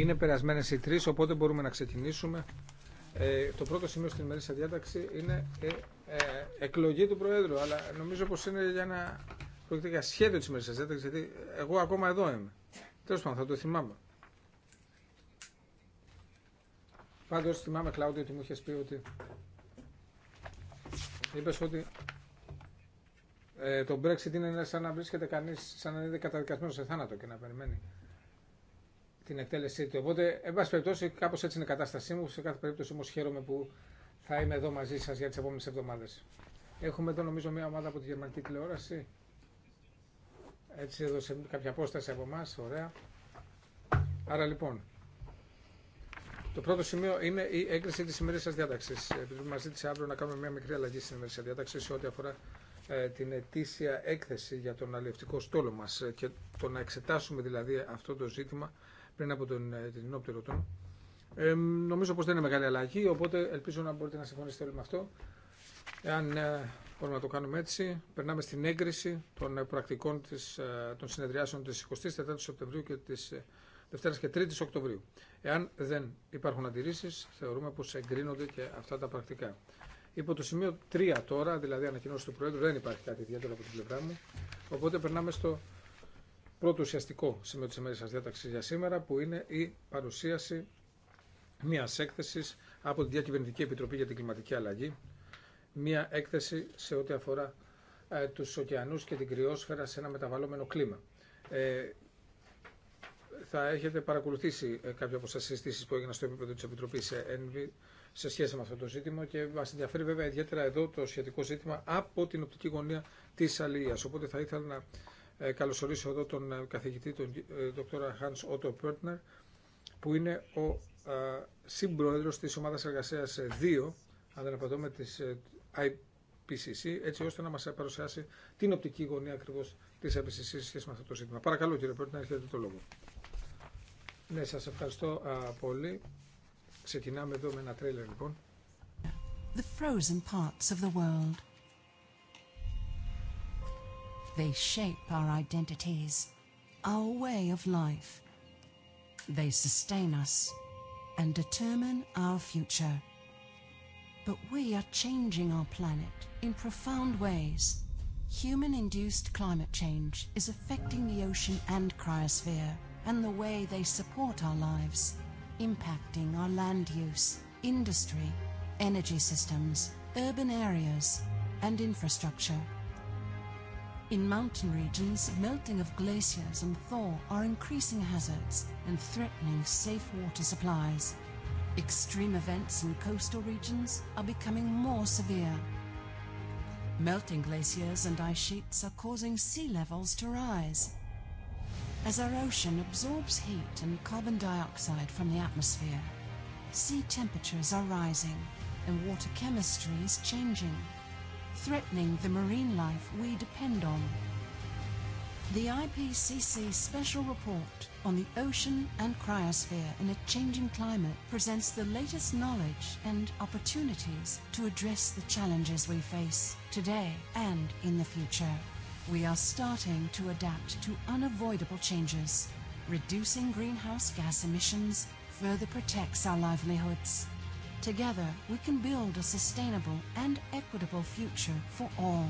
Είναι περασμένες οι τρεις, οπότε μπορούμε να ξεκινήσουμε. Ε, το πρώτο σημείο στην ημερήσια διάταξη είναι ε, ε, εκλογή του Προέδρου, αλλά νομίζω πως είναι για να πρόκειται για σχέδιο της ημερήσιας διάταξης, γιατί εγώ ακόμα εδώ είμαι. Τέλος πάντων, θα το θυμάμαι. Πάντως θυμάμαι, Κλάουδιο, ότι μου είχε πει ότι είπες ότι ε, το Brexit είναι σαν να βρίσκεται κανείς, σαν να είναι καταδικασμένος σε θάνατο και να περιμένει την εκτέλεσή του. Οπότε, εν πάση περιπτώσει, κάπω έτσι είναι η κατάστασή μου. Σε κάθε περίπτωση όμω χαίρομαι που θα είμαι εδώ μαζί σα για τι επόμενε εβδομάδε. Έχουμε εδώ νομίζω μια ομάδα από τη γερμανική τηλεόραση. Έτσι εδώ σε κάποια απόσταση από εμά. Ωραία. Άρα λοιπόν, το πρώτο σημείο είναι η έγκριση τη ημερήσια διάταξη. Επειδή μα ζήτησε αύριο να κάνουμε μια μικρή αλλαγή στην ημερήσια διάταξη σε ό,τι αφορά ε, την ετήσια έκθεση για τον αλληλευτικό στόλο μα και το να εξετάσουμε δηλαδή αυτό το ζήτημα πριν από τον τεχνικό πτυρωτών. Ε, νομίζω πω δεν είναι μεγάλη αλλαγή, οπότε ελπίζω να μπορείτε να συμφωνήσετε όλοι με αυτό. Εάν ε, μπορούμε να το κάνουμε έτσι, περνάμε στην έγκριση των ε, πρακτικών της, ε, των συνεδριάσεων τη 24 η Σεπτεμβρίου και της Δευτέρα και 3ης Οκτωβρίου. Εάν δεν υπάρχουν αντιρρήσεις, θεωρούμε πως εγκρίνονται και αυτά τα πρακτικά. Υπό το σημείο 3 η δηλαδή ανακοινώσει του Προέδρου, δεν υπαρχουν αντιρρησει θεωρουμε πω εγκρινονται και κάτι ιδιαίτερο από την πλευρά μου. Οπότε περνάμε στο πρώτο ουσιαστικό σημείο της ημέρας σας διάταξης για σήμερα που είναι η παρουσίαση μιας έκθεσης από την Διακυβερνητική Επιτροπή για την Κλιματική Αλλαγή μια έκθεση σε ό,τι αφορά ε, τους ωκεανούς και την κρυόσφαιρα σε ένα μεταβαλλόμενο κλίμα. Ε, θα έχετε παρακολουθήσει ε, κάποια από σας συζητήσεις που έγιναν στο επίπεδο της Επιτροπής ΕΝΒΗ σε σχέση με αυτό το ζήτημα και μα ενδιαφέρει βέβαια ιδιαίτερα εδώ το σχετικό ζήτημα από την οπτική γωνία τη Αλία. Οπότε θα ήθελα να ε, καλωσορίσω εδώ τον ε, καθηγητή, τον ε, Δ. Hans Otto Pörtner, που είναι ο συμπρόεδρος της ομάδας εργασίας 2, αν δεν με της IPCC, έτσι ώστε να μας παρουσιάσει την οπτική γωνία ακριβώς της IPCC σε σχέση με αυτό το ζήτημα. Παρακαλώ κύριε Πέρτνερ, έχετε το λόγο. Ναι, σας ευχαριστώ πολύ. Ξεκινάμε εδώ με ένα τρέλερ λοιπόν. The frozen parts of the world. They shape our identities, our way of life. They sustain us and determine our future. But we are changing our planet in profound ways. Human-induced climate change is affecting the ocean and cryosphere and the way they support our lives, impacting our land use, industry, energy systems, urban areas, and infrastructure. In mountain regions, melting of glaciers and thaw are increasing hazards and threatening safe water supplies. Extreme events in coastal regions are becoming more severe. Melting glaciers and ice sheets are causing sea levels to rise. As our ocean absorbs heat and carbon dioxide from the atmosphere, sea temperatures are rising and water chemistry is changing threatening the marine life we depend on. The IPCC Special Report on the Ocean and Cryosphere in a Changing Climate presents the latest knowledge and opportunities to address the challenges we face today and in the future. We are starting to adapt to unavoidable changes. Reducing greenhouse gas emissions further protects our livelihoods Together, we can build a sustainable and equitable future for all.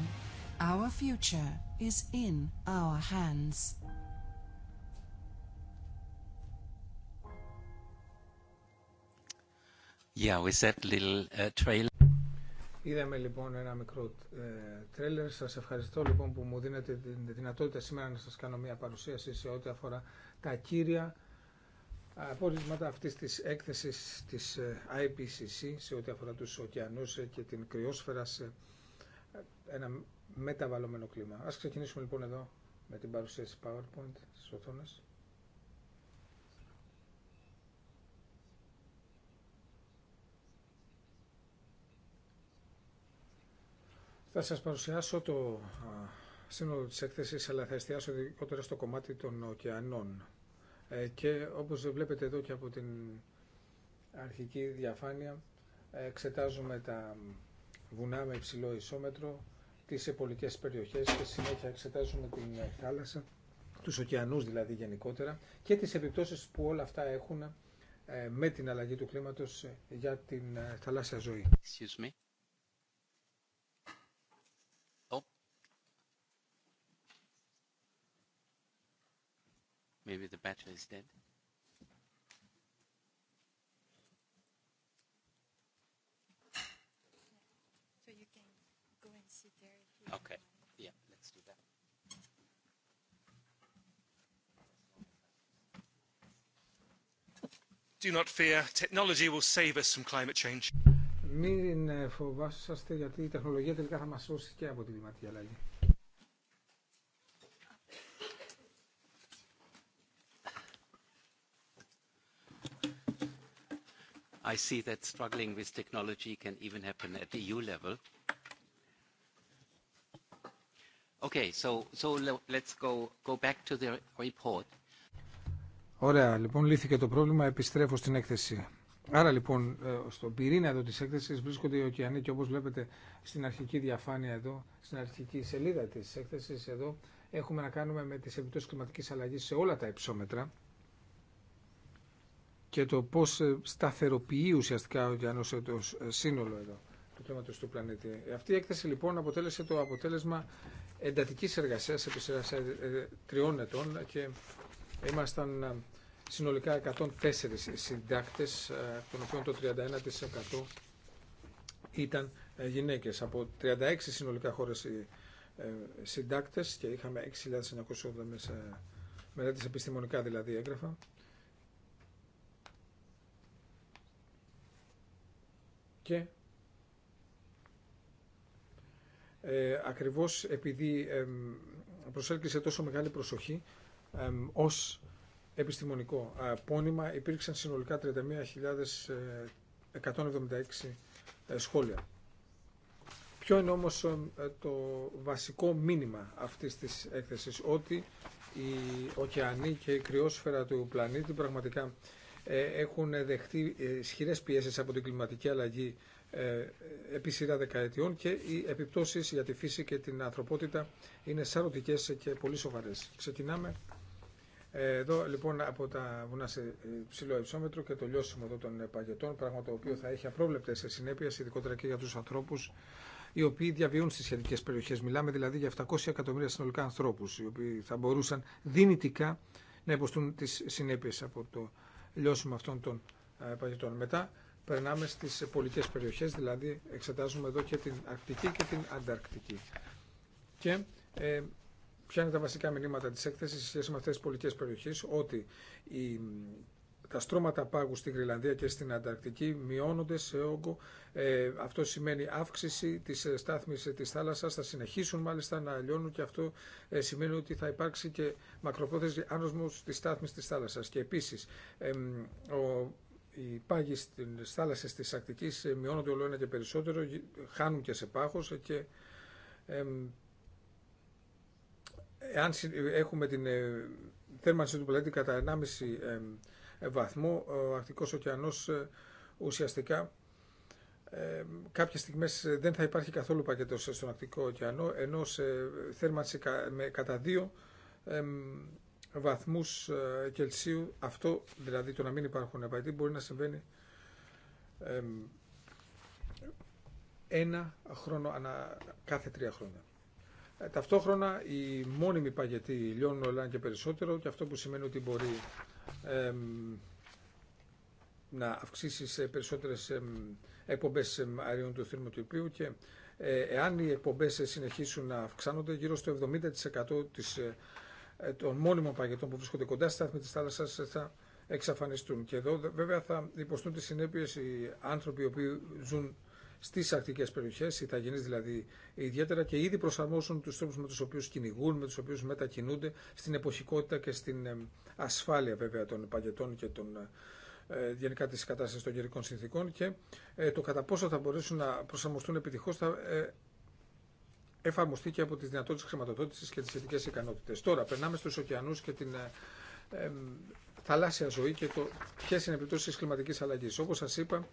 Our future is in our hands. Yeah, we set little uh, trailer. Είδαμε λοιπόν ένα μικρό ε, τρέλερ. Σας ευχαριστώ λοιπόν που μου δίνετε τη δυνατότητα σήμερα να σας κάνω μια παρουσίαση σε ό,τι αφορά τα κύρια απόρρισματα αυτή τη έκθεσης της ε, IPCC σε ό,τι αφορά τους ωκεανού ε, και την κρυόσφαιρα σε ε, ένα μεταβαλλόμενο κλίμα. Ας ξεκινήσουμε λοιπόν εδώ με την παρουσίαση PowerPoint στι οθόνε. Θα σας παρουσιάσω το σύνολο της έκθεσης, αλλά θα εστιάσω ειδικότερα στο κομμάτι των ωκεανών. Ε, και όπως βλέπετε εδώ και από την αρχική διαφάνεια εξετάζουμε τα βουνά με υψηλό ισόμετρο, τις επολικές περιοχές και συνέχεια εξετάζουμε την θάλασσα, τους ωκεανούς δηλαδή γενικότερα και τις επιπτώσεις που όλα αυτά έχουν ε, με την αλλαγή του κλίματος για την ε, θαλάσσια ζωή. Maybe the battery is dead. So you can go and sit there if you Okay. Yeah, let's do that. Do not fear. Technology will save us from climate change. Μην γιατί η τεχνολογία τελικά I see that struggling with technology can even happen at EU e level. Okay, Ωραία, λοιπόν λύθηκε το πρόβλημα, επιστρέφω στην έκθεση. Άρα λοιπόν ε, στον πυρήνα εδώ της έκθεσης βρίσκονται οι ωκεανοί και όπως βλέπετε στην αρχική διαφάνεια εδώ, στην αρχική σελίδα της έκθεσης εδώ έχουμε να κάνουμε με τις επιπτώσεις κλιματικής αλλαγής σε όλα τα υψόμετρα και το πώς ε, σταθεροποιεί ουσιαστικά ο ωκεανός το ε, σύνολο εδώ του θέμα του πλανήτη. Ε, αυτή η έκθεση λοιπόν αποτέλεσε το αποτέλεσμα εντατική εργασία επί σειράς τριών ετών και ήμασταν συνολικά 104 συντάκτες, των οποίων το 31% ήταν γυναίκες. Από 36 συνολικά χώρες συντάκτες και είχαμε 6.980 μελέτες επιστημονικά δηλαδή έγγραφα και ε, ακριβώς επειδή ε, προσέλκυσε τόσο μεγάλη προσοχή ε, ως επιστημονικό ε, πόνημα υπήρξαν συνολικά 31.176 ε, σχόλια. Ποιο είναι όμως το βασικό μήνυμα αυτής της έκθεσης, ότι η ωκεανοί και η κρυόσφαιρα του πλανήτη πραγματικά ε, έχουν δεχτεί ε, ισχυρέ πιέσει από την κλιματική αλλαγή ε, επί σειρά δεκαετιών και οι επιπτώσεις για τη φύση και την ανθρωπότητα είναι σαρωτικές και πολύ σοβαρές. Ξεκινάμε εδώ λοιπόν από τα βουνά σε ψηλό υψόμετρο και το λιώσιμο εδώ των παγετών, πράγμα το οποίο θα έχει απρόβλεπτες συνέπειες, ειδικότερα και για τους ανθρώπους οι οποίοι διαβιούν στι σχετικέ περιοχέ. Μιλάμε δηλαδή για 700 εκατομμύρια συνολικά ανθρώπου, οι οποίοι θα μπορούσαν δυνητικά να υποστούν τι συνέπειε από το λιώσουμε αυτών των ε, παγετών. Μετά περνάμε στις πολιτικές περιοχές, δηλαδή εξετάζουμε εδώ και την Αρκτική και την Ανταρκτική. Και ε, ποια είναι τα βασικά μηνύματα της έκθεσης σε σχέση με αυτές τις πολιτικές περιοχές, ότι η τα στρώματα πάγου στη Γρυλανδία και στην Ανταρκτική μειώνονται σε όγκο. Ε, αυτό σημαίνει αύξηση τη ε, στάθμης ε, τη θάλασσα, θα συνεχίσουν μάλιστα να λιώνουν και αυτό σημαίνει ότι θα υπάρξει και μακροπρόθεσμη άνοσμος τη στάθμης τη θάλασσα. Και επίση ε, οι πάγοι στις θάλασσες τη Ακτική μειώνονται όλο ένα και περισσότερο, χάνουν και σε πάχο και εάν έχουμε την θέρμανση του πλανήτη κατά 1,5 ε, βαθμό ο Αρκτικός ωκεανός ε, ουσιαστικά ε, κάποιες στιγμές ε, δεν θα υπάρχει καθόλου πακέτο στον Αρκτικό ωκεανό ενώ σε θέρμανση με κατά δύο ε, βαθμούς Κελσίου αυτό δηλαδή το να μην υπάρχουν επαγγελίες, μπορεί να συμβαίνει ένα χρόνο ανα, κάθε τρία χρόνια. Ταυτόχρονα η μόνιμη παγετή λιώνουν όλα και περισσότερο και αυτό που σημαίνει ότι μπορεί να αυξήσει σε περισσότερες εκπομπές αερίων του θερμοτυπίου και ε, εάν οι εκπομπές ε, συνεχίσουν να αυξάνονται γύρω στο 70% της, ε, των μόνιμων παγετών που βρίσκονται κοντά στα στάθμη της θάλασσας θα εξαφανιστούν. Και εδώ βέβαια θα υποστούν τι συνέπειε οι άνθρωποι οι οποίοι ζουν στι αρκτικέ περιοχέ, οι ταγενεί δηλαδή ιδιαίτερα, και ήδη προσαρμόσουν του τρόπου με του οποίου κυνηγούν, με του οποίου μετακινούνται στην εποχικότητα και στην ε, ασφάλεια βέβαια των παγετών και των ε, γενικά τη κατάσταση των καιρικών συνθήκων και ε, το κατά πόσο θα μπορέσουν να προσαρμοστούν επιτυχώ θα εφαρμοστεί και από τι δυνατότητε χρηματοδότηση και τι σχετικέ ικανότητε. Τώρα, περνάμε στου ωκεανού και την θαλάσσια ζωή και το ποιε είναι οι επιπτώσει τη κλιματική αλλαγή. Όπω σα είπα,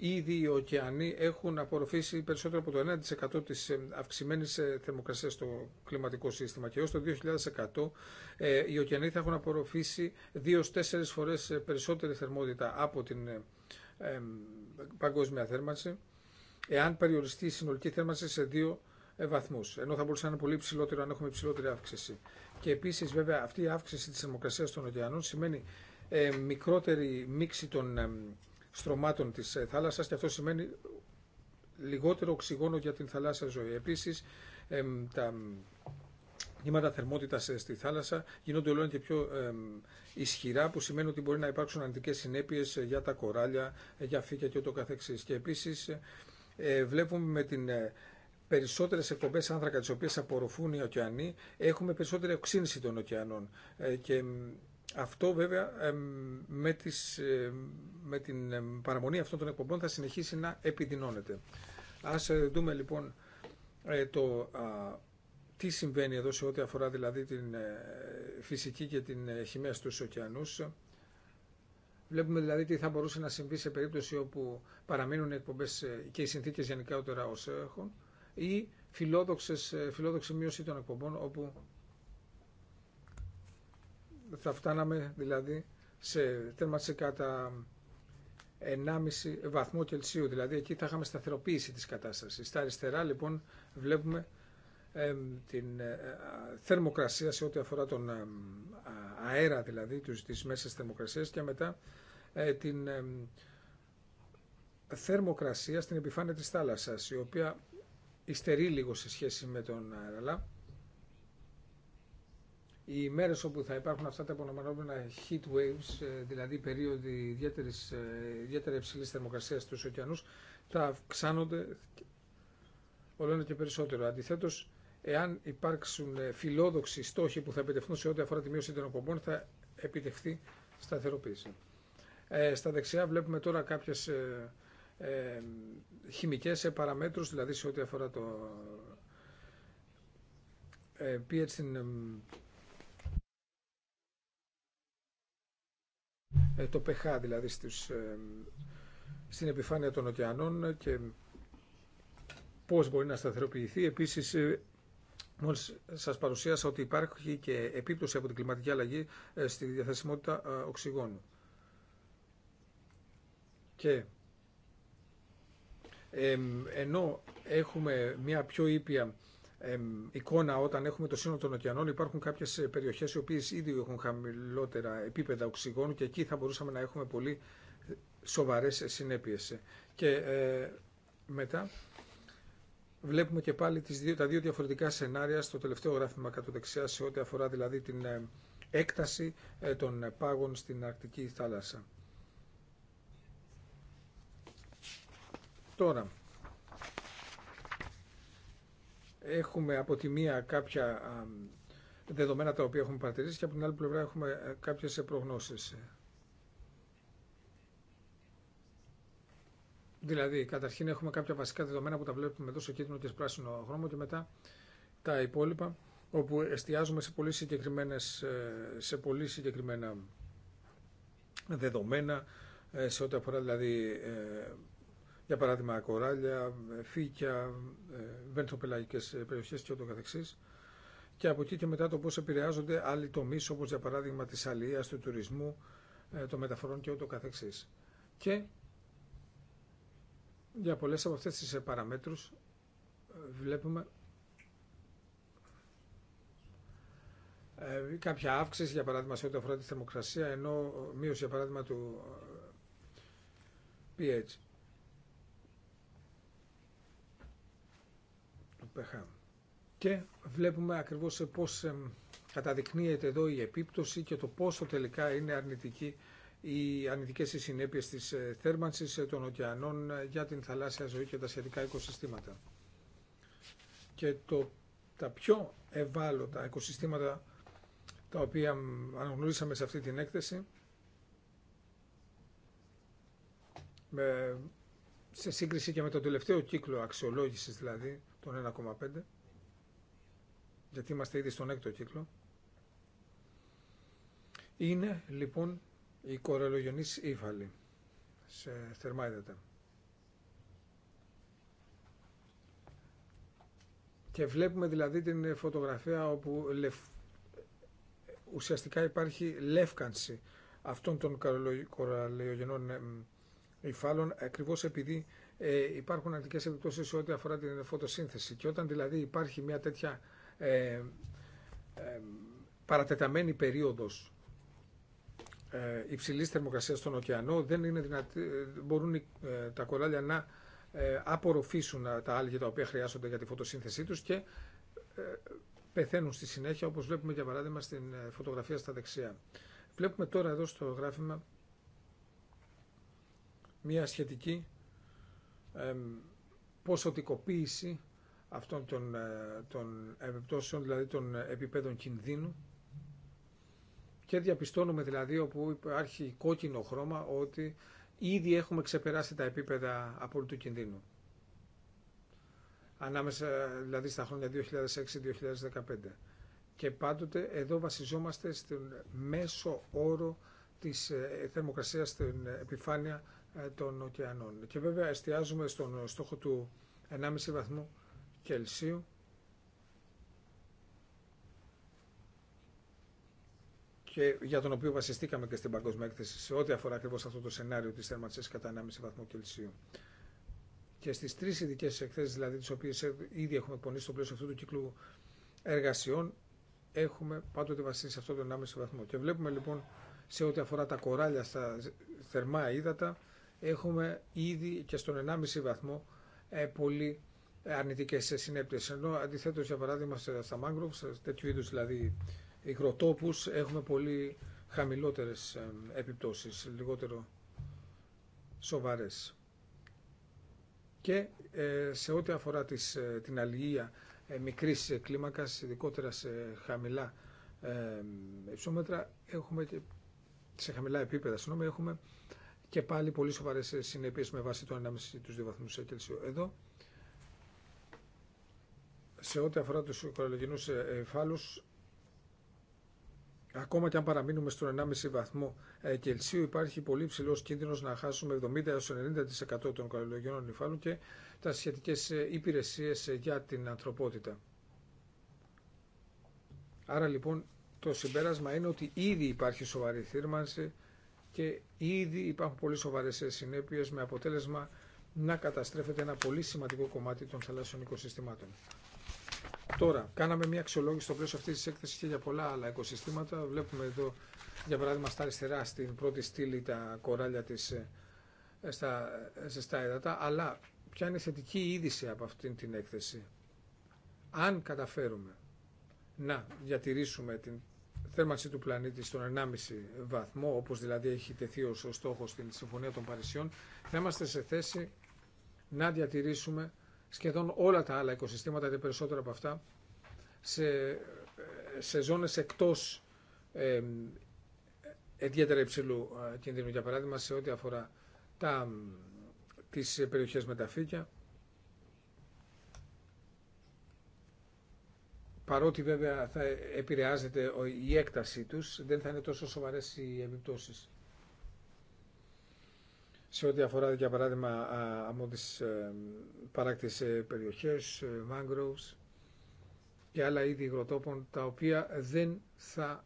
ήδη οι ωκεανοί έχουν απορροφήσει περισσότερο από το 1% της ε, αυξημένης ε, θερμοκρασίας στο κλιματικό σύστημα και έως το 2100 ε, οι ωκεανοί θα έχουν απορροφήσει 2-4 φορές περισσότερη θερμότητα από την παγκόσμια θέρμανση εάν περιοριστεί η συνολική θέρμανση σε 2 βαθμούς, ενώ θα μπορούσε να είναι πολύ ψηλότερο αν έχουμε υψηλότερη αύξηση. Και επίση βέβαια αυτή η αύξηση τη θερμοκρασία των ωκεανών σημαίνει μικρότερη μίξη των στρωμάτων της ε, θάλασσας και αυτό σημαίνει λιγότερο οξυγόνο για την θαλάσσια ζωή. Επίσης, τα νήματα θερμότητα ε, στη θάλασσα γίνονται όλο και πιο ισχυρά, που σημαίνει ότι μπορεί να υπάρξουν αντικές συνέπειε ε, για τα κοράλια, για φύκια και ούτω καθεξής. Και επίσης βλέπουμε με την περισσότερες εκπομπές άνθρακα τις οποίες απορροφούν οι ωκεανοί, έχουμε περισσότερη οξύνση των ωκεανών. και αυτό βέβαια με, τις, με την παραμονή αυτών των εκπομπών θα συνεχίσει να επιδεινώνεται. Ας ε, δούμε λοιπόν ε, το τι συμβαίνει εδώ σε ό,τι αφορά δηλαδή την ε, φυσική και την χημεία στους ωκεανούς. Βλέπουμε δηλαδή τι θα μπορούσε να συμβεί σε περίπτωση όπου παραμείνουν οι εκπομπές και οι συνθήκες γενικά ότερα όσο έχουν ή φιλόδοξη μείωση των εκπομπών όπου θα φτάναμε δηλαδή σε θέρμανση κατά 1,5 βαθμό Κελσίου. Δηλαδή εκεί θα είχαμε σταθεροποίηση της κατάστασης. Στα αριστερά λοιπόν βλέπουμε την ε, θερμοκρασία σε ό,τι αφορά τον ε, αέρα δηλαδή, τους, τις μέσες θερμοκρασίες και μετά ε, την θερμοκρασία στην επιφάνεια της θάλασσας η οποία υστερεί λίγο σε σχέση με τον αέρα οι μέρε όπου θα υπάρχουν αυτά τα απονομενόμενα heat waves, ε, δηλαδή περίοδοι ιδιαίτερης, ε, ιδιαίτερα υψηλή θερμοκρασία στους ωκεανού, θα αυξάνονται όλο και περισσότερο. Αντιθέτω, εάν υπάρξουν ε, φιλόδοξοι στόχοι που θα επιτευχθούν σε ό,τι αφορά τη μείωση των εκπομπών, θα επιτευχθεί σταθεροποίηση. Ε, στα δεξιά βλέπουμε τώρα κάποιε ε, ε, χημικές παραμέτρους, δηλαδή σε ό,τι αφορά το pH στην Ε, το pH δηλαδή στους, ε, στην επιφάνεια των ωκεανών και πώς μπορεί να σταθεροποιηθεί. Επίσης, ε, μόλις σας παρουσίασα ότι υπάρχει και επίπτωση από την κλιματική αλλαγή στη διαθεσιμότητα οξυγόνου. Και ενώ έχουμε μια πιο ήπια εικόνα όταν έχουμε το σύνολο των ωκεανών. Υπάρχουν κάποιε περιοχέ οι οποίε ήδη έχουν χαμηλότερα επίπεδα οξυγόνου και εκεί θα μπορούσαμε να έχουμε πολύ ε, σοβαρέ ε, συνέπειε. Και ε, μετά βλέπουμε και πάλι τις δύο, τα δύο διαφορετικά σενάρια στο τελευταίο γράφημα κάτω δεξιά σε ό,τι αφορά δηλαδή την ε, έκταση των πάγων στην Αρκτική θάλασσα. Τώρα, έχουμε από τη μία κάποια δεδομένα τα οποία έχουμε παρατηρήσει και από την άλλη πλευρά έχουμε ε, κάποιες προγνώσεις. Δηλαδή, καταρχήν έχουμε κάποια βασικά δεδομένα που τα βλέπουμε εδώ σε κίτρινο και σε πράσινο χρώμα και μετά τα υπόλοιπα όπου εστιάζουμε σε πολύ, ε, σε πολύ συγκεκριμένα δεδομένα ε, σε ό,τι αφορά δηλαδή για παράδειγμα κοράλια, ε, φύκια, ε, βενθοπελαγικές ε, περιοχές και ούτω καθεξής. Και από εκεί και μετά το πώς επηρεάζονται άλλοι τομείς όπως για παράδειγμα της αλληλείας, του τουρισμού, των μεταφορών και ούτω καθεξής. Και για πολλές από αυτές τις παραμέτρους βλέπουμε κάποια αύξηση για παράδειγμα σε ό,τι αφορά τη θερμοκρασία ενώ μείωση για παράδειγμα του pH. Και βλέπουμε ακριβώς πώς καταδεικνύεται εδώ η επίπτωση και το πόσο τελικά είναι αρνητική οι αρνητικές οι συνέπειες της ε, θέρμανσης ε, των ωκεανών ε, για την θαλάσσια ζωή και τα σχετικά οικοσυστήματα. Και το, τα πιο ευάλωτα οικοσυστήματα τα οποία αναγνωρίσαμε σε αυτή την έκθεση σε σύγκριση και με τον τελευταίο κύκλο αξιολόγησης δηλαδή τον 1,5 γιατί είμαστε ήδη στον έκτο κύκλο είναι λοιπόν η κορελογενής ύφαλη σε θερμά ύδατα. Και βλέπουμε δηλαδή την φωτογραφία όπου ουσιαστικά υπάρχει λεύκανση αυτών των κορελογενών υφάλων ακριβώς επειδή ε, υπάρχουν αρνητικές επιπτώσει σε ό,τι αφορά την φωτοσύνθεση. Και όταν δηλαδή υπάρχει μια τέτοια ε, ε παρατεταμένη περίοδος ε, υψηλής θερμοκρασίας στον ωκεανό δεν είναι δυνατή, ε, μπορούν ε, τα κοράλια να απορροφήσουν τα άλγη τα οποία χρειάζονται για τη φωτοσύνθεσή τους και πεθαίνουν στη συνέχεια όπως βλέπουμε για παράδειγμα στην φωτογραφία στα δεξιά. Βλέπουμε τώρα εδώ στο γράφημα μια σχετική ποσοτικοποίηση αυτών των, ε, των επιπτώσεων, δηλαδή των επιπέδων κινδύνου και διαπιστώνουμε δηλαδή όπου υπάρχει κόκκινο χρώμα ότι ήδη έχουμε ξεπεράσει τα επίπεδα απόλυτου κινδύνου. Ανάμεσα δηλαδή στα χρόνια 2006-2015. Και πάντοτε εδώ βασιζόμαστε στον μέσο όρο της ε, θερμοκρασίας στην επιφάνεια ε, των ωκεανών. Και βέβαια εστιάζουμε στον στόχο του 1,5 βαθμού Κελσίου και για τον οποίο βασιστήκαμε και στην παγκόσμια έκθεση σε ό,τι αφορά ακριβώ αυτό το σενάριο τη θέρμανση κατά 1,5 βαθμό Κελσίου. Και στι τρει ειδικέ εκθέσει, δηλαδή τι οποίε ε, ήδη έχουμε πονήσει στο πλαίσιο αυτού του κύκλου εργασιών, έχουμε πάντοτε βασίσει σε αυτό το 1,5 βαθμό. Και βλέπουμε λοιπόν σε ό,τι αφορά τα κοράλια στα θερμά ύδατα έχουμε ήδη και στον 1,5 βαθμό ε, πολύ ε, αρνητικέ ε, συνέπειε. Ενώ αντιθέτω, για παράδειγμα, στα μάγκροβ, τέτοιου είδου δηλαδή υγροτόπου, έχουμε πολύ χαμηλότερε επιπτώσει, λιγότερο σοβαρέ. Και σε ό,τι αφορά τις, την αλληλεία μικρής κλίμακας, ειδικότερα σε χαμηλά υψόμετρα, έχουμε και σε χαμηλά επίπεδα, συγγνώμη, έχουμε και πάλι πολύ σοβαρέ συνέπειε με βάση το 1,5 του 2 Κελσίου. Εδώ σε ό,τι αφορά του κοραλογενούς φάλους ακόμα και αν παραμείνουμε στον 1,5 βαθμό ε, Κελσίου υπάρχει πολύ ψηλό κίνδυνος να χάσουμε 70 90% των κοραλογενών υφάλων και τα σχετικέ ε, υπηρεσίε ε, για την ανθρωπότητα. Άρα λοιπόν το συμπέρασμα είναι ότι ήδη υπάρχει σοβαρή θύρμανση και ήδη υπάρχουν πολύ σοβαρές συνέπειες με αποτέλεσμα να καταστρέφεται ένα πολύ σημαντικό κομμάτι των θαλάσσιων οικοσυστημάτων. Τώρα, κάναμε μια αξιολόγηση στο πλαίσιο αυτή τη έκθεση και για πολλά άλλα οικοσυστήματα. Βλέπουμε εδώ, για παράδειγμα, στα αριστερά, στην πρώτη στήλη τα κοράλια της, ε, στα ζεστά έδατα. Αλλά ποια είναι η θετική είδηση από αυτή την έκθεση. Αν καταφέρουμε να διατηρήσουμε την θέρμανση του πλανήτη στον 1,5 βαθμό, όπως δηλαδή έχει τεθεί ως ο στόχος στην Συμφωνία των Παρισιών, θα είμαστε σε θέση να διατηρήσουμε σχεδόν όλα τα άλλα οικοσυστήματα και περισσότερα από αυτά σε, σε ζώνες εκτός ε, ιδιαίτερα υψηλού ε, κινδύνου. Για παράδειγμα, σε ό,τι αφορά τα, τις περιοχές με τα φύκια, παρότι βέβαια θα επηρεάζεται η έκτασή τους, δεν θα είναι τόσο σοβαρές οι επιπτώσεις. Σε ό,τι αφορά, για παράδειγμα, από τις ε, παράκτης ε, περιοχές, ε, mangroves και άλλα είδη υγροτόπων, τα οποία δεν θα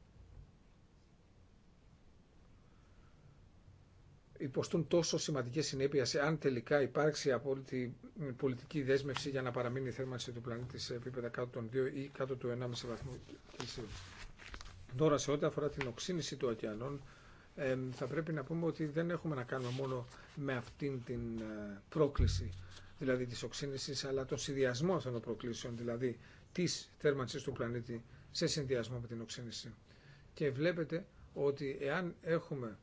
υποστούν τόσο σημαντικέ συνέπειε αν τελικά υπάρξει απόλυτη πολιτική δέσμευση για να παραμείνει η θέρμανση του πλανήτη σε επίπεδα κάτω των 2 ή κάτω του 1,5 βαθμού Κελσίου. Τώρα σε ό,τι αφορά την οξύνηση του ωκεανών θα πρέπει να πούμε ότι δεν έχουμε να κάνουμε μόνο με αυτήν την ε, πρόκληση δηλαδή τη οξύνηση, αλλά τον συνδυασμό αυτών των προκλήσεων δηλαδή τη θέρμανσης του πλανήτη σε συνδυασμό με την οξύνηση. Και βλέπετε ότι εάν έχουμε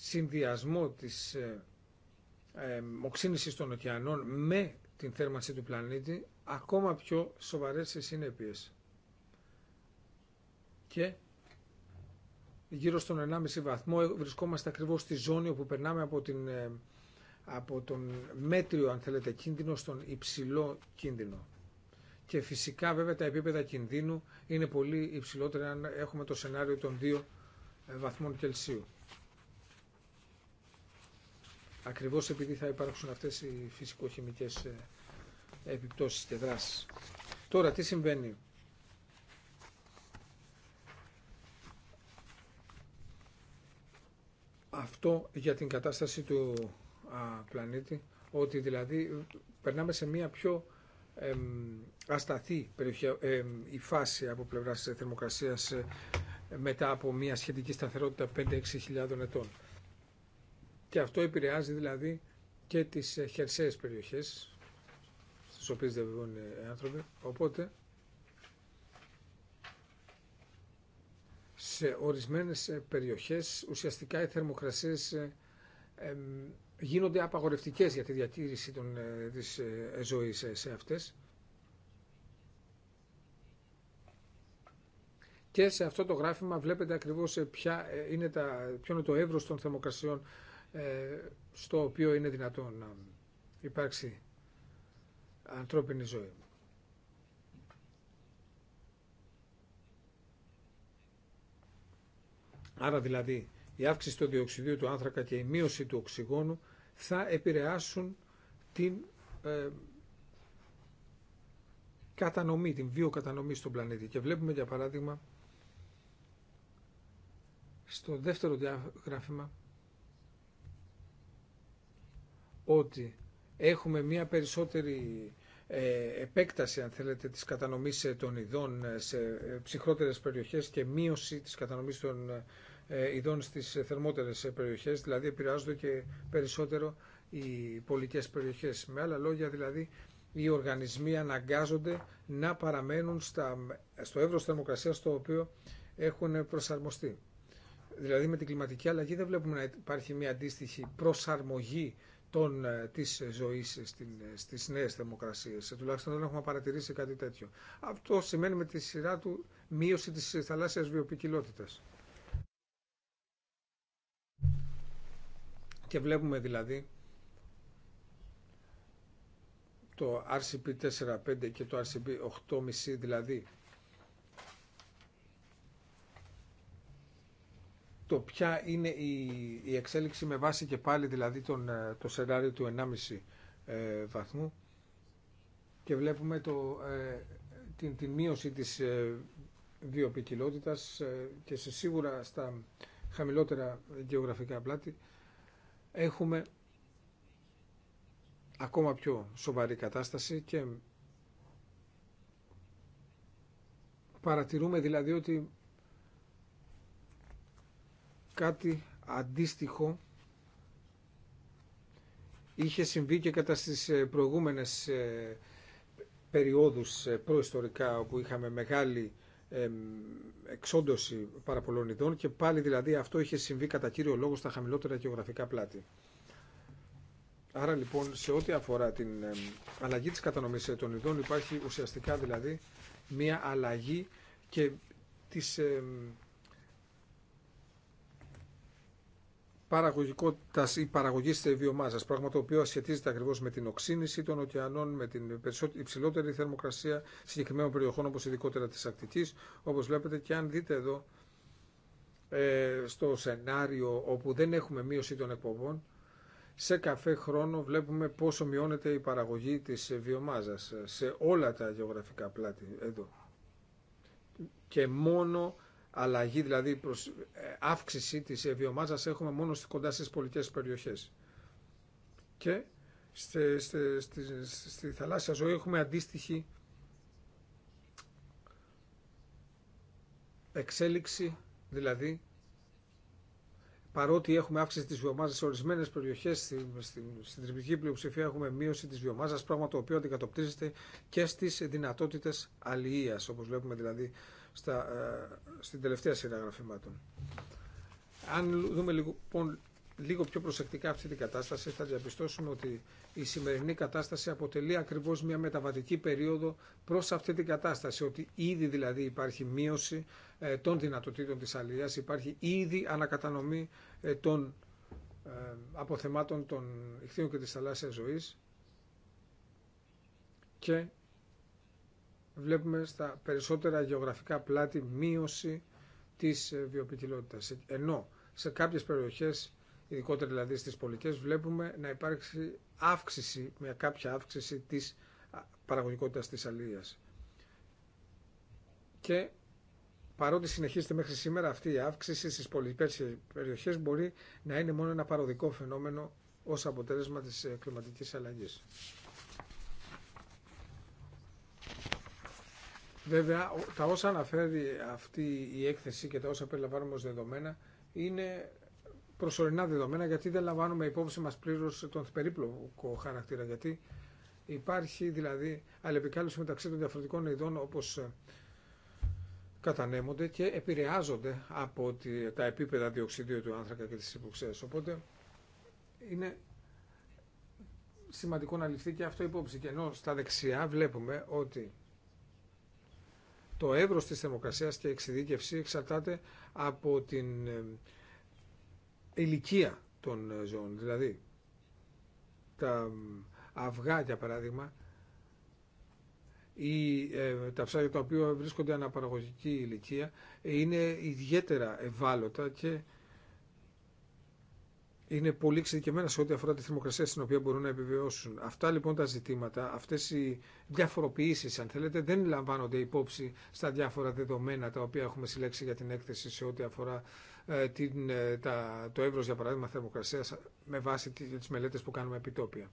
συνδυασμό της ε, ε, οξύνησης των ωκεανών με την θέρμανση του πλανήτη ακόμα πιο σοβαρές οι συνέπειες. Και γύρω στον 1,5 βαθμό βρισκόμαστε ακριβώς στη ζώνη όπου περνάμε από, την, ε, από τον μέτριο αν θέλετε κίνδυνο στον υψηλό κίνδυνο. Και φυσικά βέβαια τα επίπεδα κινδύνου είναι πολύ υψηλότερα αν έχουμε το σενάριο των 2 ε, βαθμών Κελσίου. Ακριβώς επειδή θα υπάρξουν αυτές οι φυσικοχημικές ε, επιπτώσεις και δράσεις. Τώρα τι συμβαίνει. Αυτό για την κατάσταση του πλανήτη, ότι δηλαδή ε, περνάμε σε μια πιο ασταθή περιοχή, ε, η φάση από πλευράς θερμοκρασίας μετά από μια σχετική σταθερότητα 5-6 χιλιάδων ετών και αυτό επηρεάζει δηλαδή και τις ε, χερσαίες περιοχές στις οποίες διαβιβούν ε, οι άνθρωποι. Οπότε σε ορισμένες ε, περιοχές ουσιαστικά οι θερμοκρασίες γίνονται απαγορευτικές για τη διατήρηση των, της ζωής σε αυτές. Και σε αυτό το γράφημα βλέπετε ακριβώς ποια είναι τα, ποιο είναι το εύρος των θερμοκρασιών ε, στο οποίο είναι δυνατόν να υπάρξει ανθρώπινη ζωή. Άρα δηλαδή η αύξηση του διοξιδίου του άνθρακα και η μείωση του οξυγόνου θα επηρεάσουν την ε, κατανομή, την βιοκατανομή στον πλανήτη. Και βλέπουμε για παράδειγμα στο δεύτερο διάγραφημα ότι έχουμε μια περισσότερη ε, επέκταση αν θέλετε της κατανομής ε, των ειδών ε, σε ψυχρότερες περιοχές και μείωση της κατανομής των ειδών στις θερμότερες περιοχές, δηλαδή επηρεάζονται και περισσότερο οι πολικές περιοχές. Με άλλα λόγια δηλαδή οι οργανισμοί αναγκάζονται να παραμένουν στα, στο εύρος θερμοκρασίας στο οποίο έχουν προσαρμοστεί. Δηλαδή με την κλιματική αλλαγή δεν βλέπουμε να υπάρχει μια αντίστοιχη προσαρμογή των, ε, της ζωής στην, ε, στις νέες Σε Τουλάχιστον δεν έχουμε παρατηρήσει κάτι τέτοιο. Αυτό σημαίνει με τη σειρά του μείωση της θαλάσσιας βιοποικιλότητας. Και βλέπουμε δηλαδή το RCP 4.5 και το RCP 8.5 δηλαδή το ποια είναι η, εξέλιξη με βάση και πάλι δηλαδή τον, ε, το σενάριο του 1,5 ε, βαθμού και βλέπουμε το, ε, την, την μείωση της ε, και σε σίγουρα στα χαμηλότερα γεωγραφικά πλάτη έχουμε ακόμα πιο σοβαρή κατάσταση και παρατηρούμε δηλαδή ότι κάτι αντίστοιχο είχε συμβεί και κατά στις ε, προηγούμενες ε, περιόδους ε, προϊστορικά όπου είχαμε μεγάλη εξόντωση πάρα ειδών και πάλι δηλαδή αυτό είχε συμβεί κατά κύριο λόγο στα χαμηλότερα γεωγραφικά πλάτη. Άρα λοιπόν σε ό,τι αφορά την αλλαγή της κατανομής των ειδών υπάρχει ουσιαστικά δηλαδή μία αλλαγή και της ή παραγωγή τη βιομάζας, πράγμα το οποίο σχετίζεται ακριβώ με την οξύνηση των ωκεανών, με την υψηλότερη θερμοκρασία συγκεκριμένων περιοχών όπω ειδικότερα τη ακτική. Όπω βλέπετε και αν δείτε εδώ ε, στο σενάριο όπου δεν έχουμε μείωση των εκπομπών, σε καφέ χρόνο βλέπουμε πόσο μειώνεται η παραγωγή της βιομάζας ε, σε όλα τα γεωγραφικά πλάτη εδώ. Και μόνο αλλαγή, δηλαδή προς ε, αύξηση της ε, βιομάζας έχουμε μόνο κοντά στις πολιτικές περιοχές. Και στη, στη, στη, θαλάσσια ζωή έχουμε αντίστοιχη εξέλιξη, δηλαδή παρότι έχουμε αύξηση της βιομάζας σε ορισμένες περιοχές, στην, στην, στην πλειοψηφία έχουμε μείωση της βιομάζας, πράγμα το οποίο αντικατοπτρίζεται και στις δυνατότητες αλληλείας, όπως βλέπουμε δηλαδή στα, ε, στην τελευταία σειρά γραφημάτων. Αν δούμε λοιπόν, λίγο πιο προσεκτικά αυτή την κατάσταση θα διαπιστώσουμε ότι η σημερινή κατάσταση αποτελεί ακριβώς μια μεταβατική περίοδο προς αυτή την κατάσταση, ότι ήδη δηλαδή υπάρχει μείωση ε, των δυνατοτήτων της αλληλείας, υπάρχει ήδη ανακατανομή ε, των αποθεμάτων των ηχθείων και της θαλάσσιας ζωής και βλέπουμε στα περισσότερα γεωγραφικά πλάτη μείωση της ε, βιοποικιλότητας. Ε, ενώ σε κάποιες περιοχές, ειδικότερα δηλαδή στις πολιτικές, βλέπουμε να υπάρξει αύξηση, μια κάποια αύξηση της παραγωγικότητας της αλίας. Και παρότι συνεχίζεται μέχρι σήμερα αυτή η αύξηση στις πολιτικές ε, περιοχές μπορεί να είναι μόνο ένα παροδικό φαινόμενο ως αποτέλεσμα της κλιματικής αλλαγής. Βέβαια, τα όσα αναφέρει αυτή η έκθεση και τα όσα περιλαμβάνουμε ως δεδομένα είναι προσωρινά δεδομένα γιατί δεν λαμβάνουμε υπόψη μας πλήρως τον περίπλοκο χαρακτήρα γιατί υπάρχει δηλαδή αλληλεπικάλυψη μεταξύ των διαφορετικών ειδών όπως ε, κατανέμονται και επηρεάζονται από τα επίπεδα διοξιδίου του άνθρακα και της υποξέες. Οπότε είναι σημαντικό να ληφθεί και αυτό υπόψη. Και ενώ στα δεξιά βλέπουμε ότι το εύρος της θερμοκρασίας και εξειδίκευση εξαρτάται από την ε, ηλικία των ε, ζώων. Δηλαδή, τα αυγά, για παράδειγμα, ή ε, τα ψάρια τα οποία βρίσκονται αναπαραγωγική ηλικία, είναι ιδιαίτερα ευάλωτα και είναι πολύ εξειδικευμένα σε ό,τι αφορά τη θερμοκρασία στην οποία μπορούν να επιβιώσουν. Αυτά λοιπόν τα ζητήματα, αυτέ οι διαφοροποιήσει, αν θέλετε, δεν λαμβάνονται υπόψη στα διάφορα δεδομένα τα οποία έχουμε συλλέξει για την έκθεση σε ό,τι αφορά ε, την, ε, το εύρο, για παράδειγμα, θερμοκρασία με βάση τι μελέτε που κάνουμε επιτόπια.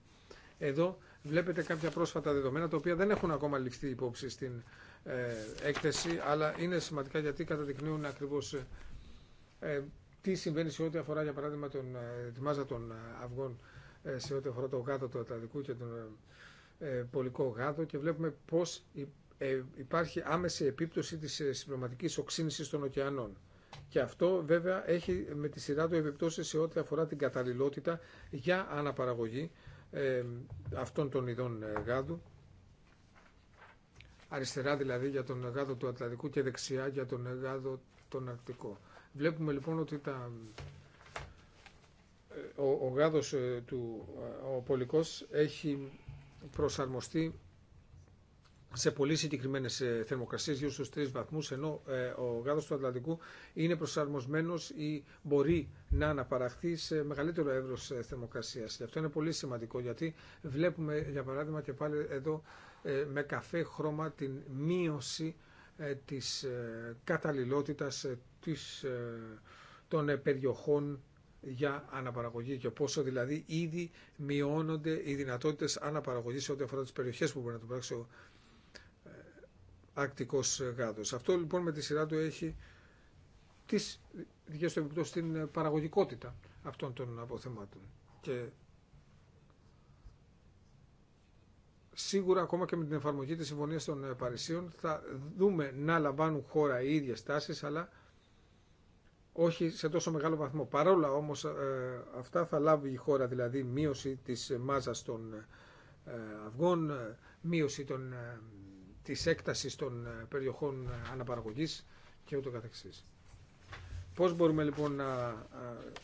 Εδώ βλέπετε κάποια πρόσφατα δεδομένα τα οποία δεν έχουν ακόμα ληφθεί υπόψη στην ε, έκθεση, αλλά είναι σημαντικά γιατί καταδεικνύουν ακριβώ τι συμβαίνει σε ό,τι αφορά για παράδειγμα τον, ε, τη μάζα των ε, αυγών ε, σε ό,τι αφορά το γάτο του Ατλαντικού και τον ε, πολικό γάδο και βλέπουμε πώς υπάρχει άμεση επίπτωση της συμπληρωματικής οξύνησης των ωκεανών. Και αυτό βέβαια έχει με τη σειρά του επιπτώσει σε ό,τι αφορά την καταλληλότητα για αναπαραγωγή ε, αυτών των ειδών γάδου. Αριστερά δηλαδή για τον γάδο του Ατλαντικού και δεξιά για τον γάδο τον Αρκτικό. Βλέπουμε λοιπόν ότι τα, ε, ο, ο γάδος ε, του, ε, ο πολικός έχει προσαρμοστεί σε πολύ συγκεκριμένε θερμοκρασίε, γύρω στου 3 βαθμού, ενώ ο γάδο του Ατλαντικού είναι προσαρμοσμένο ή μπορεί να αναπαραχθεί σε μεγαλύτερο έυρος θερμοκρασία. Γι' αυτό είναι πολύ σημαντικό, γιατί βλέπουμε, για παράδειγμα, και πάλι εδώ με καφέ χρώμα την μείωση ε, της ε, καταλληλότητας ε, της, των περιοχών για αναπαραγωγή και πόσο δηλαδή ήδη μειώνονται οι δυνατότητες αναπαραγωγής σε ό,τι αφορά τις περιοχές που μπορεί να το πράξει ο ακτικός γάδος. Αυτό λοιπόν με τη σειρά του έχει τις δικές του επιπτώσεις στην παραγωγικότητα αυτών των αποθεμάτων. σίγουρα ακόμα και με την εφαρμογή της Συμφωνίας των ε, Παρισίων θα δούμε να λαμβάνουν χώρα οι ίδιες τάσεις αλλά όχι σε τόσο μεγάλο βαθμό. Παρόλα όμως ε, αυτά θα λάβει η χώρα δηλαδή μείωση της μάζας των ε, αυγών, μείωση των, της έκτασης των περιοχών αναπαραγωγής και ούτω καθεξής. Πώς μπορούμε λοιπόν να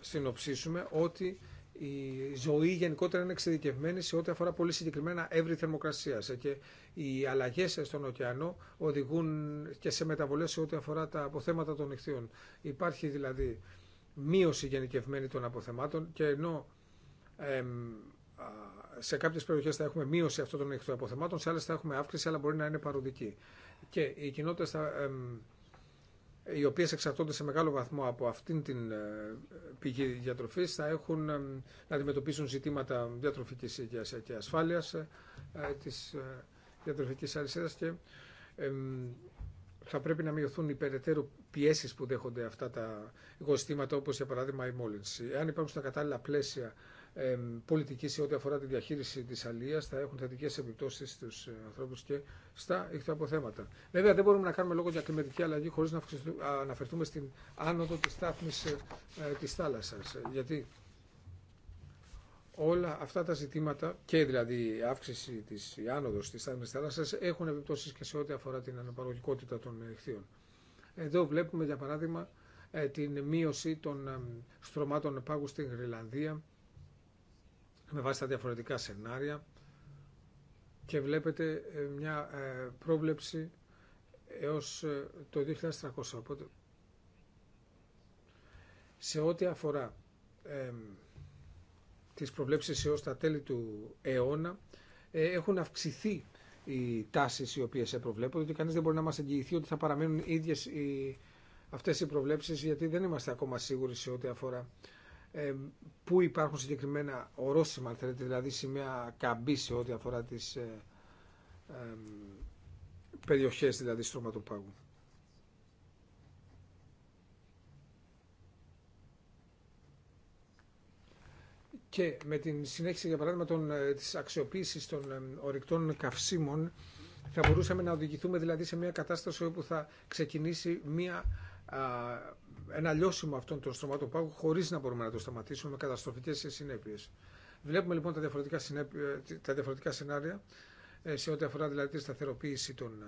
συνοψίσουμε ότι η ζωή γενικότερα είναι εξειδικευμένη σε ό,τι αφορά πολύ συγκεκριμένα εύρη θερμοκρασία. Ε, και οι αλλαγέ στον ωκεανό οδηγούν και σε μεταβολέ σε ό,τι αφορά τα αποθέματα των νυχθείων. Υπάρχει δηλαδή μείωση γενικευμένη των αποθεμάτων και ενώ σε κάποιε περιοχέ θα έχουμε μείωση αυτών των νυχθείων αποθεμάτων, σε άλλε θα έχουμε αύξηση, αλλά μπορεί να είναι παροδική. Και οι κοινότητε θα οι οποίες εξαρτώνται σε μεγάλο βαθμό από αυτήν την ε, πηγή διατροφής θα έχουν ε, να αντιμετωπίσουν ζητήματα διατροφικής υγείας και ασφάλειας ε, της διατροφικής αλυσίδας και θα πρέπει να μειωθούν οι περαιτέρω πιέσει που δέχονται αυτά τα οικοσυστήματα, όπω για παράδειγμα η μόλυνση. Εάν υπάρχουν στα κατάλληλα πλαίσια πολιτική σε ό,τι αφορά τη διαχείριση τη αλληλεία θα έχουν θετικέ επιπτώσει στου ε, ανθρώπου και στα ηχθιαποθέματα. Βέβαια, δεν μπορούμε να κάνουμε λόγο για κλιματική αλλαγή χωρί να αναφερθούμε στην άνοδο τη στάθμη ε, ε, τη θάλασσα. Γιατί όλα αυτά τα ζητήματα και δηλαδή η αύξηση τη άνοδο τη της τη θάλασσα έχουν επιπτώσεις και σε ό,τι αφορά την αναπαραγωγικότητα των ηχθείων. Εδώ βλέπουμε για παράδειγμα την μείωση των στρωμάτων πάγου στην Γρυλανδία με βάση τα διαφορετικά σενάρια και βλέπετε ε, μια ε, πρόβλεψη έως ε, το 2300. Οπότε, σε ό,τι αφορά ε, τις προβλέψεις έως τα τέλη του αιώνα, έχουν αυξηθεί οι τάσεις οι οποίες προβλέπονται και κανείς δεν μπορεί να μας εγγυηθεί ότι θα παραμείνουν ίδιες οι, αυτές οι προβλέψεις γιατί δεν είμαστε ακόμα σίγουροι σε ό,τι αφορά που υπάρχουν συγκεκριμένα ορόσημα, θέλετε, δηλαδή σημαία καμπή σε ό,τι αφορά τις ε, περιοχές δηλαδή στρωματοπάγου. Και με την συνέχιση, για παράδειγμα, των, ε, της αξιοποίησης των ορυκτών καυσίμων, θα μπορούσαμε να οδηγηθούμε δηλαδή σε μια κατάσταση όπου θα ξεκινήσει μια ένα λιώσιμο αυτών των στρωμάτων πάγου χωρίς να μπορούμε να το σταματήσουμε με καταστροφικές συνέπειες. Βλέπουμε λοιπόν τα διαφορετικά, ε, τα διαφορετικά σενάρια ε, σε ό,τι αφορά δηλαδή τη σταθεροποίηση των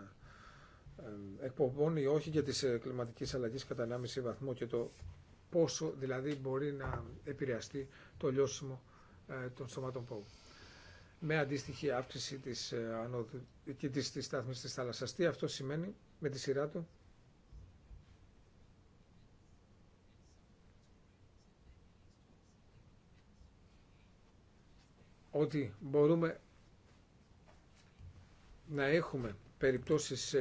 ε, εκπομπών ή όχι για τις κλιματικές αλλαγές κατά 1,5 βαθμό και το πόσο δηλαδή μπορεί να επηρεαστεί το λιώσιμο των στρωμάτων πάγου με αντίστοιχη αύξηση της, ανώδου, και της, της στάθμης της Τι αυτό σημαίνει με τη σειρά του ότι μπορούμε να έχουμε περιπτώσεις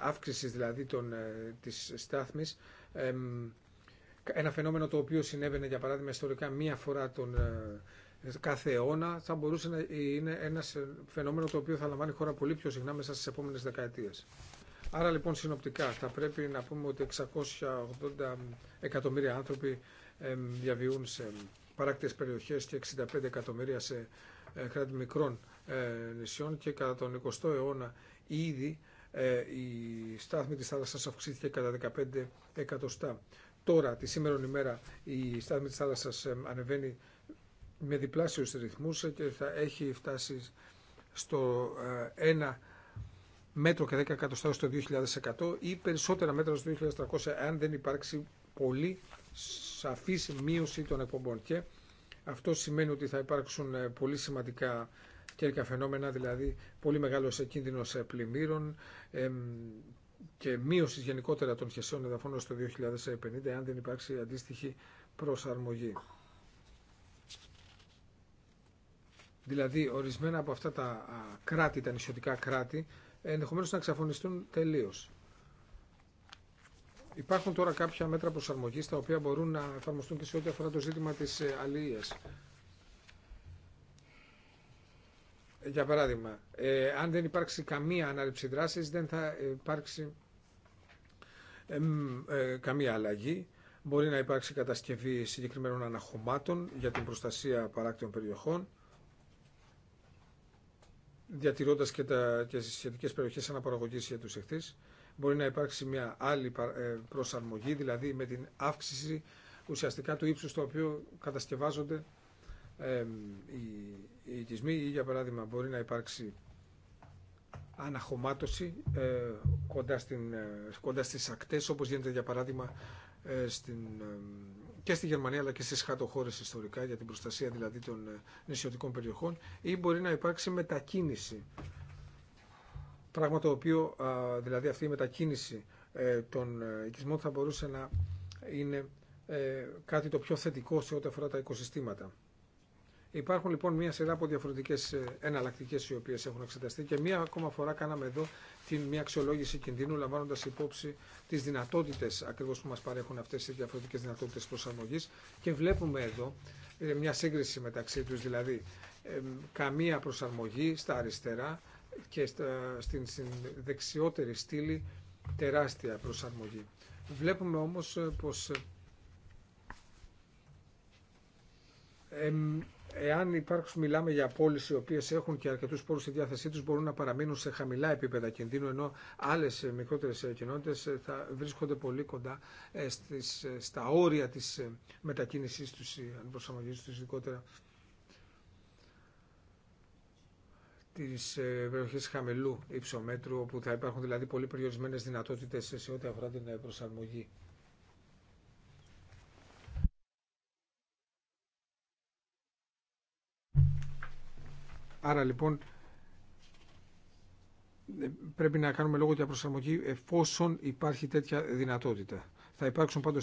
αύξησης δηλαδή των, ε, της στάθμης ένα φαινόμενο το οποίο συνέβαινε για παράδειγμα ιστορικά μία φορά τον ε, κάθε αιώνα θα μπορούσε να είναι ένα ε, φαινόμενο το οποίο θα λαμβάνει χώρα πολύ πιο συχνά μέσα στις επόμενες δεκαετίες. Άρα λοιπόν συνοπτικά θα πρέπει να πούμε ότι 680 εκατομμύρια άνθρωποι διαβιούν σε παράκτητες περιοχές και 65 εκατομμύρια σε ε, κράτη μικρών ε, νησιών και κατά τον 20ο αιώνα ήδη ε, η στάθμη της θάλασσας αυξήθηκε κατά 15 εκατοστά. Τώρα, τη σήμερα ημέρα, η στάθμη της θάλασσας ανεβαίνει με διπλάσιους ρυθμούς και θα έχει φτάσει στο 1 μέτρο και 10 εκατοστά στο 2100 ή περισσότερα μέτρα στο 2300 αν δεν υπάρξει πολύ σαφής μείωση των εκπομπών. Και αυτό σημαίνει ότι θα υπάρξουν ε, πολύ σημαντικά καιρικά φαινόμενα, δηλαδή πολύ μεγάλος κίνδυνος ε, πλημμύρων και μείωση γενικότερα των χεσαίων εδαφών στο το 2050, αν δεν υπάρξει αντίστοιχη προσαρμογή. Δηλαδή, ορισμένα από αυτά τα κράτη, τα νησιωτικά κράτη, ενδεχομένως να εξαφωνιστούν τελείως. Υπάρχουν τώρα κάποια μέτρα προσαρμογής τα οποία μπορούν να εφαρμοστούν και σε ό,τι αφορά το ζήτημα της ε, αλληλεία. Ε, για παράδειγμα, ε, αν δεν υπάρξει καμία ανάληψη δράση, δεν θα υπάρξει καμία αλλαγή. Μπορεί να υπάρξει κατασκευή συγκεκριμένων αναχωμάτων για την προστασία παράκτιων περιοχών διατηρώντας και, τα, και τις σχετικές περιοχές αναπαραγωγής για τους εχθείς μπορεί να υπάρξει μια άλλη ε, προσαρμογή, δηλαδή με την αύξηση ουσιαστικά του ύψους στο οποίο κατασκευάζονται οι οικισμοί ή για παράδειγμα μπορεί να υπάρξει αναχωμάτωση ε, κοντά, στην, ε, κοντά στις ακτές όπως γίνεται για παράδειγμα στην, και στη Γερμανία αλλά και στις χατοχώρες ιστορικά για την προστασία δηλαδή των νησιωτικών περιοχών ή μπορεί να υπάρξει μετακίνηση Πράγμα το οποίο, δηλαδή αυτή η μετακίνηση ε, των ε, οικισμών θα μπορούσε να είναι ε, κάτι το πιο θετικό σε ό,τι αφορά τα οικοσυστήματα. Υπάρχουν λοιπόν μια σειρά από διαφορετικέ εναλλακτικέ οι οποίε έχουν εξεταστεί και μια ακόμα φορά κάναμε εδώ την, μια αξιολόγηση κινδύνου λαμβάνοντα υπόψη τι δυνατότητε ακριβώ που μα παρέχουν αυτέ οι διαφορετικέ δυνατότητε προσαρμογή και βλέπουμε εδώ μια σύγκριση μεταξύ του, δηλαδή καμία προσαρμογή στα αριστερά και στα, στην, δεξιότερη στήλη τεράστια προσαρμογή. Βλέπουμε όμως ε, πως ε, εάν υπάρχουν, μιλάμε για πόλεις οι οποίες έχουν και αρκετούς πόρους στη διάθεσή τους μπορούν να παραμείνουν σε χαμηλά επίπεδα κινδύνου ενώ άλλες ε, μικρότερες κοινότητες θα βρίσκονται πολύ κοντά στις, στα όρια της μετακίνησής τους, αν προσαρμογής τους ειδικότερα τις ε, περιοχές χαμηλού υψομέτρου, όπου θα υπάρχουν δηλαδή πολύ περιορισμένες δυνατότητες σε ό,τι αφορά την ε, προσαρμογή. Άρα λοιπόν ε, πρέπει να κάνουμε λόγο για προσαρμογή εφόσον υπάρχει τέτοια δυνατότητα. Θα υπάρξουν πάντω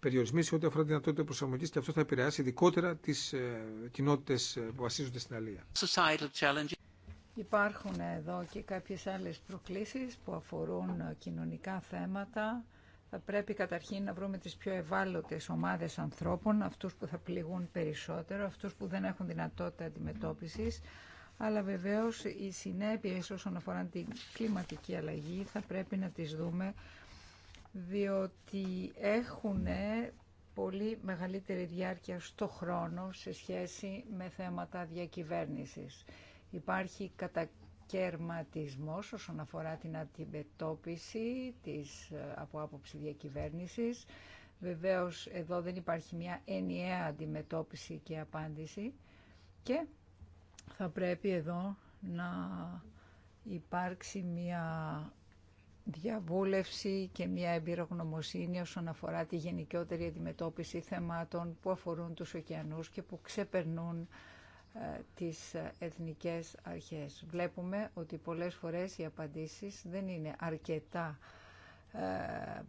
περιορισμοί σε ό,τι αφορά τη δυνατότητα προσαρμογή και αυτό θα επηρεάσει ειδικότερα τι ε, κοινότητε ε, που βασίζονται στην Αλία. Υπάρχουν εδώ και κάποιες άλλες προκλήσεις που αφορούν ε, κοινωνικά θέματα. Θα πρέπει καταρχήν να βρούμε τις πιο ευάλωτες ομάδες ανθρώπων, αυτούς που θα πληγούν περισσότερο, αυτούς που δεν έχουν δυνατότητα αντιμετώπισης. Αλλά βεβαίως οι συνέπειες όσον αφορά την κλιματική αλλαγή θα πρέπει να τις δούμε διότι έχουν πολύ μεγαλύτερη διάρκεια στο χρόνο σε σχέση με θέματα διακυβέρνησης. Υπάρχει κατακαιρματισμός όσον αφορά την αντιμετώπιση της, ε, από άποψη διακυβέρνησης. Βεβαίως εδώ δεν υπάρχει μια ενιαία αντιμετώπιση και απάντηση και θα πρέπει εδώ να υπάρξει μια διαβούλευση και μια εμπειρογνωμοσύνη όσον αφορά τη γενικότερη αντιμετώπιση θεμάτων που αφορούν τους ωκεανούς και που ξεπερνούν ε, τις ε, εθνικές αρχές. Βλέπουμε ότι πολλές φορές οι απαντήσεις δεν είναι αρκετά ε,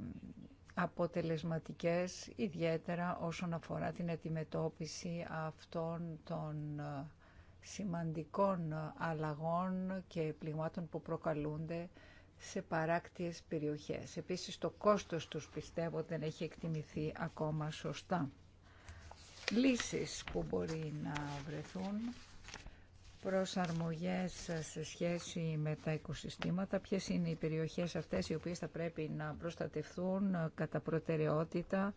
αποτελεσματικές, ιδιαίτερα όσον αφορά την αντιμετώπιση αυτών των σημαντικών αλλαγών και πληγμάτων που προκαλούνται σε παράκτιες περιοχές. Επίσης το κόστος τους πιστεύω δεν έχει εκτιμηθεί ακόμα σωστά. Λύσεις που μπορεί να βρεθούν, προσαρμογές σε σχέση με τα οικοσυστήματα, ποιες είναι οι περιοχές αυτές οι οποίες θα πρέπει να προστατευθούν κατά προτεραιότητα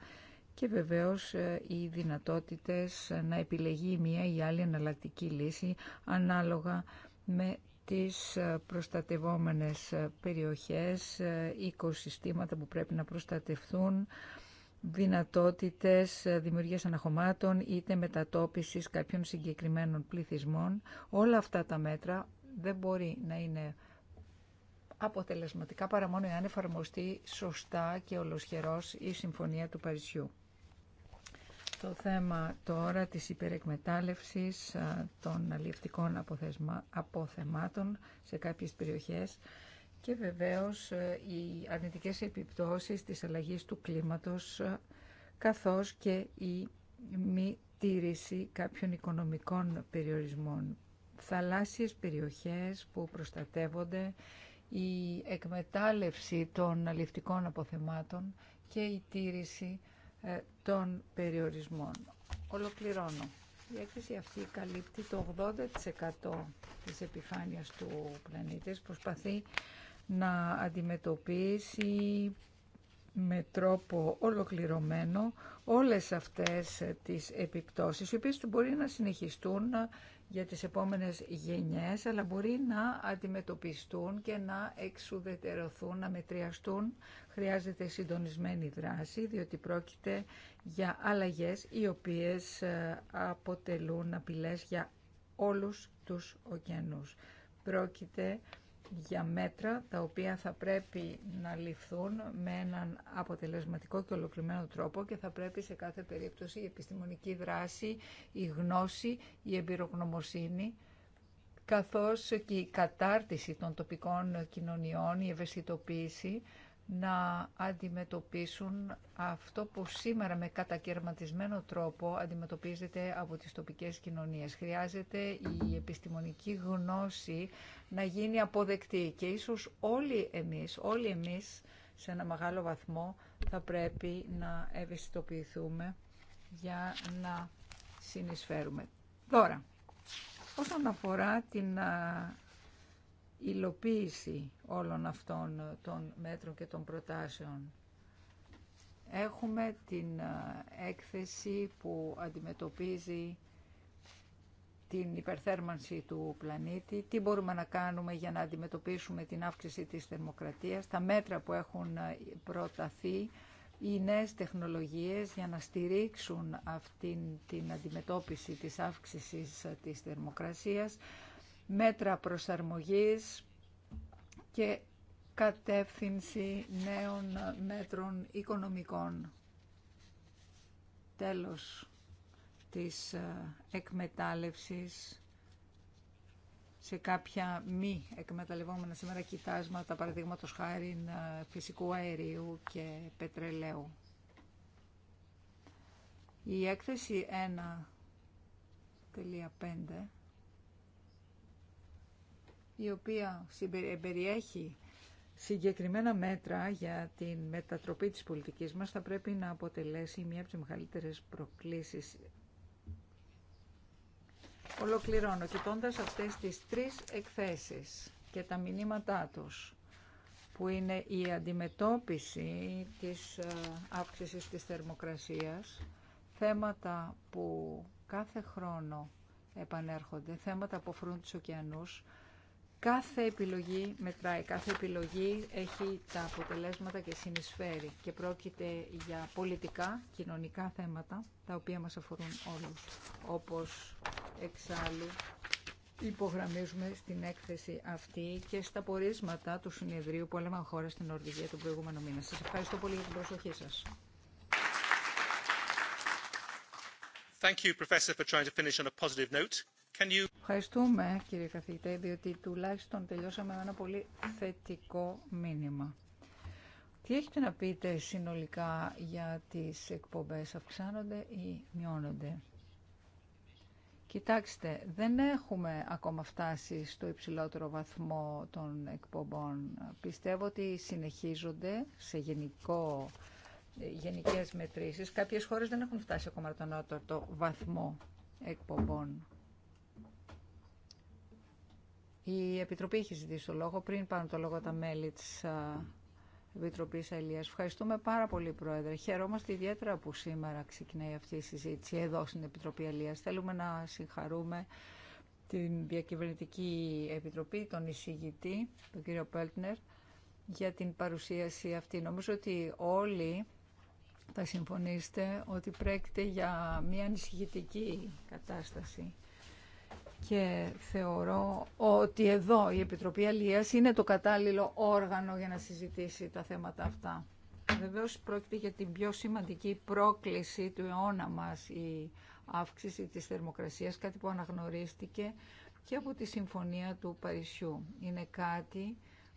και βεβαίως ε, οι δυνατότητες να επιλεγεί μία ή άλλη εναλλακτική λύση ανάλογα με τις ε, προστατευόμενες ε, περιοχές, ε, οικοσυστήματα που πρέπει να προστατευθούν, δυνατότητες δημιουργίας αναχωμάτων είτε μετατόπισης κάποιων συγκεκριμένων πληθυσμών. Όλα αυτά τα μέτρα δεν μπορεί να είναι αποτελεσματικά παρά μόνο εάν εφαρμοστεί σωστά και ολοσχερός η Συμφωνία του Παρισιού το θέμα τώρα της υπερεκμετάλλευσης των αλληλευτικών αποθεμάτων σε κάποιες περιοχές και βεβαίως ε, οι αρνητικές επιπτώσεις της αλλαγής του κλίματος ε, καθώς και η μη τήρηση κάποιων οικονομικών περιορισμών. Θαλάσσιες περιοχές που προστατεύονται, η εκμετάλλευση των αλληλευτικών αποθεμάτων και η τήρηση ε, των περιορισμών. Ολοκληρώνω. Η έκθεση αυτή καλύπτει το 80% της επιφάνειας του πλανήτη. Προσπαθεί να αντιμετωπίσει με τρόπο ολοκληρωμένο όλες αυτές τις επιπτώσεις, οι οποίες μπορεί να συνεχιστούν για τις επόμενες γενιές, αλλά μπορεί να αντιμετωπιστούν και να εξουδετερωθούν, να μετριαστούν. Χρειάζεται συντονισμένη δράση, διότι πρόκειται για αλλαγές οι οποίες ε, αποτελούν απειλές για όλους τους ωκεανούς. Πρόκειται για μέτρα τα οποία θα πρέπει να ληφθούν με έναν αποτελεσματικό και ολοκληρωμένο τρόπο και θα πρέπει σε κάθε περίπτωση η επιστημονική δράση, η γνώση, η εμπειρογνωμοσύνη καθώς και η κατάρτιση των τοπικών κοινωνιών, η ευαισθητοποίηση να αντιμετωπίσουν αυτό που σήμερα με κατακαιρματισμένο τρόπο αντιμετωπίζεται από τις τοπικές κοινωνίες. Χρειάζεται η επιστημονική γνώση να γίνει αποδεκτή και ίσως όλοι εμείς, όλοι εμείς σε ένα μεγάλο βαθμό θα πρέπει να ευαισθητοποιηθούμε για να συνεισφέρουμε. Τώρα, όσον αφορά την υλοποίηση όλων αυτών των μέτρων και των προτάσεων. Έχουμε την ε, έκθεση που αντιμετωπίζει την υπερθέρμανση του πλανήτη, τι μπορούμε να κάνουμε για να αντιμετωπίσουμε την αύξηση της θερμοκρατίας, τα μέτρα που έχουν ε, προταθεί, οι νέες τεχνολογίες για να στηρίξουν αυτήν την αντιμετώπιση της αύξησης ε, της θερμοκρασίας, μέτρα προσαρμογής και κατεύθυνση νέων μέτρων οικονομικών. Τέλος της ε, εκμετάλλευσης σε κάποια μη εκμεταλλευόμενα σήμερα κοιτάσματα, παραδείγματο χάρη ε, φυσικού αερίου και πετρελαίου. Η έκθεση 1.5 η οποία περιέχει συγκεκριμένα μέτρα για τη μετατροπή της πολιτικής μας θα πρέπει να αποτελέσει μία από τις μεγαλύτερες προκλήσεις. Ολοκληρώνω κοιτώντας αυτές τις τρεις εκθέσεις και τα μηνύματά τους που είναι η αντιμετώπιση της ε, αύξησης της θερμοκρασίας, θέματα που κάθε χρόνο επανέρχονται, θέματα που αφορούν τους ωκεανούς, Κάθε επιλογή μετράει, κάθε επιλογή έχει τα αποτελέσματα και συνεισφέρει και πρόκειται για πολιτικά, κοινωνικά θέματα, τα οποία μας αφορούν όλους, όπως εξάλλου υπογραμμίζουμε στην έκθεση αυτή και στα πορίσματα του συνεδρίου που χώρα στην Ορδηγία τον προηγούμενο μήνα. Σας ευχαριστώ πολύ για την προσοχή σας. Thank you, Professor, for trying to finish on a positive note. Ευχαριστούμε κύριε καθηγητέ, διότι τουλάχιστον τελειώσαμε με ένα πολύ θετικό μήνυμα. Τι έχετε να πείτε συνολικά για τις εκπομπές, αυξάνονται ή μειώνονται. Κοιτάξτε, δεν έχουμε ακόμα φτάσει στο υψηλότερο βαθμό των εκπομπών. Πιστεύω ότι συνεχίζονται σε γενικό, γενικές μετρήσεις. Κάποιες χώρες δεν έχουν φτάσει ακόμα τον βαθμό εκπομπών. Η Επιτροπή έχει ζητήσει το λόγο πριν πάνω το λόγο τα μέλη της Επιτροπής Αλίας. Ευχαριστούμε πάρα πολύ, Πρόεδρε. Χαιρόμαστε ιδιαίτερα που σήμερα ξεκινάει αυτή η συζήτηση εδώ στην Επιτροπή Αλίας. Θέλουμε να συγχαρούμε την Διακυβερνητική Επιτροπή, τον εισηγητή, τον κύριο Πέλτνερ, για την παρουσίαση αυτή. Νομίζω ότι όλοι θα συμφωνήσετε ότι πρέπει για μια ανησυχητική κατάσταση και θεωρώ ότι εδώ η Επιτροπή Αλίας είναι το κατάλληλο όργανο για να συζητήσει τα θέματα αυτά. Βεβαίω πρόκειται για την πιο σημαντική πρόκληση του αιώνα μας η αύξηση της θερμοκρασίας, κάτι που αναγνωρίστηκε και από τη Συμφωνία του Παρισιού. Είναι κάτι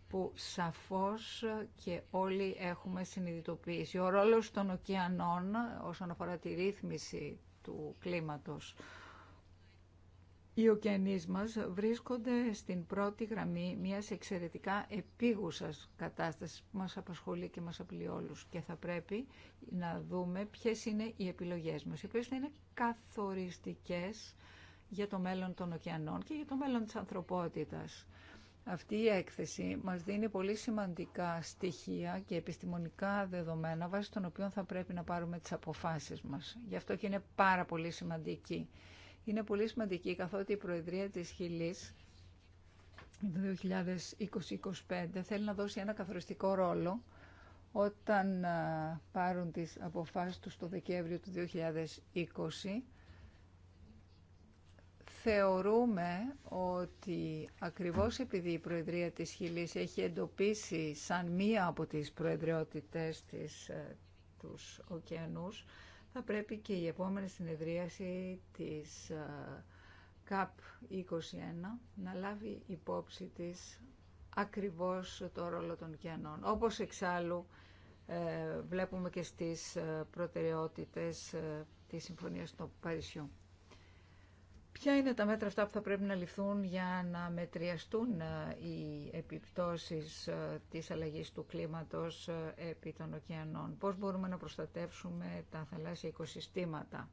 που σαφώς και όλοι έχουμε συνειδητοποιήσει. Ο ρόλος των ωκεανών όσον αφορά τη ρύθμιση του κλίματος οι ωκεανοί μα βρίσκονται στην πρώτη γραμμή μια εξαιρετικά επίγουσας κατάσταση που μας απασχολεί και μας απειλεί όλου. και θα πρέπει να δούμε ποιε είναι οι επιλογέ μα, οι οποίε θα είναι καθοριστικέ για το μέλλον των ωκεανών και για το μέλλον τη ανθρωπότητα. Αυτή η έκθεση μας δίνει πολύ σημαντικά στοιχεία και επιστημονικά δεδομένα βάσει των οποίων θα πρέπει να πάρουμε τις αποφάσεις μας. Γι' αυτό και είναι πάρα πολύ σημαντική είναι πολύ σημαντική καθότι η Προεδρία της Χιλής το 2020-2025 θέλει να δώσει ένα καθοριστικό ρόλο όταν πάρουν τις αποφάσεις τους το Δεκέμβριο του 2020 θεωρούμε ότι ακριβώς επειδή η Προεδρία της Χιλής έχει εντοπίσει σαν μία από τις προεδριότητες της, ε, τους ωκεανούς, θα πρέπει και η επόμενη συνεδρίαση της ε, ΚΑΠ 21 να λάβει υπόψη της ακριβώς το ρόλο των κενών. Όπως εξάλλου ε, βλέπουμε και στις ε, προτεραιότητες της Συμφωνίας των Παρισιού. Ποια είναι τα μέτρα αυτά που θα πρέπει να ληφθούν για να μετριαστούν ε, οι επιπτώσεις ε, της αλλαγής του κλίματος ε, επί των ωκεανών. Πώς μπορούμε να προστατεύσουμε τα θαλάσσια οικοσυστήματα.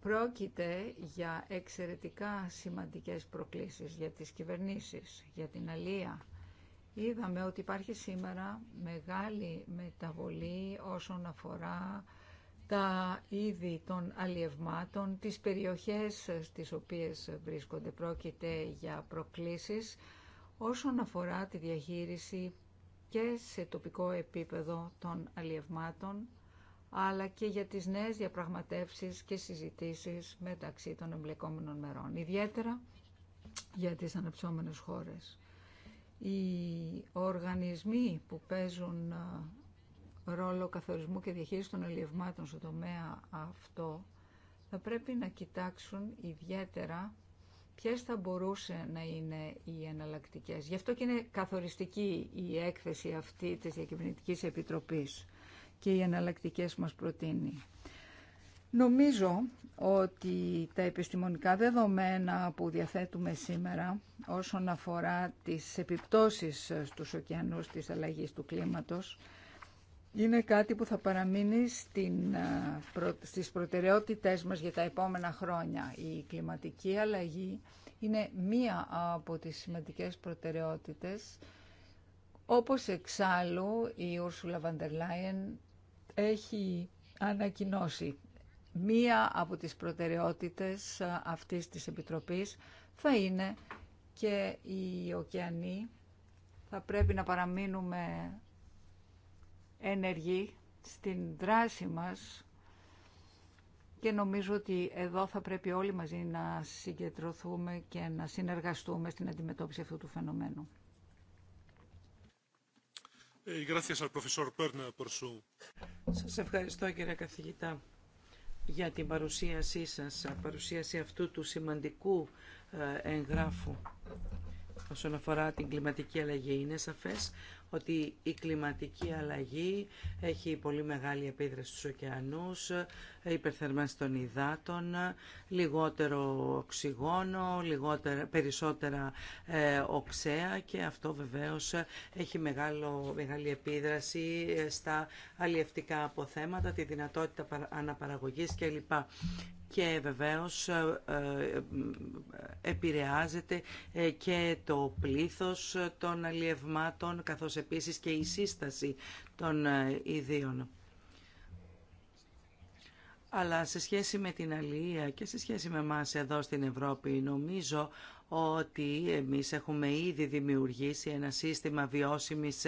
Πρόκειται για εξαιρετικά σημαντικές προκλήσεις για τις κυβερνήσεις, για την αλία. Είδαμε ότι υπάρχει σήμερα μεγάλη μεταβολή όσον αφορά τα είδη των αλλιευμάτων, τις περιοχές στις οποίες βρίσκονται. Πρόκειται για προκλήσεις όσον αφορά τη διαχείριση και σε τοπικό επίπεδο των αλλιευμάτων, αλλά και για τις νέες διαπραγματεύσεις και συζητήσεις μεταξύ των εμπλεκόμενων μερών, ιδιαίτερα για τις αναψώμενες χώρες. Οι οργανισμοί που παίζουν ρόλο καθορισμού και διαχείρισης των αλλιευμάτων στον τομέα αυτό, θα πρέπει να κοιτάξουν ιδιαίτερα ποιε θα μπορούσε να είναι οι εναλλακτικέ. Γι' αυτό και είναι καθοριστική η έκθεση αυτή της Διακυβερνητικής Επιτροπής και οι εναλλακτικέ μας προτείνει. Νομίζω ότι τα επιστημονικά δεδομένα που διαθέτουμε σήμερα όσον αφορά τις επιπτώσεις στους ωκεανούς της αλλαγής του κλίματος είναι κάτι που θα παραμείνει στην, στις προτεραιότητές μας για τα επόμενα χρόνια. Η κλιματική αλλαγή είναι μία από τις σημαντικές προτεραιότητες, όπως εξάλλου η Ούρσουλα Leyen έχει ανακοινώσει. Μία από τις προτεραιότητες αυτής της Επιτροπής θα είναι και οι ωκεανοί. Θα πρέπει να παραμείνουμε ενεργοί στην δράση μας και νομίζω ότι εδώ θα πρέπει όλοι μαζί να συγκεντρωθούμε και να συνεργαστούμε στην αντιμετώπιση αυτού του φαινομένου. Ε, Σα ευχαριστώ κύριε καθηγητά για την παρουσίασή σας, παρουσίαση αυτού του σημαντικού ε, εγγράφου όσον αφορά την κλιματική αλλαγή. Είναι σαφές ότι η κλιματική αλλαγή έχει πολύ μεγάλη επίδραση στους ωκεανούς, υπερθερμάνση των υδάτων, λιγότερο οξυγόνο, λιγότερα, περισσότερα ε, οξέα και αυτό βεβαίως έχει μεγάλο, μεγάλη επίδραση ε, στα αλλιευτικά αποθέματα, τη δυνατότητα αναπαραγωγής κλπ και βεβαίως ε, ε, επηρεάζεται ε, και το πλήθος των αλλιευμάτων καθώς επίσης και η σύσταση των ιδίων. Αλλά σε σχέση με την αλληλεία και σε σχέση με εμά εδώ στην Ευρώπη νομίζω ότι εμείς έχουμε ήδη δημιουργήσει ένα σύστημα βιώσιμης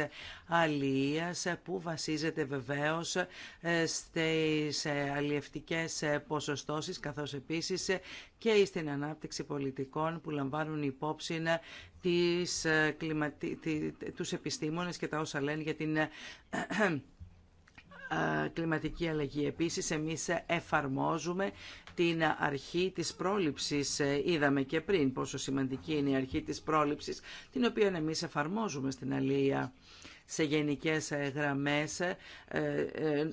αλληλεία που βασίζεται βεβαίως ε, στις ε, αλλιευτικές ε, ποσοστώσεις καθώς επίσης και στην ανάπτυξη πολιτικών που λαμβάνουν υπόψη τις, τους επιστήμονες και τα όσα λένε για την ε, κλιματική αλλαγή. Επίσης, εμείς εφαρμόζουμε την αρχή της πρόληψης. Ε, είδαμε και πριν πόσο σημαντική είναι η αρχή της πρόληψης, την οποία εμείς εφαρμόζουμε στην Αλία σε γενικές γραμμές ε,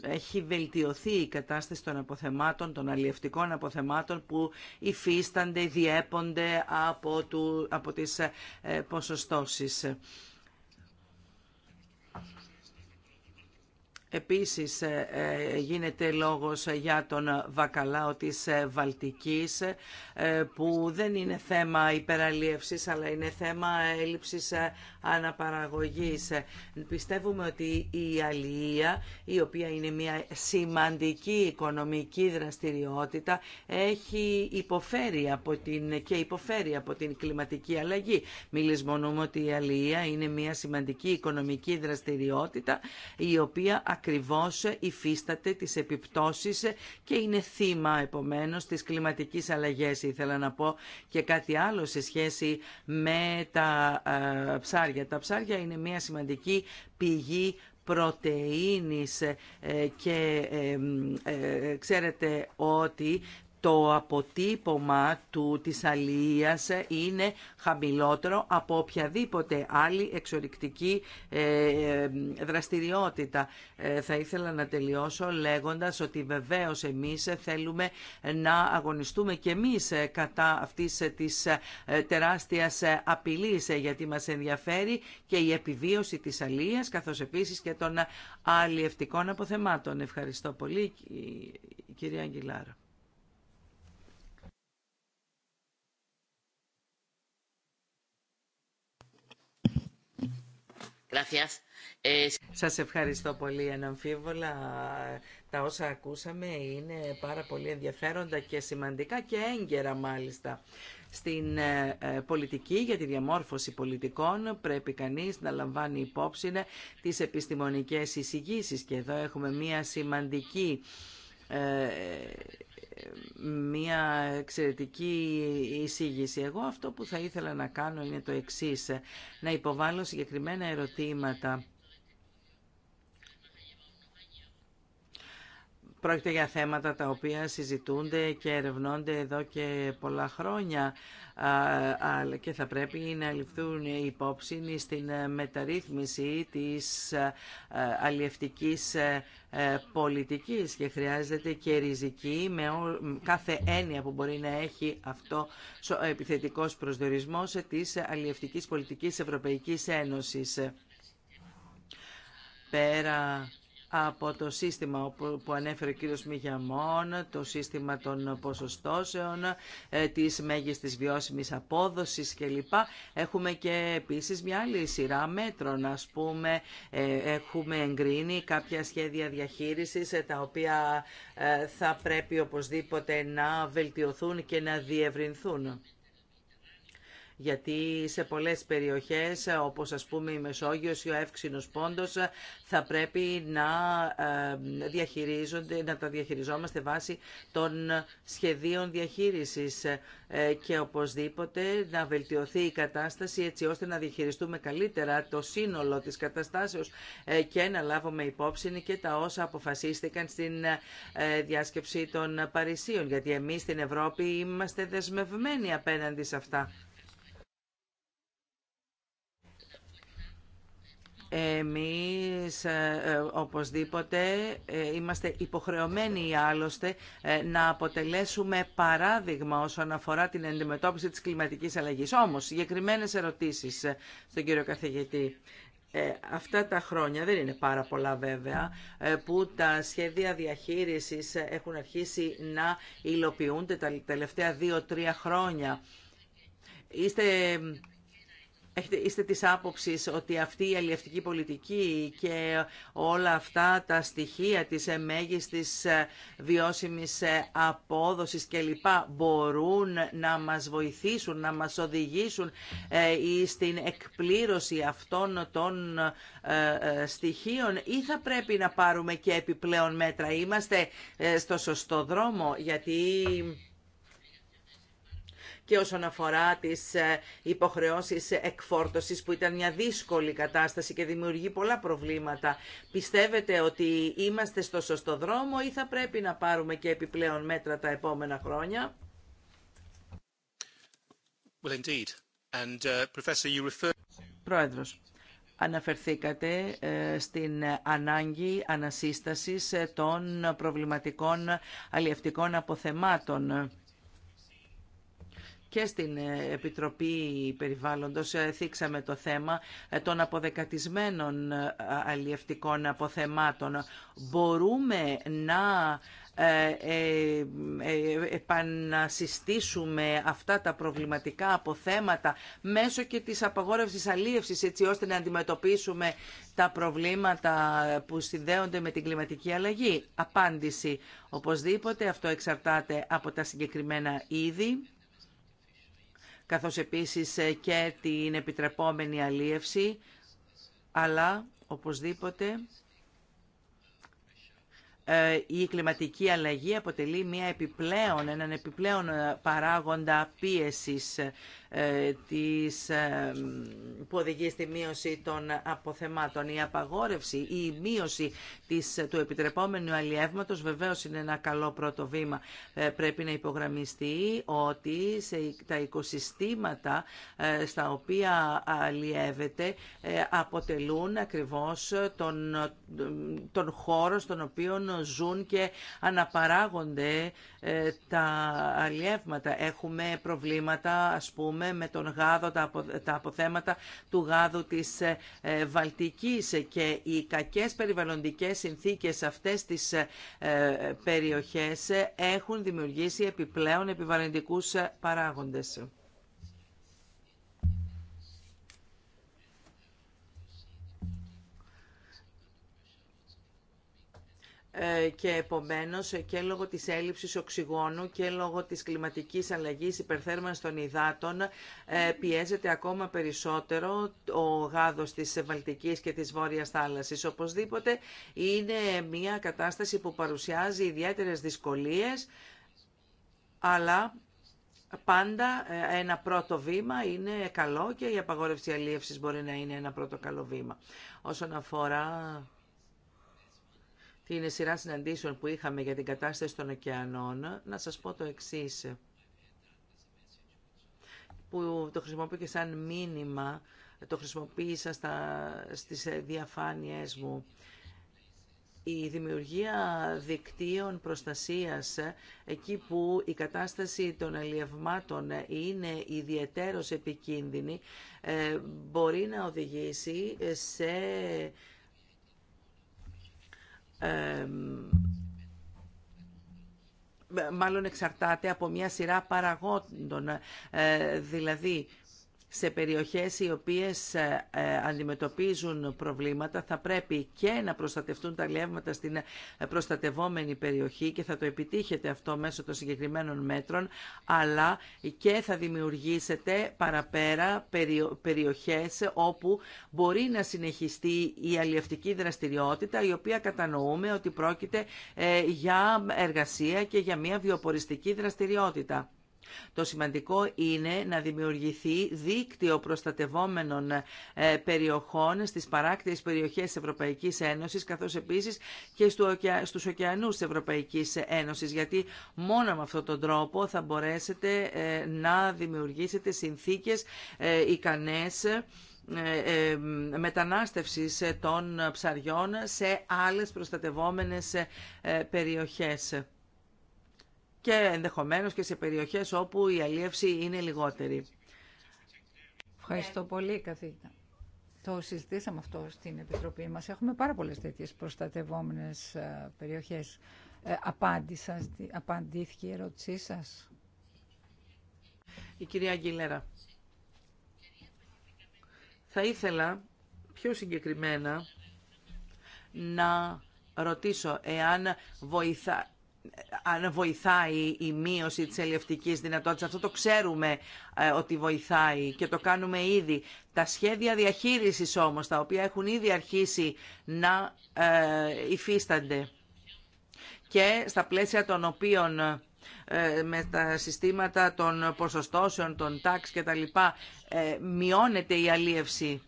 έχει βελτιωθεί η κατάσταση των αποθεμάτων, των αλλιευτικών αποθεμάτων που υφίστανται, διέπονται από, του, από τις ποσοστώσεις. Επίσης ε, ε, γίνεται λόγος για τον βακαλάο της ε, Βαλτικής που δεν είναι θέμα υπεραλίευσης αλλά είναι θέμα έλλειψης αναπαραγωγής. Πιστεύουμε ότι η αλληλεία η οποία είναι μια σημαντική οικονομική δραστηριότητα έχει υποφέρει από την, και υποφέρει από την κλιματική αλλαγή. Μιλισμονούμε ότι η αλληλεία είναι μια σημαντική οικονομική δραστηριότητα η οποία ακριβώς υφίσταται τις επιπτώσεις και είναι θύμα επομένως της κλιματικής αλλαγής. Ήθελα να πω και κάτι άλλο σε σχέση με τα ε, ψάρια. Τα ψάρια είναι μια σημαντική πηγή πρωτεΐνης ε, και ε, ξέρετε ότι το αποτύπωμα του, της είναι χαμηλότερο από οποιαδήποτε άλλη εξορυκτική ε, δραστηριότητα. Ε, θα ήθελα να τελειώσω λέγοντας ότι βεβαίως εμείς θέλουμε να αγωνιστούμε και εμείς κατά αυτής της ε, τεράστιας απειλής γιατί μας ενδιαφέρει και η επιβίωση της αλληλείας καθώς επίσης και των αλληλευτικών αποθεμάτων. Ευχαριστώ πολύ κυρία Αγγιλάρα. Σας ευχαριστώ πολύ. Αναμφίβολα τα όσα ακούσαμε είναι πάρα πολύ ενδιαφέροντα και σημαντικά και έγκαιρα μάλιστα. Στην ε, ε, πολιτική, για τη διαμόρφωση πολιτικών, πρέπει κανείς να λαμβάνει υπόψη ε, τις επιστημονικές εισηγήσεις. Και εδώ έχουμε μία σημαντική μια εξαιρετική εισήγηση. Εγώ αυτό που θα ήθελα να κάνω είναι το εξής, να υποβάλω συγκεκριμένα ερωτήματα Πρόκειται για θέματα τα οποία συζητούνται και ερευνώνται εδώ και πολλά χρόνια και θα πρέπει να ληφθούν υπόψη στην μεταρρύθμιση της αλλιευτικής ε, ε, πολιτικής και χρειάζεται και ριζική με κάθε έννοια που μπορεί να έχει αυτό ο επιθετικός προσδιορισμός της αλλιευτικής πολιτικής Ευρωπαϊκής Ένωσης. Πέρα από το σύστημα που ανέφερε ο κύριος Μηγιαμών, το σύστημα των ποσοστώσεων, ε, της μέγιστης βιώσιμης απόδοσης κλπ. Έχουμε και επίσης μια άλλη σειρά μέτρων, ας πούμε, ε, έχουμε εγκρίνει κάποια σχέδια διαχείρισης ε, τα οποία θα πρέπει οπωσδήποτε να βελτιωθούν και να διευρυνθούν γιατί σε πολλές περιοχές όπως ας πούμε η Μεσόγειος ή ο Εύξηνος Πόντος θα πρέπει να, ε, διαχειρίζονται, να τα διαχειριζόμαστε βάσει των σχεδίων διαχείρισης ε, και οπωσδήποτε να βελτιωθεί η κατάσταση έτσι ώστε να διαχειριστούμε καλύτερα το σύνολο της καταστάσεως ε, και να λάβουμε υπόψη και τα όσα αποφασίστηκαν στην διάσκεψη των Παρισίων γιατί εμείς στην Ευρώπη είμαστε δεσμευμένοι απέναντι σε αυτά. Εμείς ε, ε, οπωσδήποτε ε, είμαστε υποχρεωμένοι άλλωστε να αποτελέσουμε παράδειγμα όσον αφορά την αντιμετώπιση της κλιματικής αλλαγής. Όμως, συγκεκριμένε ερωτήσεις στον κύριο καθηγητή. αυτά τα χρόνια, δεν είναι πάρα πολλά βέβαια, που τα σχέδια διαχείρισης έχουν αρχίσει να υλοποιούνται τα τελευταία δύο-τρία χρόνια. Είστε είστε της άποψης ότι αυτή η αλληλευτική πολιτική και όλα αυτά τα στοιχεία της ε, μέγιστης ε, βιώσιμης ε, απόδοσης κλπ. μπορούν να μας βοηθήσουν, να μας οδηγήσουν στην εκπλήρωση αυτών των στοιχείων ή θα πρέπει να πάρουμε και επιπλέον μέτρα. Είμαστε στο σωστό δρόμο γιατί και όσον αφορά τις ε, υποχρεώσεις εκφόρτωσης που ήταν μια δύσκολη κατάσταση και δημιουργεί πολλά προβλήματα. Πιστεύετε ότι είμαστε στο σωστό δρόμο ή θα πρέπει να πάρουμε και επιπλέον μέτρα τα επόμενα χρόνια. Well, uh, Πρόεδρος, αναφερθήκατε ε, στην ανάγκη ανασύστασης ε, των προβληματικών αλλιευτικών αποθεμάτων και στην ε, Επιτροπή Περιβάλλοντος ε, θίξαμε το θέμα ε, των αποδεκατισμένων αλλιευτικών αποθεμάτων. Μπορούμε να επανασυστήσουμε αυτά τα προβληματικά αποθέματα μέσω και της απαγόρευσης αλίευσης έτσι ώστε να αντιμετωπίσουμε τα προβλήματα που συνδέονται με την κλιματική αλλαγή. Απάντηση. Οπωσδήποτε αυτό εξαρτάται από τα συγκεκριμένα είδη καθώς επίσης ε, και την επιτρεπόμενη αλίευση, αλλά οπωσδήποτε ε, η κλιματική αλλαγή αποτελεί μια επιπλέον, έναν επιπλέον ε, παράγοντα πίεσης ε, της, ε, που οδηγεί στη μείωση των αποθεμάτων. Η απαγόρευση ή η μείωση της, του επιτρεπόμενου αλλιεύματος βεβαίως είναι ένα καλό πρώτο βήμα. Ε, πρέπει να υπογραμμιστεί ότι τα οικοσυστήματα στα οποία αλλιεύεται αποτελούν ακριβώς τον, τον χώρο στον οποίο ζουν και αναπαράγονται τα αλλιεύματα. Έχουμε προβλήματα ας πούμε με τον γάδο, τα, αποθέματα του γάδου της ε, ε, Βαλτικής και οι κακές περιβαλλοντικές συνθήκες αυτές τις ε, περιοχές έχουν δημιουργήσει επιπλέον επιβαλλοντικούς παράγοντες. Ε, και επομένως ε, και λόγω της έλλειψης οξυγόνου και λόγω της κλιματικής αλλαγής υπερθέρμανσης των υδάτων ε, πιέζεται ακόμα περισσότερο ο γάδος της Βαλτικής και της Βόρειας θάλασσης. Οπωσδήποτε είναι μια κατάσταση που παρουσιάζει ιδιαίτερες δυσκολίες αλλά πάντα ένα πρώτο βήμα είναι καλό και η απαγόρευση αλίευσης μπορεί να είναι ένα πρώτο καλό βήμα. Όσον αφορά την σειρά συναντήσεων που είχαμε για την κατάσταση των ωκεανών, να σας πω το εξής, που το χρησιμοποιώ και σαν μήνυμα, το χρησιμοποίησα στα, στις διαφάνειές μου. Η δημιουργία δικτύων προστασίας, εκεί που η κατάσταση των αλλιευμάτων είναι ιδιαίτερος επικίνδυνη, ε, μπορεί να οδηγήσει σε μάλλον εξαρτάται από μια σειρά παραγόντων. Ε, δηλαδή, σε περιοχές οι οποίες ε, ε, αντιμετωπίζουν προβλήματα θα πρέπει και να προστατευτούν τα λεύματα στην ε, προστατευόμενη περιοχή και θα το επιτύχετε αυτό μέσω των συγκεκριμένων μέτρων αλλά και θα δημιουργήσετε παραπέρα περιοχές όπου μπορεί να συνεχιστεί η αλλιευτική δραστηριότητα η οποία κατανοούμε ότι πρόκειται για εργασία και για μια βιοποριστική δραστηριότητα. Το σημαντικό είναι να δημιουργηθεί δίκτυο προστατευόμενων ε, περιοχών στις παράκτιες περιοχές της Ευρωπαϊκής Ένωσης, καθώς επίσης και στους ωκεανούς της Ευρωπαϊκής Ένωσης, γιατί μόνο με αυτόν τον τρόπο θα μπορέσετε ε, να δημιουργήσετε συνθήκες ε, ικανές μετανάστευσης των ψαριών σε άλλες προστατευόμενες περιοχές και ενδεχομένως και σε περιοχές όπου η αλίευση είναι λιγότερη. Ευχαριστώ πολύ, καθηγητά. Το συζητήσαμε αυτό στην Επιτροπή μας. Έχουμε πάρα πολλές τέτοιες προστατευόμενες ε, περιοχές. Ε, απάντησα, απαντήθηκε η ερώτησή σας. Η κυρία Αγγιλέρα. Θα ήθελα πιο συγκεκριμένα να ρωτήσω εάν βοηθά, αν βοηθάει η μείωση της ελευτικής δυνατότητας. Αυτό το ξέρουμε ε, ότι βοηθάει και το κάνουμε ήδη. Τα σχέδια διαχείρισης όμως, τα οποία έχουν ήδη αρχίσει να ε, υφίστανται και στα πλαίσια των οποίων ε, με τα συστήματα των ποσοστώσεων, των τάξ και τα λοιπά, μειώνεται η αλίευση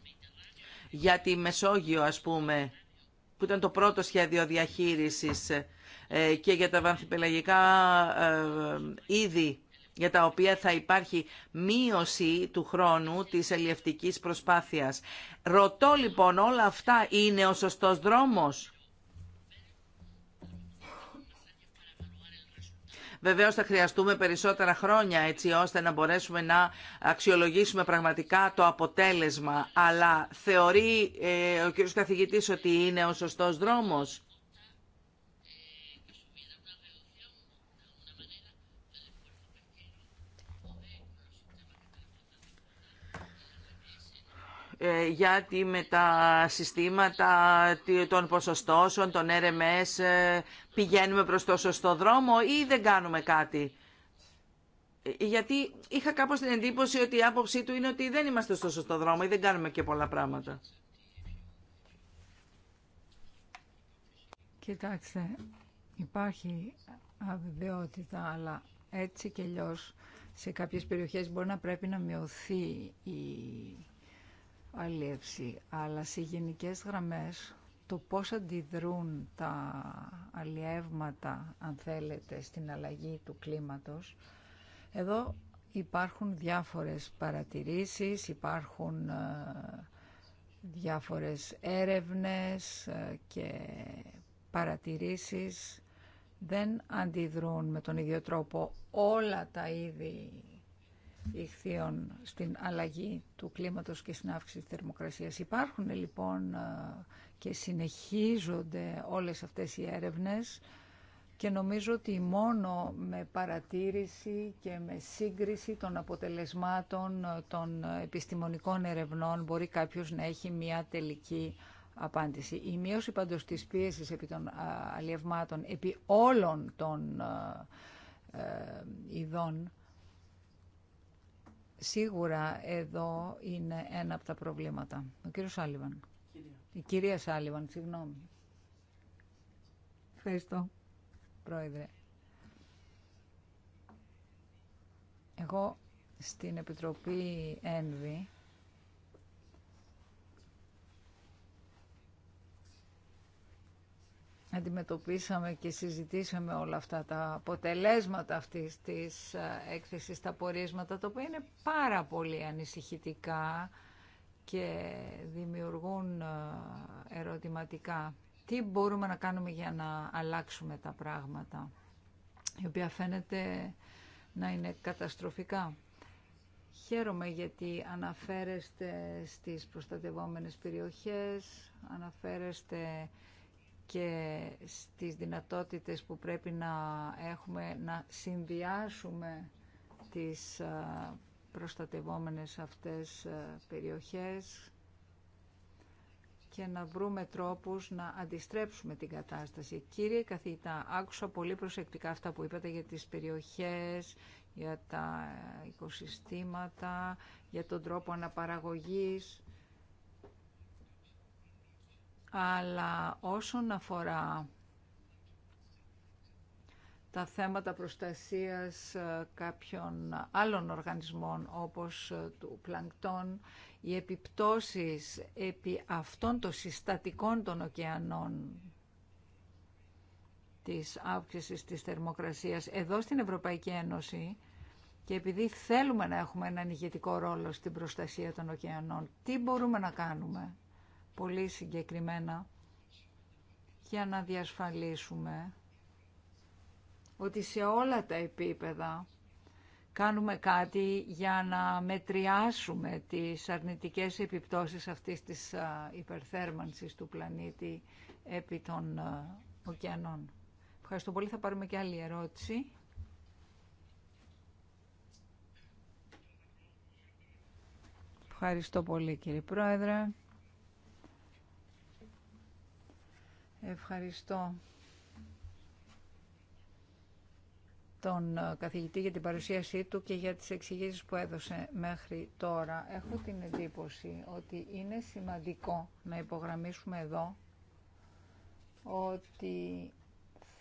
για τη Μεσόγειο, ας πούμε, που ήταν το πρώτο σχέδιο διαχείρισης ε, και για τα βανθυπελαγικά ε, είδη για τα οποία θα υπάρχει μείωση του χρόνου της ελιευτικής προσπάθειας. Ρωτώ λοιπόν, όλα αυτά είναι ο σωστός δρόμος. Βεβαίως θα χρειαστούμε περισσότερα χρόνια έτσι ώστε να μπορέσουμε να αξιολογήσουμε πραγματικά το αποτέλεσμα. Αλλά θεωρεί ε, ο κύριος καθηγητής ότι είναι ο σωστός δρόμος. Ε, γιατί με τα συστήματα των ποσοστώσεων, των RMS, ε, πηγαίνουμε προς το σωστό δρόμο ή δεν κάνουμε κάτι. Ε, γιατί είχα κάπως την εντύπωση ότι η άποψή του είναι ότι δεν είμαστε στο σωστό δρόμο ή δεν κάνουμε και πολλά πράγματα. Κοιτάξτε, υπάρχει αβεβαιότητα, αλλά έτσι και αλλιώ σε κάποιες περιοχές μπορεί να πρέπει να μειωθεί η αλλά σε γενικές γραμμές το πώς αντιδρούν τα αλλιεύματα, αν θέλετε, στην αλλαγή του κλίματος, εδώ υπάρχουν διάφορες παρατηρήσεις, υπάρχουν ε, διάφορες έρευνες ε, και παρατηρήσεις. Δεν αντιδρούν με τον ίδιο τρόπο όλα τα είδη ηχθείων στην αλλαγή του κλίματος και στην αύξηση της θερμοκρασίας. Υπάρχουν ε, λοιπόν ε, και συνεχίζονται όλες αυτές οι έρευνες και νομίζω ότι μόνο με παρατήρηση και με σύγκριση των αποτελεσμάτων ε, των επιστημονικών ερευνών μπορεί κάποιος να έχει μια τελική απάντηση. Η μείωση παντός της πίεσης επί των αλλιευμάτων, επί όλων των ειδών Σίγουρα εδώ είναι ένα από τα προβλήματα. Ο κύριος Σάλιβαν. Η κυρία Σάλιβαν, συγγνώμη. Ευχαριστώ, Πρόεδρε. Εγώ στην Επιτροπή Ένβη αντιμετωπίσαμε και συζητήσαμε όλα αυτά τα αποτελέσματα αυτής της ε, έκθεσης, τα πορίσματα, τα οποία είναι πάρα πολύ ανησυχητικά και δημιουργούν ε, ερωτηματικά. Τι μπορούμε να κάνουμε για να αλλάξουμε τα πράγματα, η οποία φαίνεται να είναι καταστροφικά. Χαίρομαι γιατί αναφέρεστε στις προστατευόμενες περιοχές, αναφέρεστε και στις δυνατότητες που πρέπει να έχουμε να συνδυάσουμε τις ε, προστατευόμενες αυτές ε, περιοχές και να βρούμε τρόπους να αντιστρέψουμε την κατάσταση. Κύριε καθηγητά, άκουσα πολύ προσεκτικά αυτά που είπατε για τις περιοχές, για τα οικοσυστήματα, για τον τρόπο αναπαραγωγής αλλά όσον αφορά τα θέματα προστασίας ε, κάποιων άλλων οργανισμών όπως ε, του πλανκτών, οι επιπτώσεις επί αυτών των συστατικών των ωκεανών της αύξησης της θερμοκρασίας εδώ στην Ευρωπαϊκή Ένωση και επειδή θέλουμε να έχουμε έναν ηγετικό ρόλο στην προστασία των ωκεανών, τι μπορούμε να κάνουμε πολύ συγκεκριμένα για να διασφαλίσουμε ότι σε όλα τα επίπεδα κάνουμε κάτι για να μετριάσουμε τις αρνητικές επιπτώσεις αυτής της υπερθέρμανσης του πλανήτη επί των ωκεανών. Ευχαριστώ πολύ. Θα πάρουμε και άλλη ερώτηση. Ευχαριστώ πολύ κύριε Πρόεδρε. Ευχαριστώ τον ε, καθηγητή για την παρουσίασή του και για τις εξηγήσεις που έδωσε μέχρι τώρα. Έχω την εντύπωση ότι είναι σημαντικό να υπογραμμίσουμε εδώ ότι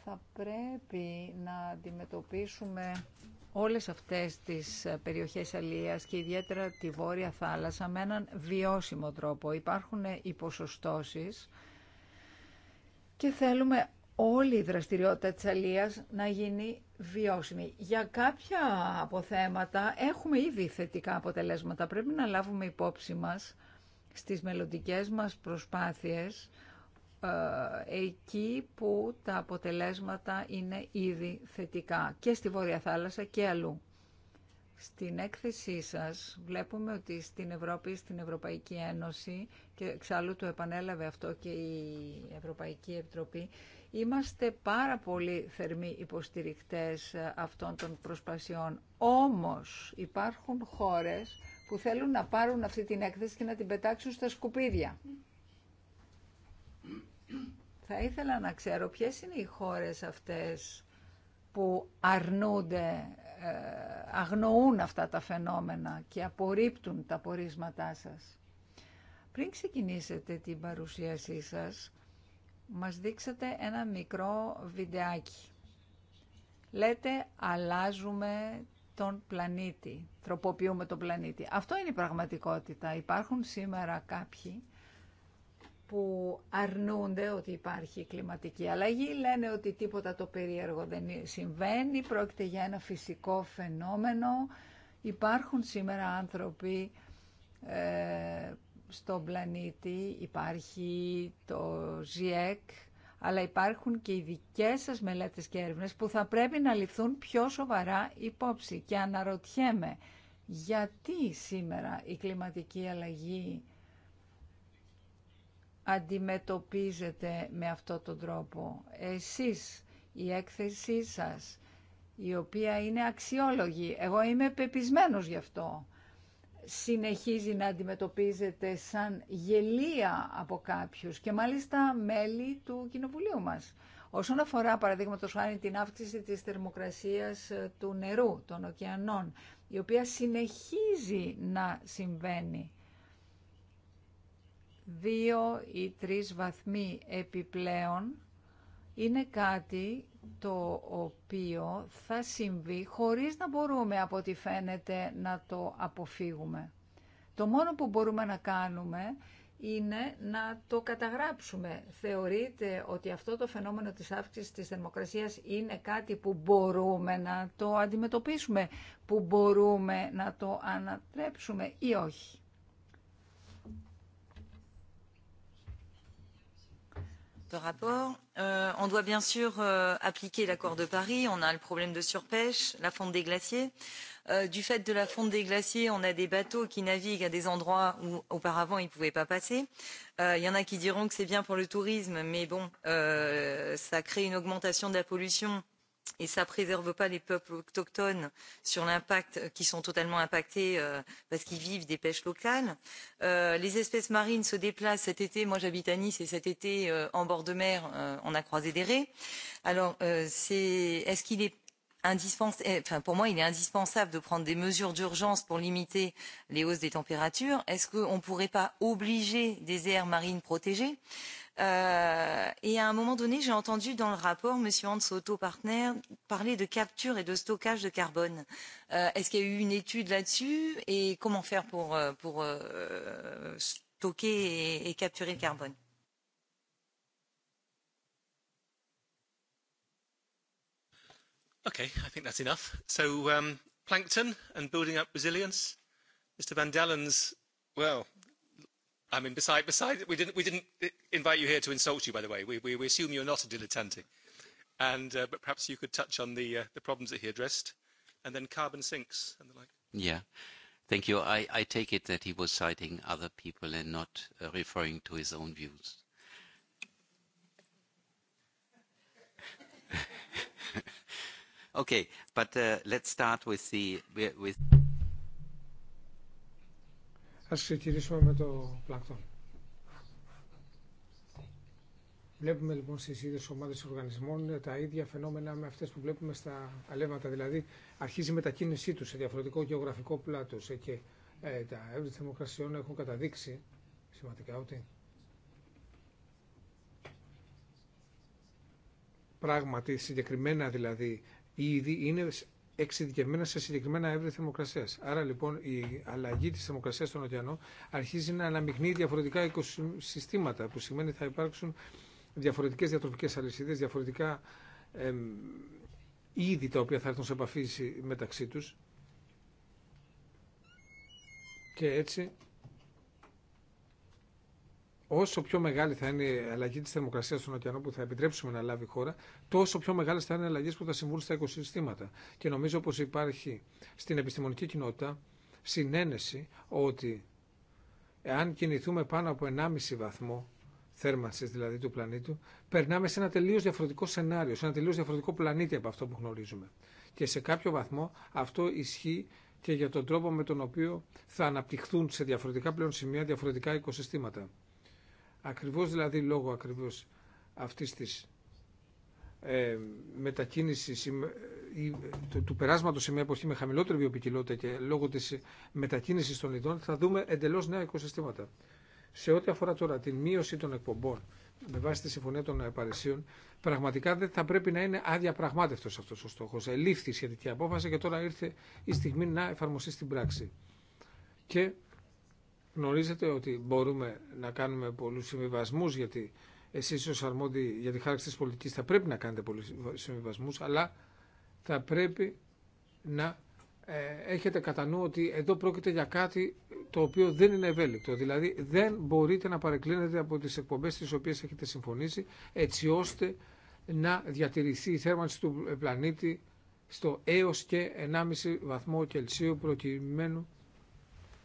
θα πρέπει να αντιμετωπίσουμε όλες αυτές τις ε, περιοχές αλίας και ιδιαίτερα τη Βόρεια Θάλασσα με έναν βιώσιμο τρόπο. Υπάρχουν υποσωστώσεις ε, και θέλουμε όλη η δραστηριότητα της αλίας να γίνει βιώσιμη. Για κάποια αποθέματα έχουμε ήδη θετικά αποτελέσματα. Πρέπει να λάβουμε υπόψη μας στις μελλοντικές μας προσπάθειες ε, εκεί που τα αποτελέσματα είναι ήδη θετικά και στη Βόρεια Θάλασσα και αλλού. Στην έκθεσή σας βλέπουμε ότι στην Ευρώπη, στην Ευρωπαϊκή Ένωση και εξάλλου το επανέλαβε αυτό και η Ευρωπαϊκή Επιτροπή είμαστε πάρα πολύ θερμοί υποστηρικτές αυτών των προσπασιών. Όμως υπάρχουν χώρες που θέλουν να πάρουν αυτή την έκθεση και να την πετάξουν στα σκουπίδια. Θα ήθελα να ξέρω ποιες είναι οι χώρες αυτές που αρνούνται ε, αγνοούν αυτά τα φαινόμενα και απορρίπτουν τα πορίσματά σας. Πριν ξεκινήσετε την παρουσίασή σας, μας δείξατε ένα μικρό βιντεάκι. Λέτε αλλάζουμε τον πλανήτη, τροποποιούμε τον πλανήτη. Αυτό είναι η πραγματικότητα. Υπάρχουν σήμερα κάποιοι που αρνούνται ότι υπάρχει κλιματική αλλαγή, λένε ότι τίποτα το περίεργο δεν συμβαίνει, πρόκειται για ένα φυσικό φαινόμενο. Υπάρχουν σήμερα άνθρωποι ε, στον πλανήτη, υπάρχει το ΖΙΕΚ, αλλά υπάρχουν και οι δικές σας μελέτες και έρευνες που θα πρέπει να ληφθούν πιο σοβαρά υπόψη. Και αναρωτιέμαι, γιατί σήμερα η κλιματική αλλαγή αντιμετωπίζετε με αυτό τον τρόπο. Εσείς, η έκθεσή σας, η οποία είναι αξιόλογη, εγώ είμαι πεπισμένος γι' αυτό, συνεχίζει να αντιμετωπίζεται σαν γελία από κάποιους και μάλιστα μέλη του Κοινοβουλίου μας. Όσον αφορά, παραδείγματο χάρη, την αύξηση της θερμοκρασίας ε, του νερού, των ωκεανών, η οποία συνεχίζει να συμβαίνει δύο ή τρεις βαθμοί επιπλέον είναι κάτι το οποίο θα συμβεί χωρίς να μπορούμε από ό,τι φαίνεται να το αποφύγουμε. Το μόνο που μπορούμε να κάνουμε είναι να το καταγράψουμε. Θεωρείτε ότι αυτό το φαινόμενο της αύξησης της θερμοκρασίας είναι κάτι που μπορούμε να το αντιμετωπίσουμε, που μπορούμε να το ανατρέψουμε ή όχι. ce rapport. On doit bien sûr appliquer l'accord de Paris. On a le problème de surpêche, la fonte des glaciers. Du fait de la fonte des glaciers, on a des bateaux qui naviguent à des endroits où auparavant ils ne pouvaient pas passer. Il y en a qui diront que c'est bien pour le tourisme, mais bon, ça crée une augmentation de la pollution et ça ne préserve pas les peuples autochtones sur l'impact qui sont totalement impactés parce qu'ils vivent des pêches locales. Les espèces marines se déplacent cet été. Moi, j'habite à Nice et cet été, en bord de mer, on a croisé des raies. Alors, est-ce qu'il est Enfin, pour moi, il est indispensable de prendre des mesures d'urgence pour limiter les hausses des températures. Est-ce qu'on ne pourrait pas obliger des aires marines protégées et à un moment donné, j'ai entendu dans le rapport M. Hans Otto Partner parler de capture et de stockage de carbone. Est-ce qu'il y a eu une étude là-dessus et comment faire pour, pour stocker et, capturer le carbone Okay, I think that's enough. So um, plankton and building up resilience. Mr. Van Dalen's, well, I mean, besides, besides we didn't, we didn't invite you here to insult you, by the way. We, we, we assume you're not a dilettante. And, but perhaps you could touch on the, the problems that he addressed, and then carbon sinks and the like. Yeah. Thank you. I, I take it that he was citing other people and not referring to his own views. okay, but let's start with the with. Ας ξεκινήσουμε με το πλακτόν. Βλέπουμε λοιπόν στι ίδιε ομάδε οργανισμών τα ίδια φαινόμενα με αυτέ που βλέπουμε στα αλεύματα. Δηλαδή, αρχίζει η μετακίνησή του σε διαφορετικό γεωγραφικό πλάτο. Ε, και ε, τα έργα θερμοκρασιών έχουν καταδείξει σημαντικά ότι πράγματι συγκεκριμένα δηλαδή ήδη είναι εξειδικευμένα σε συγκεκριμένα εύρη θερμοκρασία. Άρα λοιπόν η αλλαγή τη θερμοκρασία στον ωκεανό αρχίζει να αναμειγνύει διαφορετικά οικοσυστήματα, που σημαίνει θα υπάρξουν διαφορετικέ διατροφικέ αλυσίδε, διαφορετικά είδη τα οποία θα έρθουν σε επαφή μεταξύ του. Και έτσι όσο πιο μεγάλη θα είναι η αλλαγή τη θερμοκρασία στον ωκεανό που θα επιτρέψουμε να λάβει η χώρα, τόσο πιο μεγάλε θα είναι οι αλλαγέ που θα συμβούν στα οικοσυστήματα. Και νομίζω πω υπάρχει στην επιστημονική κοινότητα συνένεση ότι εάν κινηθούμε πάνω από 1,5 βαθμό θέρμανση δηλαδή του πλανήτου, περνάμε σε ένα τελείω διαφορετικό σενάριο, σε ένα τελείω διαφορετικό πλανήτη από αυτό που γνωρίζουμε. Και σε κάποιο βαθμό αυτό ισχύει και για τον τρόπο με τον οποίο θα αναπτυχθούν σε διαφορετικά πλέον σημεία διαφορετικά οικοσυστήματα. Ακριβώς δηλαδή λόγω ακριβώς αυτής της ε, μετακίνηση ε, του, του περάσματος σε μια εποχή με χαμηλότερη βιοπικιλότητα και λόγω της μετακίνησης των ειδών θα δούμε εντελώς νέα οικοσυστήματα. Σε ό,τι αφορά τώρα την μείωση των εκπομπών με βάση τη Συμφωνία των Παρισίων, πραγματικά δεν θα πρέπει να είναι αδιαπραγμάτευτο αυτό ο στόχο. Ελήφθη η σχετική απόφαση και τώρα ήρθε η στιγμή να εφαρμοστεί στην πράξη. Και γνωρίζετε ότι μπορούμε να κάνουμε πολλούς συμβιβασμούς γιατί εσείς ως αρμόδιοι για τη χάραξη της πολιτικής θα πρέπει να κάνετε πολλούς συμβιβασμούς αλλά θα πρέπει να ε, έχετε κατά νου ότι εδώ πρόκειται για κάτι το οποίο δεν είναι ευέλικτο. Δηλαδή δεν μπορείτε να παρεκκλίνετε από τις εκπομπές τις οποίες έχετε συμφωνήσει έτσι ώστε να διατηρηθεί η θέρμανση του πλανήτη στο έως και 1,5 βαθμό Κελσίου προκειμένου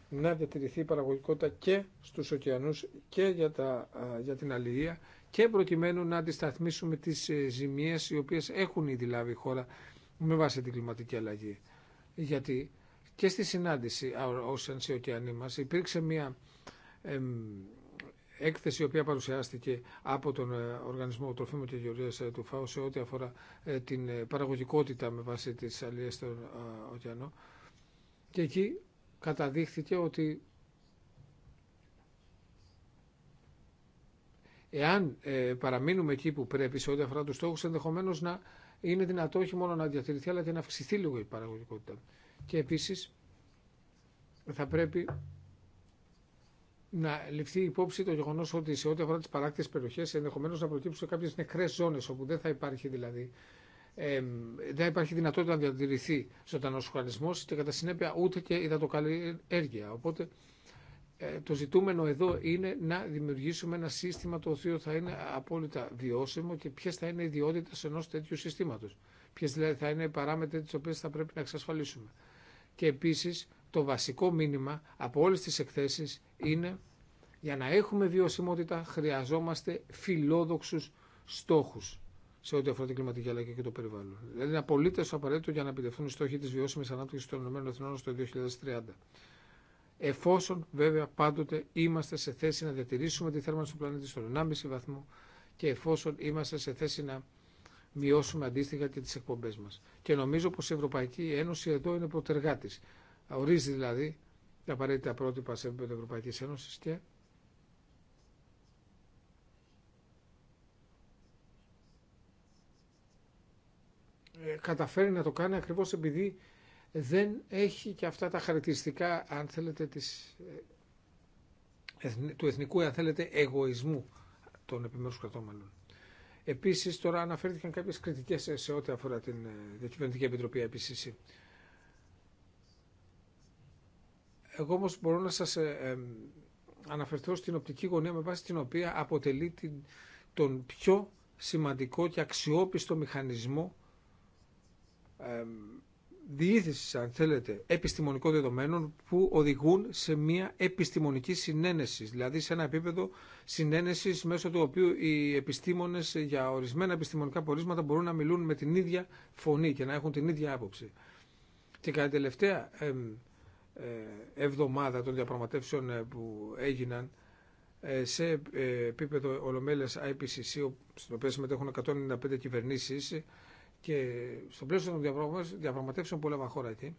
να διατηρηθεί η παραγωγικότητα και στους ωκεανούς και για, τα, για την αλληλεία και προκειμένου να αντισταθμίσουμε τις ε, ζημίες οι οποίες έχουν ήδη λάβει η χώρα με βάση την κλιματική αλλαγή. Γιατί και στη συνάντηση όσαν σε ωκεανοί μας υπήρξε μια έκθεση η οποία παρουσιάστηκε από τον ε, Οργανισμό Τροφίμων και Γεωργίας ε, του ΦΑΟ σε ό,τι αφορά την παραγωγικότητα με βάση τις αλληλίες στον ωκεανό και εκεί καταδείχθηκε ότι εάν ε, παραμείνουμε εκεί που πρέπει σε ό,τι αφορά τους στόχους, ενδεχομένως να είναι δυνατό όχι μόνο να διατηρηθεί, αλλά και να αυξηθεί λίγο η παραγωγικότητα. Και επίσης θα πρέπει να ληφθεί υπόψη το γεγονό ότι σε ό,τι αφορά τι παράκτητε περιοχέ ενδεχομένω να προκύψουν κάποιε νεκρέ ζώνε όπου δεν θα υπάρχει δηλαδή ε, δεν υπάρχει δυνατότητα να διατηρηθεί ζωντανό οργανισμό και κατά συνέπεια ούτε και υδατοκαλλιέργεια. Οπότε ε, το ζητούμενο εδώ είναι να δημιουργήσουμε ένα σύστημα το οποίο θα είναι απόλυτα βιώσιμο και ποιε θα είναι οι ιδιότητε ενό τέτοιου συστήματο. Ποιε δηλαδή θα είναι οι παράμετροι τι οποίε θα πρέπει να εξασφαλίσουμε. Και επίση το βασικό μήνυμα από όλε τι εκθέσει είναι για να έχουμε βιωσιμότητα χρειαζόμαστε φιλόδοξου στόχους σε ό,τι αφορά την κλιματική αλλαγή και το περιβάλλον. Δηλαδή είναι απολύτω απαραίτητο για να επιτευχθούν οι στόχοι τη βιώσιμη ανάπτυξη των ΗΠΑ στο 2030. Εφόσον βέβαια πάντοτε είμαστε σε θέση να διατηρήσουμε τη θέρμανση του πλανήτη στον 1,5 βαθμό και εφόσον είμαστε σε θέση να μειώσουμε αντίστοιχα και τι εκπομπέ μα. Και νομίζω πω η Ευρωπαϊκή Ένωση εδώ είναι πρωτεργάτη. Ορίζει δηλαδή τα απαραίτητα πρότυπα σε επίπεδο Ευρωπαϊκή Ένωση και Ε, καταφέρει να το κάνει ακριβώς επειδή δεν έχει και αυτά τα χαρακτηριστικά, αν θέλετε, ε, του εθνικού, αν θέλετε, εγωισμού των επιμέρους κρατώμενων. Επίσης, τώρα αναφέρθηκαν κάποιες κριτικές σε ό,τι αφορά την ε, Διακυβερνητική Επιτροπή IPCC. Εγώ όμως μπορώ να σας αναφερθώ στην οπτική γωνία με βάση την οποία αποτελεί την, τον πιο σημαντικό και αξιόπιστο μηχανισμό διήθησης, αν θέλετε, επιστημονικών δεδομένων που οδηγούν σε μια επιστημονική συνένεση, δηλαδή σε ένα επίπεδο συνένεσης μέσω του οποίου οι επιστήμονες για ορισμένα επιστημονικά πορίσματα μπορούν να μιλούν με την ίδια φωνή και να έχουν την ίδια άποψη. Και κατά τελευταία ε, εβδομάδα των διαπραγματεύσεων ε, που έγιναν ε, σε επίπεδο Ολομέλειας IPCC, στην οποία συμμετέχουν 195 κυβερνήσεις, και στο πλαίσιο των διαπραγματεύσεων που έλαβαν χώρα εκεί,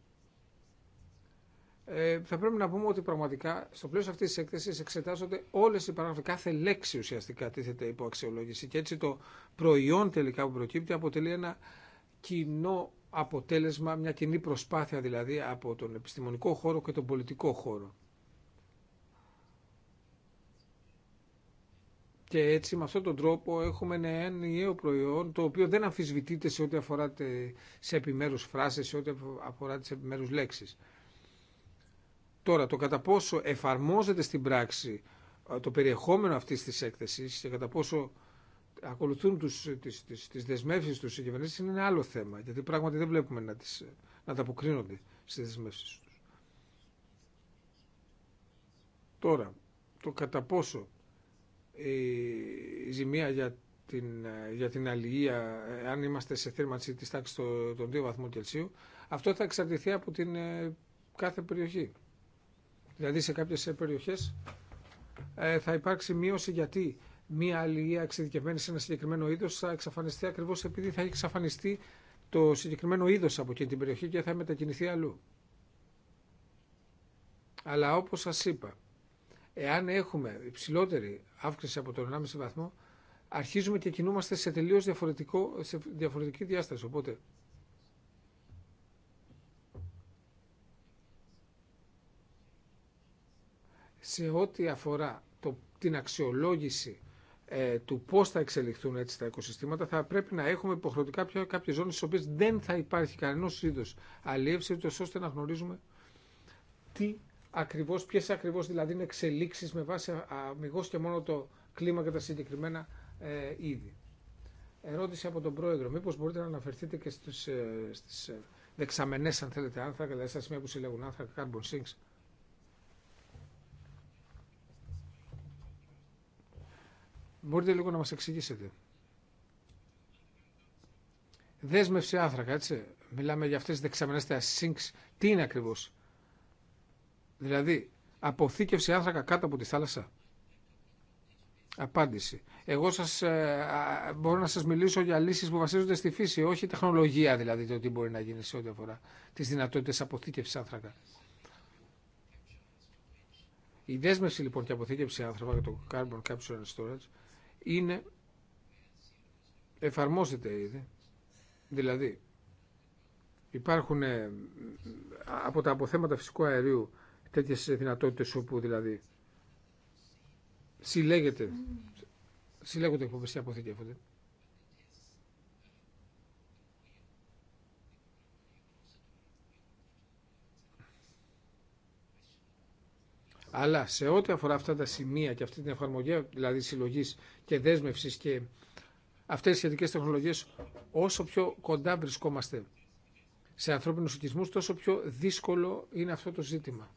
ε, θα πρέπει να πούμε ότι πραγματικά στο πλαίσιο αυτή τη έκθεση εξετάζονται όλε οι παράγραφοι. Κάθε λέξη ουσιαστικά τίθεται υπό αξιολόγηση. Και έτσι το προϊόν τελικά που προκύπτει αποτελεί ένα κοινό αποτέλεσμα, μια κοινή προσπάθεια δηλαδή από τον επιστημονικό χώρο και τον πολιτικό χώρο. Και έτσι με αυτόν τον τρόπο έχουμε ένα νέο προϊόν το οποίο δεν αμφισβητείται σε ό,τι αφορά σε επιμέρους φράσεις, σε ό,τι αφορά τις επιμέρους λέξεις. Τώρα, το κατά πόσο εφαρμόζεται στην πράξη ε, το περιεχόμενο αυτής της έκθεσης και κατά πόσο ακολουθούν τους, τις, τις, τις δεσμεύσεις τους οι κυβερνήσεις είναι ένα άλλο θέμα, γιατί πράγματι δεν βλέπουμε να, τις, να τα αποκρίνονται στις δεσμεύσεις τους. Τώρα, το κατά πόσο η ζημία για την, για την αλληλεία, αν είμαστε σε θέρμανση της τάξης των 2 βαθμών Κελσίου, αυτό θα εξαρτηθεί από την ε, κάθε περιοχή. Δηλαδή σε κάποιες ε, περιοχές ε, θα υπάρξει μείωση γιατί μία αλληλεία εξειδικευμένη σε ένα συγκεκριμένο είδος θα εξαφανιστεί ακριβώς επειδή θα έχει εξαφανιστεί το συγκεκριμένο είδος από εκείνη την περιοχή και θα μετακινηθεί αλλού. Αλλά όπως σας είπα, εάν έχουμε υψηλότερη αύξηση από τον 1,5 βαθμό, αρχίζουμε και κινούμαστε σε τελείως διαφορετικό, σε διαφορετική διάσταση. Οπότε, σε ό,τι αφορά το, την αξιολόγηση ε, του πώς θα εξελιχθούν έτσι τα οικοσυστήματα, θα πρέπει να έχουμε υποχρεωτικά πια κάποιε ζώνες στις οποίε δεν θα υπάρχει κανένα είδος αλλίευση, ώστε να γνωρίζουμε τι ακριβώς, ποιε ακριβώς δηλαδή είναι εξελίξει με βάση αμυγό και μόνο το κλίμα και τα συγκεκριμένα ε, είδη. Ερώτηση από τον πρόεδρο. Μήπως μπορείτε να αναφερθείτε και στι ε, στις ε, αν θέλετε άνθρακα, δηλαδή στα σημεία που συλλέγουν άνθρακα, carbon sinks. Μπορείτε λίγο να μας εξηγήσετε. Δέσμευση άνθρακα, έτσι. Μιλάμε για αυτές τις δεξαμενές, τα sinks. Τι είναι ακριβώς. Δηλαδή, αποθήκευση άνθρακα κάτω από τη θάλασσα. Απάντηση. Εγώ σας, ε, μπορώ να σας μιλήσω για λύσεις που βασίζονται στη φύση, όχι τεχνολογία δηλαδή το τι μπορεί να γίνει σε ό,τι αφορά τις δυνατότητες αποθήκευσης άνθρακα. Η δέσμευση λοιπόν και αποθήκευση άνθρακα για το Carbon Capture and Storage είναι, εφαρμόζεται ήδη, δηλαδή υπάρχουν ε, από τα αποθέματα φυσικού αερίου τέτοιες δυνατότητε, όπου δηλαδή συλλέγεται, συλλέγονται και αποθηκεύονται. Αλλά σε ό,τι αφορά αυτά τα σημεία και αυτή την εφαρμογή, δηλαδή συλλογή και δέσμευση και αυτέ τι σχετικέ τεχνολογίε, όσο πιο κοντά βρισκόμαστε σε ανθρώπινου οικισμού, τόσο πιο δύσκολο είναι αυτό το ζήτημα.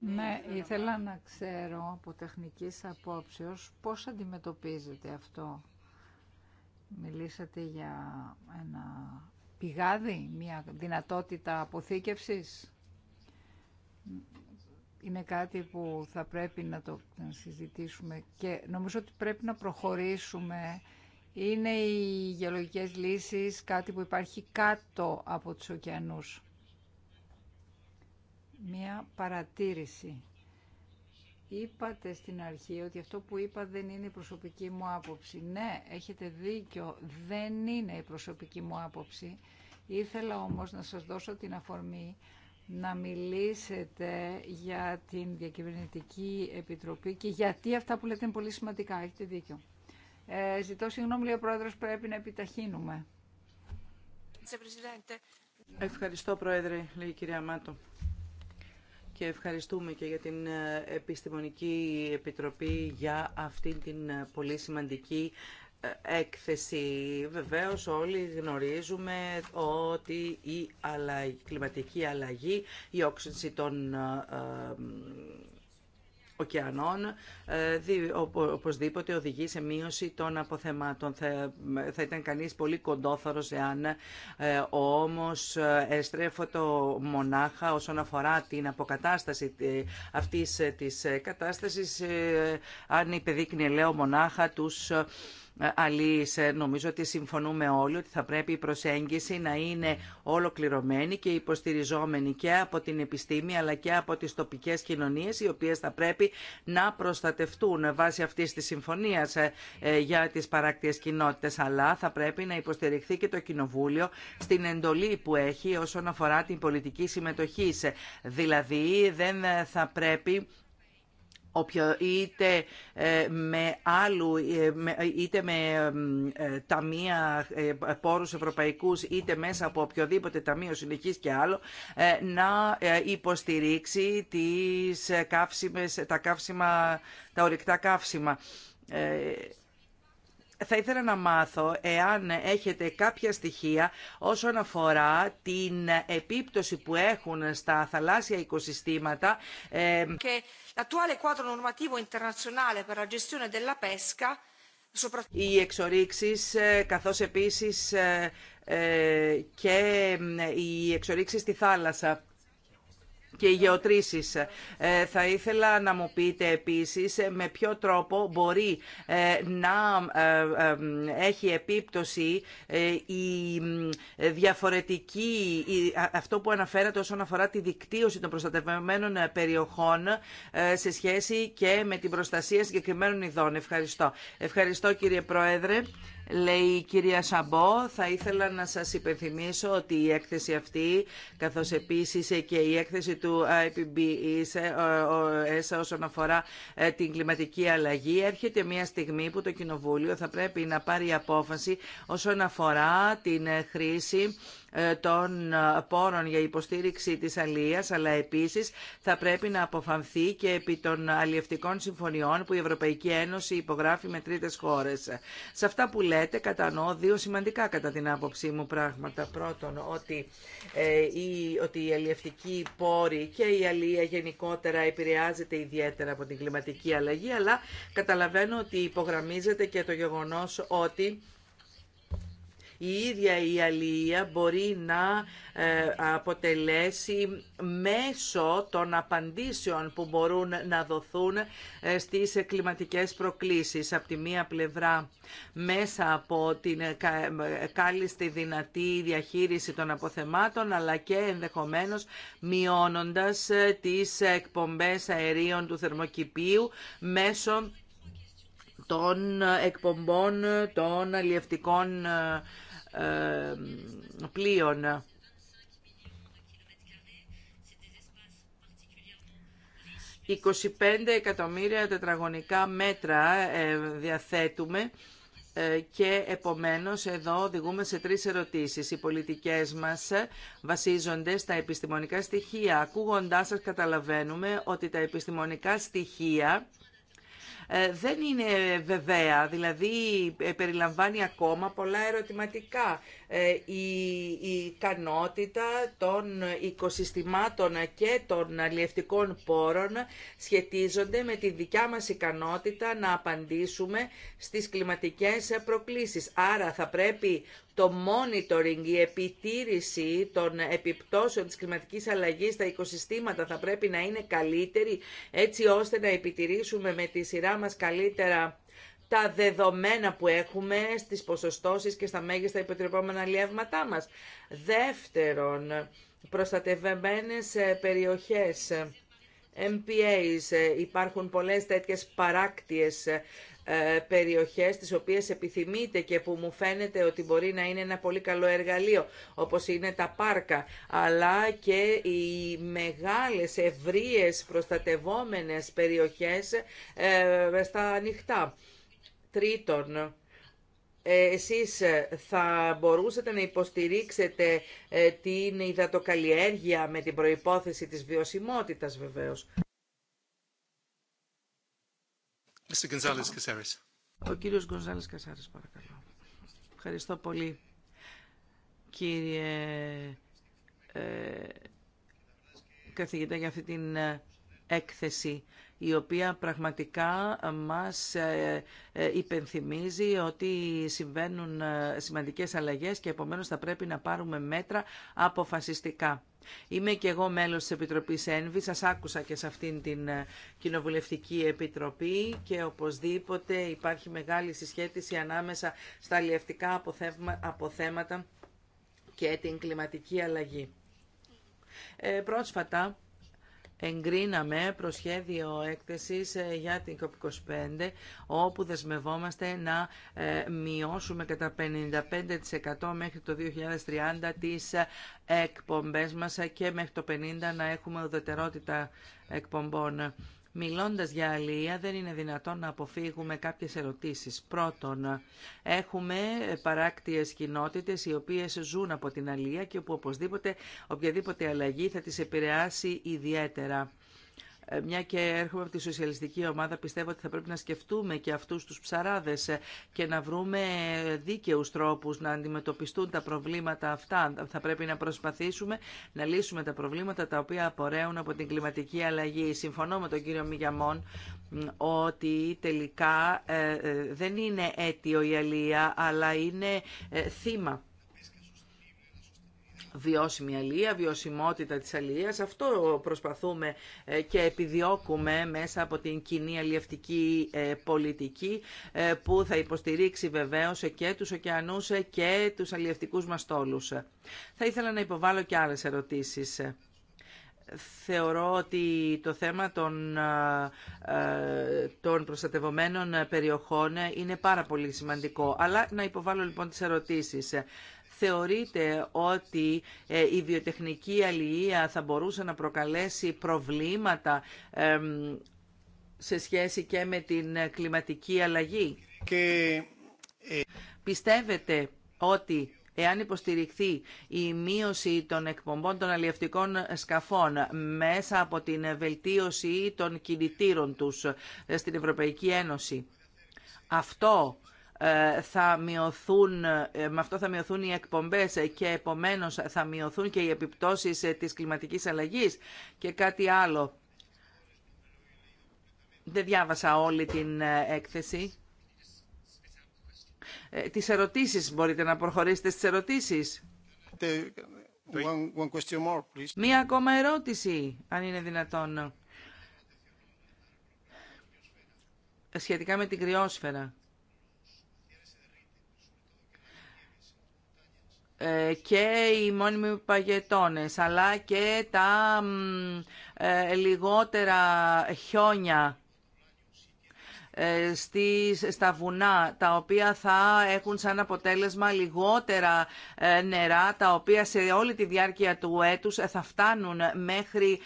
Ναι, ήθελα να ξέρω από τεχνικής απόψεως πώς αντιμετωπίζετε αυτό. Μιλήσατε για ένα πηγάδι, μια δυνατότητα αποθήκευσης. Είναι κάτι που θα πρέπει να το συζητήσουμε και νομίζω ότι πρέπει να προχωρήσουμε. Είναι οι γεωλογικές λύσεις, κάτι που υπάρχει κάτω από τους ωκεανούς μία παρατήρηση. Είπατε στην αρχή ότι αυτό που είπα δεν είναι η προσωπική μου άποψη. Ναι, έχετε δίκιο, δεν είναι η προσωπική μου άποψη. Ήθελα όμως να σας δώσω την αφορμή να μιλήσετε για την Διακυβερνητική Επιτροπή και γιατί αυτά που λέτε είναι πολύ σημαντικά. Έχετε δίκιο. Ε, ζητώ συγγνώμη, λέει ο Πρόεδρος, πρέπει να επιταχύνουμε. Ευχαριστώ, Πρόεδρε, λέει η κυρία Μάτο και ευχαριστούμε και για την ε, Επιστημονική Επιτροπή για αυτήν την ε, πολύ σημαντική ε, έκθεση. Βεβαίως όλοι γνωρίζουμε ότι η, αλλαγή, η κλιματική αλλαγή, η όξυνση των ωκεανών ε, οπωσδήποτε οδηγεί σε μείωση των αποθεμάτων. Θα, θα ήταν κανείς πολύ κοντόθωρος εάν ε, όμως εστρέφω το μονάχα όσον αφορά την αποκατάσταση ε, αυτής της κατάστασης αν υπεδείκνει λέω μονάχα τους αλληλείς. Ε, νομίζω ότι συμφωνούμε όλοι ότι θα πρέπει η προσέγγιση να είναι ολοκληρωμένη και υποστηριζόμενη και από την επιστήμη αλλά και από τις τοπικές κοινωνίες οι οποίες θα πρέπει να προστατευτούν βάσει αυτής της συμφωνίας ε, ε, για τις παράκτιες κοινότητες αλλά θα πρέπει να υποστηριχθεί και το Κοινοβούλιο στην εντολή που έχει όσον αφορά την πολιτική συμμετοχή. Δηλαδή δεν θα πρέπει όποιο, είτε ε, με άλλου, ε, ε, είτε με ταμεία πόρους ευρωπαϊκούς, είτε μέσα από οποιοδήποτε ταμείο συνεχής και άλλο, να υποστηρίξει τις καύσιμες, τα, καύσιμα, τα ορυκτά καύσιμα θα ήθελα να μάθω εάν έχετε κάποια στοιχεία όσον αφορά την επίπτωση που έχουν στα θαλάσσια οικοσυστήματα. Και ε, οι εξορίξεις ε, καθώς επίσης ε, και οι εξορίξεις στη θάλασσα και οι ε, Θα ήθελα να μου πείτε επίσης με ποιο τρόπο μπορεί ε, να ε, έχει επίπτωση η διαφορετική, αυτό που αναφέρατε όσον αφορά τη δικτύωση των προστατευμένων περιοχών σε σχέση και με την προστασία συγκεκριμένων ειδών. Ευχαριστώ. Ευχαριστώ κύριε Πρόεδρε λέει η κυρία Σαμπό. Θα ήθελα να σας υπενθυμίσω ότι η έκθεση αυτή, καθώς επίσης και η έκθεση του IPBES ε, όσον αφορά ε, την κλιματική αλλαγή, έρχεται μια στιγμή που το Κοινοβούλιο θα πρέπει να πάρει απόφαση όσον αφορά την ε, χρήση ε, των ε, πόρων για υποστήριξη της αλίας, αλλά επίσης θα πρέπει να αποφανθεί και επί των αλλιευτικών συμφωνιών που η Ευρωπαϊκή Ένωση υπογράφει με τρίτες χώρες. Σε αυτά που λέτε κατανοώ δύο σημαντικά κατά την άποψή μου πράγματα. Πρώτον, ότι, ε, η, ότι η πόρη και η αλία γενικότερα επηρεάζεται ιδιαίτερα από την κλιματική αλλαγή, αλλά καταλαβαίνω ότι υπογραμμίζεται και το γεγονός ότι η ίδια η αλληλεία μπορεί να ε, αποτελέσει μέσω των απαντήσεων που μπορούν να δοθούν ε, στις κλιματικές προκλήσεις. Από τη μία πλευρά, μέσα από την ε, κάλλιστη δυνατή διαχείριση των αποθεμάτων, αλλά και ενδεχομένως μειώνοντας τις εκπομπές αερίων του θερμοκηπίου μέσω των εκπομπών των αλλιευτικών ε, πλοίων. ...25 εκατομμύρια τετραγωνικά μέτρα ε, διαθέτουμε ε, και επομένως εδώ οδηγούμε σε τρεις ερωτήσεις. Οι πολιτικές μας βασίζονται στα επιστημονικά στοιχεία. Ακούγοντάς σας καταλαβαίνουμε ότι τα επιστημονικά στοιχεία ε, δεν είναι βεβαία, δηλαδή ε, περιλαμβάνει ακόμα πολλά ερωτηματικά. Ε, η, ικανότητα των οικοσυστημάτων και των αλλιευτικών πόρων σχετίζονται με τη δικιά μας ικανότητα να απαντήσουμε στις κλιματικές προκλήσεις. Άρα θα πρέπει το monitoring, η επιτήρηση των επιπτώσεων της κλιματικής αλλαγής στα οικοσυστήματα θα πρέπει να είναι καλύτερη έτσι ώστε να επιτηρήσουμε με τη σειρά μας καλύτερα τα δεδομένα που έχουμε στις ποσοστώσεις και στα μέγιστα υποτρεπόμενα λιεύματά μας. Δεύτερον, προστατευμένες ε, περιοχές, MPAs, ε, υπάρχουν πολλές τέτοιες παράκτιες ε, περιοχές τις οποίες επιθυμείτε και που μου φαίνεται ότι μπορεί να είναι ένα πολύ καλό εργαλείο όπως είναι τα πάρκα αλλά και οι μεγάλες ευρείες προστατευόμενες περιοχές στα ανοιχτά. Τρίτον, ε, εσείς θα μπορούσατε να υποστηρίξετε ε, την υδατοκαλλιέργεια με την προϋπόθεση της βιωσιμότητας βεβαίως. Mr. Gonzalez Ο κύριος Γκονζάλης Κασάρης, παρακαλώ. Ευχαριστώ πολύ, κύριε ε, καθηγητά, για αυτή την ε, έκθεση η οποία πραγματικά μας ε, ε, υπενθυμίζει ότι συμβαίνουν ε, σημαντικές αλλαγές και επομένως θα πρέπει να πάρουμε μέτρα αποφασιστικά. Είμαι και εγώ μέλος της Επιτροπής ΕΝΒΗ, σας άκουσα και σε αυτήν την Κοινοβουλευτική Επιτροπή και οπωσδήποτε υπάρχει μεγάλη συσχέτιση ανάμεσα στα λιευτικά αποθέματα και την κλιματική αλλαγή. πρόσφατα εγκρίναμε προσχέδιο έκθεσης ε, για την COP25 όπου δεσμευόμαστε να ε, μειώσουμε κατά 55% μέχρι το 2030 τις ε, εκπομπές μας και μέχρι το 50% να έχουμε οδετερότητα εκπομπών. Μιλώντας για αλληλεία δεν είναι δυνατόν να αποφύγουμε κάποιες ερωτήσεις. Πρώτον, έχουμε παράκτιες κοινότητες οι οποίες ζουν από την αλληλεία και όπου οπωσδήποτε οποιαδήποτε αλλαγή θα τις επηρεάσει ιδιαίτερα. Ε, μια και έρχομαι από τη σοσιαλιστική ομάδα, πιστεύω ότι θα πρέπει να σκεφτούμε και αυτούς τους ψαράδες ε, και να βρούμε δίκαιους τρόπους να αντιμετωπιστούν τα προβλήματα αυτά. Θα πρέπει να προσπαθήσουμε να λύσουμε τα προβλήματα τα οποία απορρέουν από την κλιματική αλλαγή. Συμφωνώ με τον κύριο Μιγιαμόν ότι τελικά ε, δεν είναι αίτιο η αλία, αλλά είναι θύμα βιώσιμη αλληλεία, βιωσιμότητα της αλληλείας. Αυτό προσπαθούμε ε, και επιδιώκουμε μέσα από την κοινή αλιευτική ε, πολιτική ε, που θα υποστηρίξει βεβαίως και τους ωκεανούς και τους αλιευτικούς μας τόλους. Θα ήθελα να υποβάλω και άλλες ερωτήσεις. Θεωρώ ότι το θέμα των, των προστατευομένων περιοχών είναι πάρα πολύ σημαντικό. Αλλά να υποβάλω λοιπόν τις ερωτήσεις. Θεωρείτε ότι ε, η βιοτεχνική αλληλεία θα μπορούσε να προκαλέσει προβλήματα σε σχέση και με την κλιματική αλλαγή. Και... Ε, Πιστεύετε ότι εάν υποστηριχθεί η μείωση των εκπομπών των αλλιευτικών σκαφών μέσα από την βελτίωση των κινητήρων τους ε, στην Ευρωπαϊκή Ένωση, αυτό ε, θα μειωθούν, ε, με αυτό θα μειωθούν οι εκπομπές και επομένως θα μειωθούν και οι επιπτώσεις ε, της κλιματικής αλλαγής και κάτι άλλο. Δεν διάβασα όλη την έκθεση. Τις ερωτήσεις μπορείτε να προχωρήσετε στις ερωτήσεις. Μία ακόμα ερώτηση, αν είναι δυνατόν. Σχετικά με την κρυόσφαιρα. Ε, και οι μόνιμοι παγετώνες, αλλά και τα ε, λιγότερα χιόνια ε, στις, στα βουνά, τα οποία θα έχουν σαν αποτέλεσμα λιγότερα νερά, τα οποία σε όλη τη διάρκεια του έτους θα φτάνουν μέχρι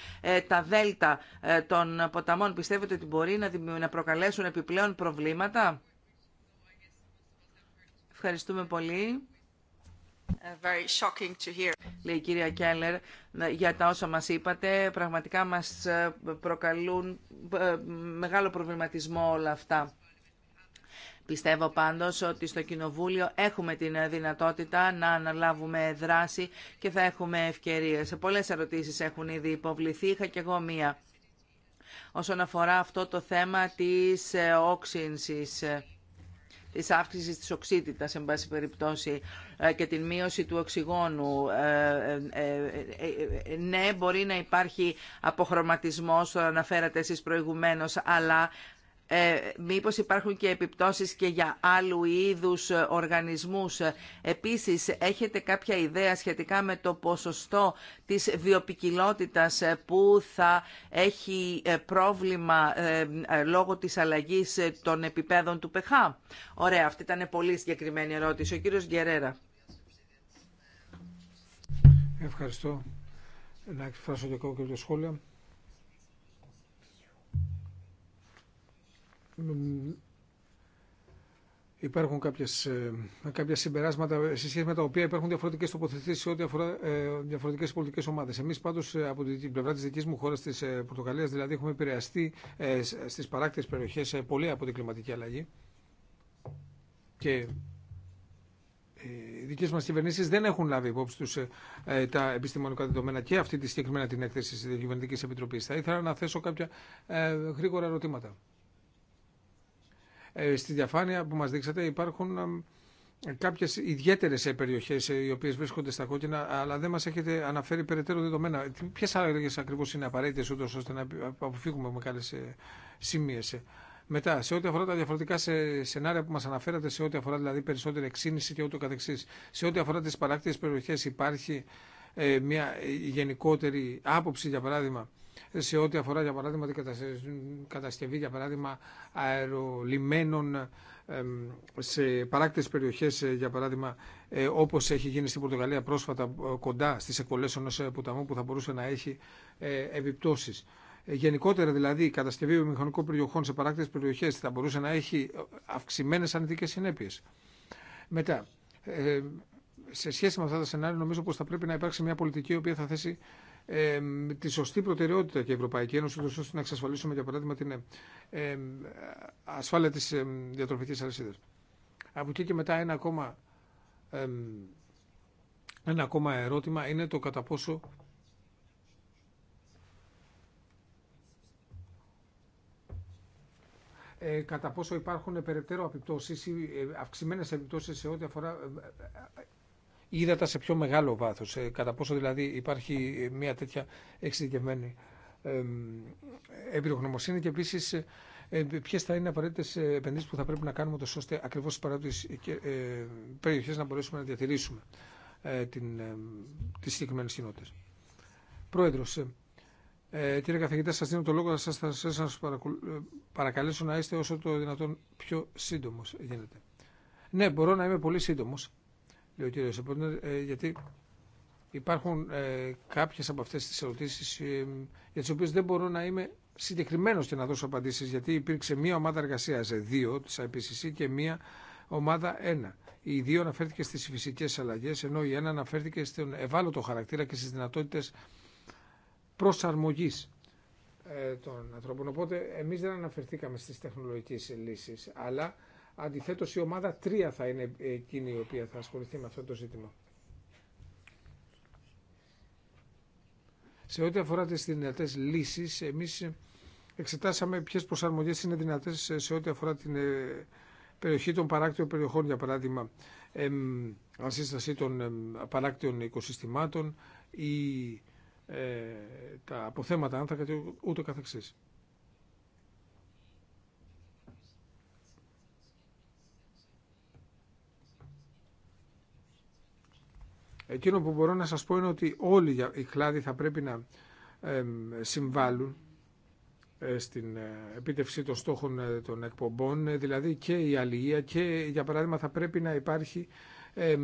τα δέλτα των ποταμών. Πιστεύετε ότι μπορεί να προκαλέσουν επιπλέον προβλήματα. Ευχαριστούμε πολύ. Λέει η κυρία Κέλλερ, για τα όσα μας είπατε, πραγματικά μας ε, προκαλούν ε, μεγάλο προβληματισμό όλα αυτά. Πιστεύω πάντως ότι στο Κοινοβούλιο έχουμε την ε, δυνατότητα να αναλάβουμε δράση και θα έχουμε ευκαιρίες. Πολλές ερωτήσεις έχουν ήδη υποβληθεί, είχα και εγώ μία. Όσον αφορά αυτό το θέμα της όξυνσης, της αύξησης της οξύτητας, εν πάση περιπτώσει, ε, και την μείωση του οξυγόνου. Ε, ε, ναι, μπορεί να υπάρχει αποχρωματισμός, το αναφέρατε εσείς προηγουμένως, αλλά ε, μήπως υπάρχουν και επιπτώσεις και για άλλου είδους ε, οργανισμούς. Επίσης, έχετε κάποια ιδέα σχετικά με το ποσοστό της βιοπικιλότητας ε, που θα έχει ε, πρόβλημα λόγω της αλλαγής των επιπέδων του πεχά Ωραία, αυτή ήταν πολύ συγκεκριμένη ερώτηση. Ο κύριος Γκερέρα. Ευχαριστώ. Να εκφράσω και εγώ και σχόλια. υπάρχουν κάποιες, ε, κάποια συμπεράσματα σε σχέση με τα οποία υπάρχουν διαφορετικές τοποθετήσεις σε ό,τι αφορά ε, διαφορετικές πολιτικές ομάδες. Εμείς πάντως ε, από την πλευρά της δικής μου χώρας της Πορτογαλίας δηλαδή έχουμε επηρεαστεί στις παράκτες περιοχές πολύ από την κλιματική αλλαγή και οι δικέ μα κυβερνήσει δεν έχουν λάβει υπόψη του τα επιστημονικά δεδομένα και αυτή τη συγκεκριμένα την έκθεση τη Κυβερνητική Επιτροπή. Θα ήθελα να θέσω κάποια γρήγορα ερωτήματα. Ε, στη διαφάνεια που μας δείξατε υπάρχουν κάποιες ιδιαίτερες ε, περιοχές ε, οι οποίες βρίσκονται στα κόκκινα, αλλά δεν μας έχετε αναφέρει περαιτέρω δεδομένα. Ποιες άλλες ακριβώς είναι απαραίτητες ούτως ώστε να αποφύγουμε με καλές σημείες. Μετά, σε ό,τι αφορά τα διαφορετικά σενάρια που μα αναφέρατε, σε ό,τι αφορά δηλαδή περισσότερη εξήνηση και ούτω καθεξή, σε ό,τι αφορά τι παράκτητες περιοχέ, υπάρχει μια γενικότερη άποψη, για παράδειγμα, σε ό,τι αφορά για παράδειγμα την κατασκευή για παράδειγμα αερολιμένων σε παράκτητες περιοχές ε, για παράδειγμα ε, όπως έχει γίνει στην Πορτογαλία πρόσφατα ε, κοντά στις εκολές ενός ποταμού που θα μπορούσε να έχει επιπτώσεις. Γενικότερα δηλαδή η κατασκευή μηχανικών περιοχών σε παράκτητες περιοχές θα μπορούσε να έχει αυξημένες αρνητικές συνέπειες. Μετά, σε σχέση με αυτά τα σενάρια νομίζω πως θα πρέπει να υπάρξει μια πολιτική η οποία θα θέσει ε, τη σωστή προτεραιότητα και η Ευρωπαϊκή Ένωση, ώστε να εξασφαλίσουμε για παράδειγμα την ασφάλεια της ε, διατροφικής αλυσίδας. Από εκεί και μετά ένα ακόμα, ένα ακόμα ερώτημα είναι το κατά πόσο ε, κατά πόσο υπάρχουν περαιτέρω επιπτώσεις ή ε, αυξημένες επιπτώσεις σε ό,τι αφορά ε, ύδατα σε πιο μεγάλο βάθος. Ε, κατά πόσο δηλαδή υπάρχει μια τέτοια εξειδικευμένη εμπειρογνωμοσύνη και επίση ε, ε, ποιε θα είναι απαραίτητε επενδύσει που θα πρέπει να κάνουμε ώστε ακριβώ στι ε, περιοχέ να μπορέσουμε να διατηρήσουμε τι συγκεκριμένε κοινότητε. Πρόεδρο, κύριε καθηγητά, σα δίνω το λόγο. Σας, θα σα παρακαλέσω να είστε όσο το δυνατόν πιο σύντομο γίνεται. Ναι, μπορώ να είμαι πολύ σύντομο λέει ο ε, γιατί υπάρχουν ε, κάποιες από αυτές τις ερωτήσεις ε, για τις οποίες δεν μπορώ να είμαι συγκεκριμένος και να δώσω απαντήσεις, γιατί υπήρξε μία ομάδα εργασίας, δύο της IPCC και μία ομάδα ένα. Η δύο αναφέρθηκε στις φυσικές αλλαγές, ενώ η ένα αναφέρθηκε στον ευάλωτο χαρακτήρα και στις δυνατότητες προσαρμογής των ανθρώπων. Οπότε εμείς δεν αναφερθήκαμε στις τεχνολογικές λύσεις, αλλά Αντιθέτω, η ομάδα 3 θα είναι εκείνη η οποία θα ασχοληθεί με αυτό το ζήτημα. Σε ό,τι αφορά τι δυνατέ λύσει, εμεί εξετάσαμε ποιε προσαρμογέ είναι δυνατέ σε ό,τι αφορά την ε, περιοχή των παράκτιων περιοχών, για παράδειγμα, εμ, ασύσταση των εμ, παράκτιων οικοσυστημάτων ή ε, τα αποθέματα άνθρακα και ούτω καθεξής. Εκείνο που μπορώ να σας πω είναι ότι όλοι οι κλάδοι θα πρέπει να συμβάλλουν ε, στην ε, επίτευξη των στόχων ε, των εκπομπών, δηλαδή και η αλληλεία και για παράδειγμα θα πρέπει να υπάρχει ε,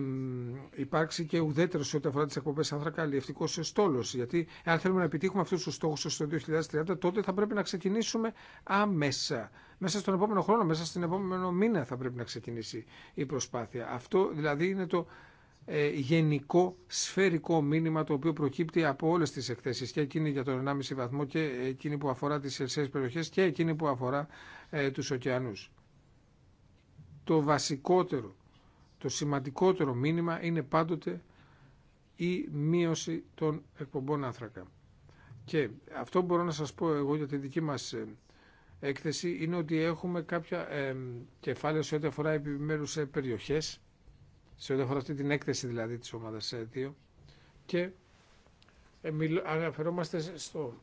υπάρξει και ουδέτερο σε ό,τι αφορά τι εκπομπέ άνθρακα στόλο. Γιατί αν θέλουμε να επιτύχουμε αυτού του στόχου στο 2030, τότε θα πρέπει να ξεκινήσουμε άμεσα. Μέσα στον επόμενο χρόνο, μέσα στην επόμενο μήνα θα πρέπει να ξεκινήσει η προσπάθεια. Αυτό δηλαδή είναι το ε, γενικό σφαιρικό μήνυμα το οποίο προκύπτει από όλες τις εκθέσει και εκείνη για τον 1,5 βαθμό και εκείνη που αφορά τις ελσέ περιοχές και εκείνη που αφορά ε, τους ωκεανού. Το βασικότερο, το σημαντικότερο μήνυμα είναι πάντοτε η μείωση των εκπομπών άνθρακα. Και αυτό μπορώ να σας πω εγώ για τη δική μας ε, έκθεση είναι ότι έχουμε κάποια κεφάλαια σε ό,τι αφορά επιμέρους περιοχές σε ό,τι αφορά αυτή την έκθεση δηλαδή της ομάδας 2 και ε, αναφερόμαστε στο,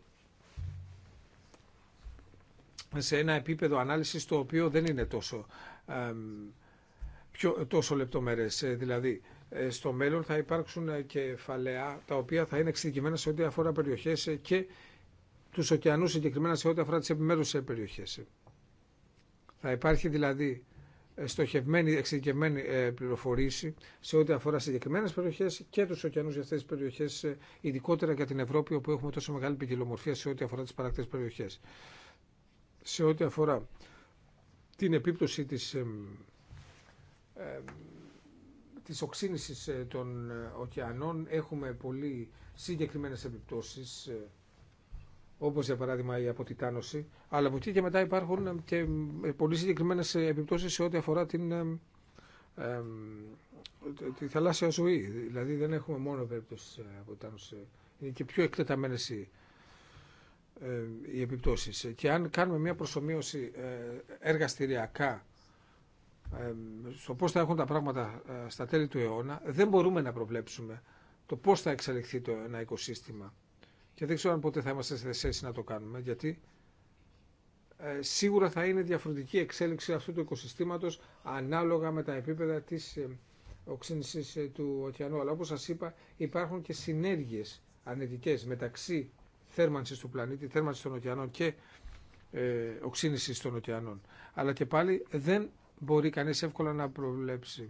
σε ένα επίπεδο ανάλυσης το οποίο δεν είναι τόσο, ε, πιο, τόσο λεπτομερές. Ε, δηλαδή, ε, στο μέλλον θα υπάρξουν κεφαλαία τα οποία θα είναι εξειδικευμένα σε ό,τι αφορά περιοχές και τους ωκεανούς συγκεκριμένα σε ό,τι αφορά τις επιμέρους περιοχές. Θα υπάρχει δηλαδή στοχευμένη, εξειδικευμένη ε, πληροφορήση σε ό,τι αφορά συγκεκριμένε περιοχέ και του ωκεανού για αυτέ τι περιοχέ, ε, ειδικότερα για την Ευρώπη, όπου έχουμε τόσο μεγάλη ποικιλομορφία σε ό,τι αφορά τις παρακτές περιοχές. Σε ό,τι αφορά την επίπτωση τη ε, της οξύνησης ε, των ωκεανών, έχουμε πολύ συγκεκριμένες επιπτώσεις όπω για παράδειγμα η αποτιτάνωση, αλλά από εκεί και μετά υπάρχουν και πολύ συγκεκριμένε επιπτώσει σε ό,τι αφορά την, ε, τη θαλάσσια ζωή. Δηλαδή δεν έχουμε μόνο περίπτωση αποτιτάνωση, είναι και πιο εκτεταμένε οι, ε, οι επιπτώσει. Και αν κάνουμε μια προσωμείωση ε, εργαστηριακά στο πώς θα έχουν τα πράγματα ε, στα τέλη του αιώνα, δεν μπορούμε να προβλέψουμε το πώς θα εξελιχθεί το ένα οικοσύστημα και δεν ξέρω αν πότε θα είμαστε σε θέση να το κάνουμε, γιατί ε, σίγουρα θα είναι διαφορετική εξέλιξη αυτού του οικοσυστήματος ανάλογα με τα επίπεδα της ε, οξύνησης ε, του ωκεανού. Αλλά όπως σας είπα υπάρχουν και συνέργειες ανετικές μεταξύ θέρμανσης του πλανήτη, θέρμανσης των ωκεανών και ε, οξύνησης των ωκεανών. Αλλά και πάλι δεν μπορεί κανείς εύκολα να προβλέψει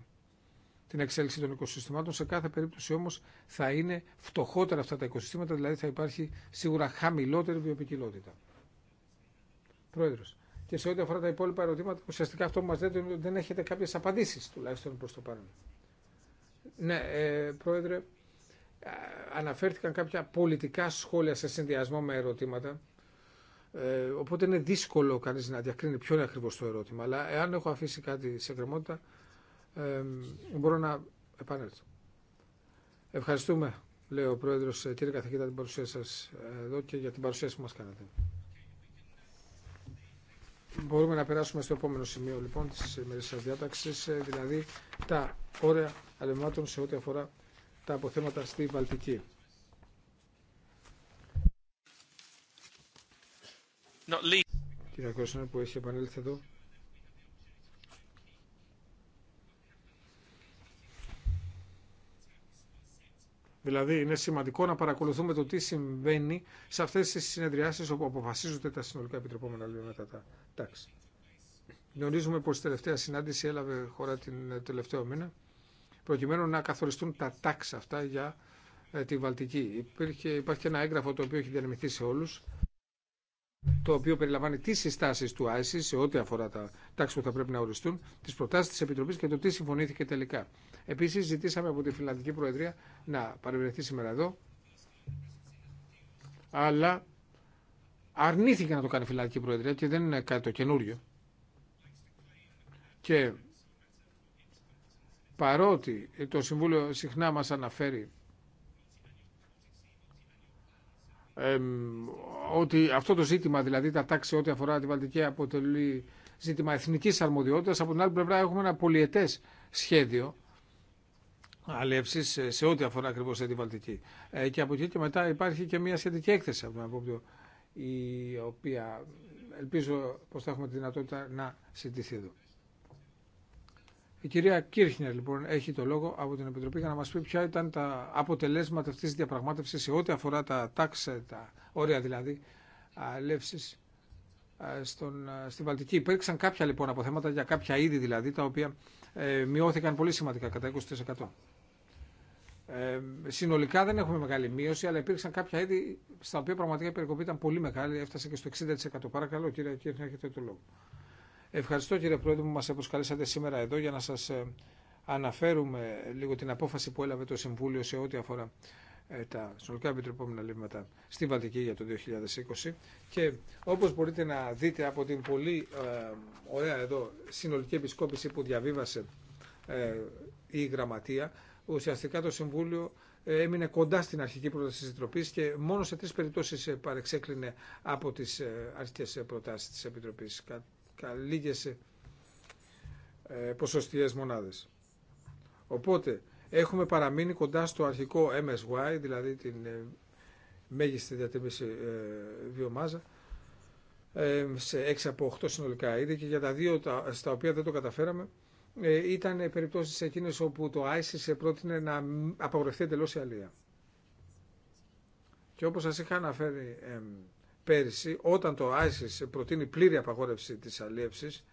την εξέλιξη των οικοσυστημάτων. Σε κάθε περίπτωση όμω θα είναι φτωχότερα αυτά τα οικοσυστήματα, δηλαδή θα υπάρχει σίγουρα χαμηλότερη βιοπικιλότητα. Πρόεδρο. Και σε ό,τι αφορά τα υπόλοιπα ερωτήματα, ουσιαστικά αυτό που μα λέτε είναι ότι δεν έχετε κάποιε απαντήσει, τουλάχιστον προ το παρόν. Ναι, ε, Πρόεδρε, αναφέρθηκαν κάποια πολιτικά σχόλια σε συνδυασμό με ερωτήματα. Ε, οπότε είναι δύσκολο κανεί να διακρίνει ποιο είναι ακριβώ το ερώτημα. Αλλά εάν έχω αφήσει κάτι σε κρεμότητα, μπορώ να επανέλθω. Ευχαριστούμε, λέει ο Πρόεδρος, ε, κύριε καθηγητά, την παρουσία σα ε, εδώ και για την παρουσίαση που μα κάνατε. Μπορούμε να περάσουμε στο επόμενο σημείο λοιπόν της ημερήσιας διάταξη, ε, δηλαδή τα όρια αλευμάτων σε ό,τι αφορά τα αποθέματα στη Βαλτική. Κύριε Κώστα, που έχει επανέλθει εδώ. Δηλαδή είναι σημαντικό να παρακολουθούμε το τι συμβαίνει σε αυτέ τι συνεδριάσει όπου αποφασίζονται τα συνολικά επιτροπόμενα μετά τα τάξη. Γνωρίζουμε πω η τελευταία συνάντηση έλαβε χώρα την ε, τελευταίο μήνα προκειμένου να καθοριστούν τα τάξη αυτά για ε, τη Βαλτική. Υπήρχε, υπάρχει και ένα έγγραφο το οποίο έχει διανεμηθεί σε όλου, το οποίο περιλαμβάνει τι συστάσει του ΆΕΣΥ σε ό,τι αφορά τα τάξη που θα πρέπει να οριστούν, τι προτάσει τη Επιτροπή και το τι συμφωνήθηκε τελικά. Επίση, ζητήσαμε από τη Φιλανδική Προεδρία να παρευρεθεί σήμερα εδώ, αλλά αρνήθηκε να το κάνει η Φιλανδική Προεδρία και δεν είναι κάτι το καινούριο. Και παρότι το Συμβούλιο συχνά μας αναφέρει ότι αυτό το ζήτημα, δηλαδή τα τάξη ό,τι αφορά τη Βαλτική αποτελεί ζήτημα εθνικής αρμοδιότητας, από την άλλη πλευρά έχουμε ένα πολιετές σχέδιο αλεύσεις σε ό,τι αφορά ακριβώ την Βαλτική. Ε, και από εκεί και μετά υπάρχει και μια σχετική έκθεση από την η οποία ελπίζω πω θα έχουμε τη δυνατότητα να συντηθεί εδώ. Η κυρία Κίρχνερ λοιπόν έχει το λόγο από την Επιτροπή για να μα πει ποια ήταν τα αποτελέσματα αυτής της διαπραγμάτευσης σε ό,τι αφορά τα τάξε, τα όρια δηλαδή, αλεύσεις ε, στον, ε, στην Βαλτική. Υπήρξαν κάποια λοιπόν αποθέματα για κάποια είδη δηλαδή τα οποία ε, μειώθηκαν πολύ σημαντικά κατά 20%. Ε, συνολικά δεν έχουμε μεγάλη μείωση, αλλά υπήρξαν κάποια είδη στα οποία πραγματικά η περικοπή ήταν πολύ μεγάλη, έφτασε και στο 60%. Παρακαλώ, κύριε να έχετε το λόγο. Ευχαριστώ, κύριε Πρόεδρε, που μα προσκαλέσατε σήμερα εδώ για να σα ε, αναφέρουμε λίγο την απόφαση που έλαβε το Συμβούλιο σε ό,τι αφορά ε, τα συνολικά επιτρεπόμενα λίμματα στη Βαλτική για το 2020 και όπω μπορείτε να δείτε από την πολύ ε, ωραία εδώ συνολική επισκόπηση που διαβίβασε ε, η Γραμματεία ουσιαστικά το Συμβούλιο ε, έμεινε κοντά στην αρχική πρόταση της Επιτροπής και μόνο σε τρεις περιπτώσεις ε, παρεξέκλεινε από τις ε, αρχικές προτάσεις της Επιτροπής. Κα, λίγες ποσοστιαίες μονάδες. Οπότε έχουμε παραμείνει κοντά στο αρχικό MSY, δηλαδή την μέγιστη ε, βιομάζα, σε 6 από 8 συνολικά είδη και για τα δύο στα οποία δεν το καταφέραμε, ε, ήταν περιπτώσεις εκείνες όπου το ISIS πρότεινε να απαγορευτεί εντελώς η αλία. Και όπως σας είχα αναφέρει πέρυσι, όταν το ISIS προτείνει πλήρη απαγόρευση της αλίευσης